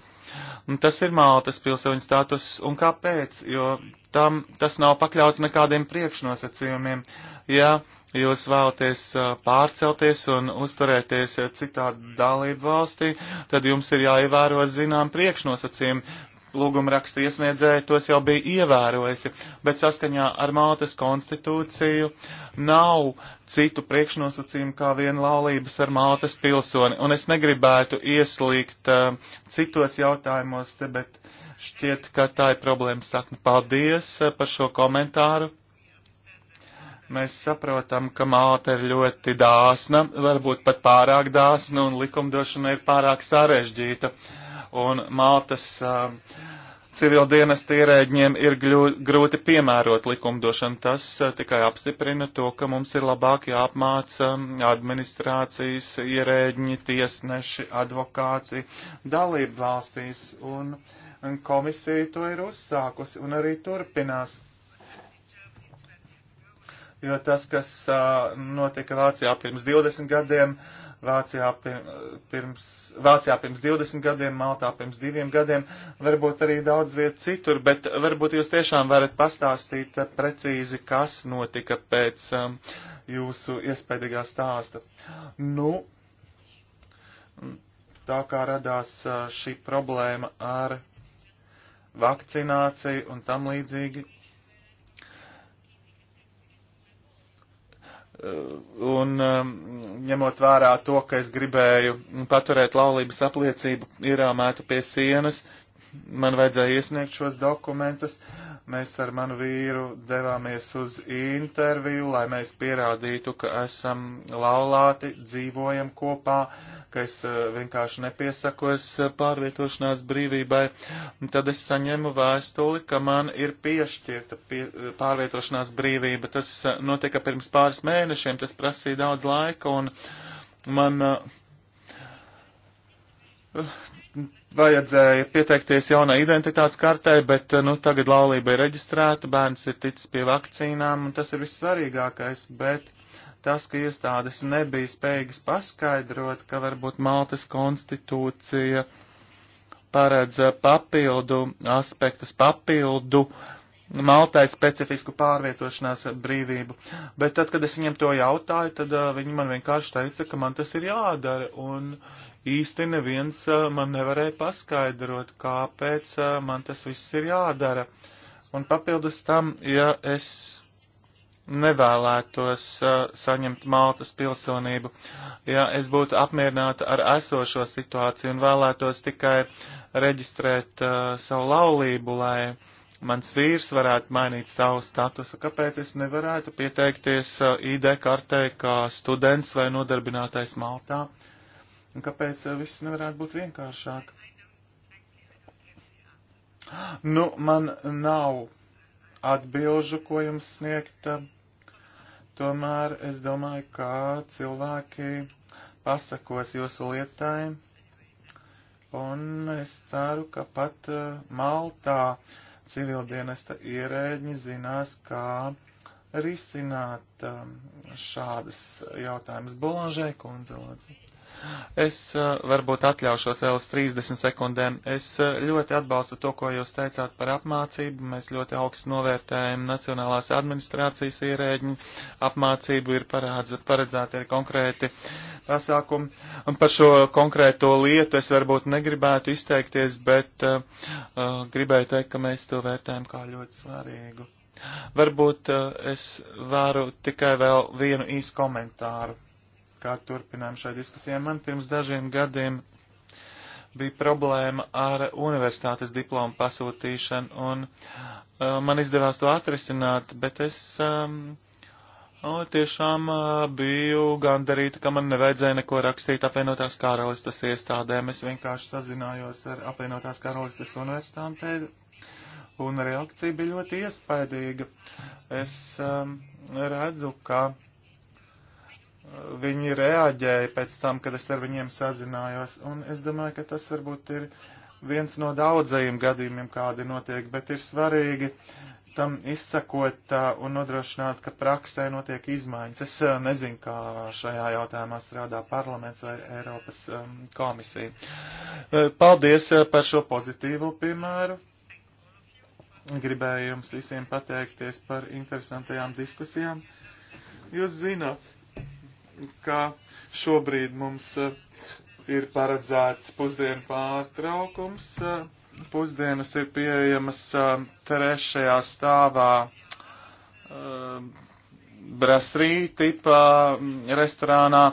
Un tas ir Maltas pilsoņu status. Un kāpēc? Jo tam tas nav pakļauts nekādiem priekšnosacījumiem. Ja jūs vēlaties eh, pārcelties un uzturēties citā dalību valstī, tad jums ir jāievēro zinām priekšnosacījumi lūguma raksta iesniedzēja tos jau bija ievērojusi, bet saskaņā ar Maltas konstitūciju nav citu priekšnosacījumu kā viena laulības ar Maltas pilsoni. Un es negribētu ieslīgt uh, citos jautājumos, te, bet šķiet, ka tā ir problēma sakna. Paldies uh, par šo komentāru. Mēs saprotam, ka māte ir ļoti dāsna, varbūt pat pārāk dāsna, un likumdošana ir pārāk sarežģīta. Uh, un Maltas uh, civildienas ierēģiem ir gļu, grūti piemērot likumdošanu. Tas uh, tikai apstiprina to, ka mums ir labāk jāapmāca administrācijas ierēģi, tiesneši, advokāti dalību valstīs, un, un komisija to ir uzsākusi un arī turpinās jo tas, kas uh, notika Vācijā pirms 20 gadiem, Vācijā, pirms, Vācijā pirms 20 gadiem, Maltā pirms diviem gadiem, varbūt arī daudz viet citur, bet varbūt jūs tiešām varat pastāstīt precīzi, kas notika pēc um, jūsu iespējīgā stāsta. Nu, tā kā radās uh, šī problēma ar vakcināciju un tam līdzīgi, Eh, un ņemot vērā to, ka es gribēju paturēt laulības apliecību ierāmētu pie sienas, man vajadzēja iesniegt šos dokumentus. Mēs ar manu vīru devāmies uz interviju, lai mēs pierādītu, ka esam laulāti, dzīvojam kopā, ka es eh, vienkārši nepiesakos eh, pārvietošanās brīvībai. Tad es saņemu vēstuli, ka man ir piešķirta pie, eh, pārvietošanās brīvība. Tas notika pirms pāris mēnešiem, tas prasīja daudz laika un man. Uh, vajadzēja pieteikties jaunai identitātes kartē, bet nu, tagad laulība ir reģistrēta, bērns ir ticis pie vakcīnām, un tas ir vissvarīgākais. Bet tas, ka iestādes nebija spējīgas paskaidrot, ka varbūt Maltas konstitūcija paredz papildu aspektus, papildu Maltai specifisku pārvietošanās brīvību. Bet tad, kad es viņiem to jautāju, tad uh, viņi man vienkārši teica, ka man tas ir jādara. Un īsti neviens man nevarēja paskaidrot, kāpēc man tas viss ir jādara. Un papildus tam, ja es nevēlētos saņemt Maltas pilsonību, ja es būtu apmierināta ar esošo situāciju un vēlētos tikai reģistrēt savu laulību, lai mans vīrs varētu mainīt savu statusu, kāpēc es nevarētu pieteikties ID kartē kā students vai nodarbinātais Maltā. Uh, Un kāpēc eh, viss nevarētu būt vienkāršāk? Nu, man nav atbilžu, ko jums sniegt. Eh, tomēr es domāju, ka cilvēki pasakos jūsu lietai. Un es ceru, ka pat eh, Maltā civildienesta ierēģi zinās, kā risināt šādas jautājumas. Bolanžē, kundze, lūdzu. Es uh, varbūt atļaušos vēl uz 30 sekundēm. Es uh, ļoti atbalstu to, ko jūs teicāt par apmācību. Mēs ļoti augstu novērtējam Nacionālās administrācijas ierēģiņu. Apmācību ir parādz, paredzēti ir konkrēti pasākumi. Un par šo konkrēto lietu es varbūt negribētu izteikties, bet uh, uh, gribēju teikt, ka mēs to vērtējam kā ļoti svarīgu. Varbūt uh, es varu tikai vēl vienu īsu komentāru kā turpinājumu šai diskusijai. Man pirms dažiem gadiem bija problēma ar universitātes diplomu pasūtīšanu, un uh, man izdevās to atrisināt, bet es um, o, tiešām uh, biju gandarīta, ka man nevajadzēja neko rakstīt apvienotās karalistas iestādēm. Es vienkārši sazinājos ar apvienotās karalistas universitātēm, un reakcija bija ļoti iespaidīga. Es um, redzu, ka viņi reaģēja pēc tam, kad es ar viņiem sazinājos, un es domāju, ka tas varbūt ir viens no daudzajiem gadījumiem, kādi notiek, bet ir svarīgi tam izsakot un nodrošināt, ka praksē notiek izmaiņas. Es eh, nezinu, kā šajā jautājumā strādā parlaments vai Eiropas ehm, komisija. Eh, paldies eh, par šo pozitīvo piemēru. Gribēju jums visiem pateikties par interesantajām diskusijām. Jūs zināt, ka šobrīd mums eh, ir paredzēts pusdienu pārtraukums. Eh, pusdienas ir pieejamas eh, trešajā stāvā Brasrī tipā mm, restorānā.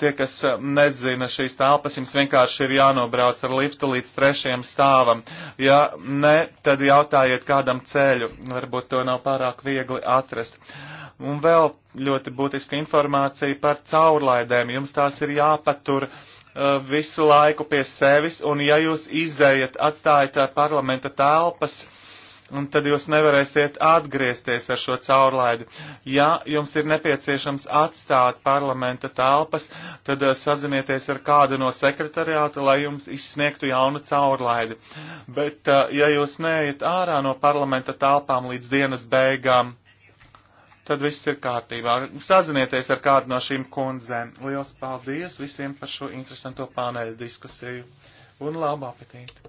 Tie, kas nezina šīs telpas, jums vienkārši ir jānobrauc ar liftu līdz trešajam stāvam. Ja ne, tad jautājiet kādam ceļu. Varbūt to nav pārāk viegli atrast. Uh, Un vēl ļoti būtiska informācija par caurlaidēm. Jums tās ir jāpatur uh, visu laiku pie sevis, un ja jūs izējat, atstājat uh, parlamenta telpas, un tad jūs nevarēsiet atgriezties ar šo caurlaidu. Ja jums ir nepieciešams atstāt parlamenta telpas, tad uh, sazinieties ar kādu no sekretariāta, lai jums izsniegtu jaunu caurlaidu. Bet ja jūs neiet ārā no parlamenta telpām līdz dienas beigām, tad viss ir kārtībā. Sazinieties ar kādu no šīm kundzēm. Liels paldies visiem par šo interesanto pāneļu diskusiju un labu apetīti!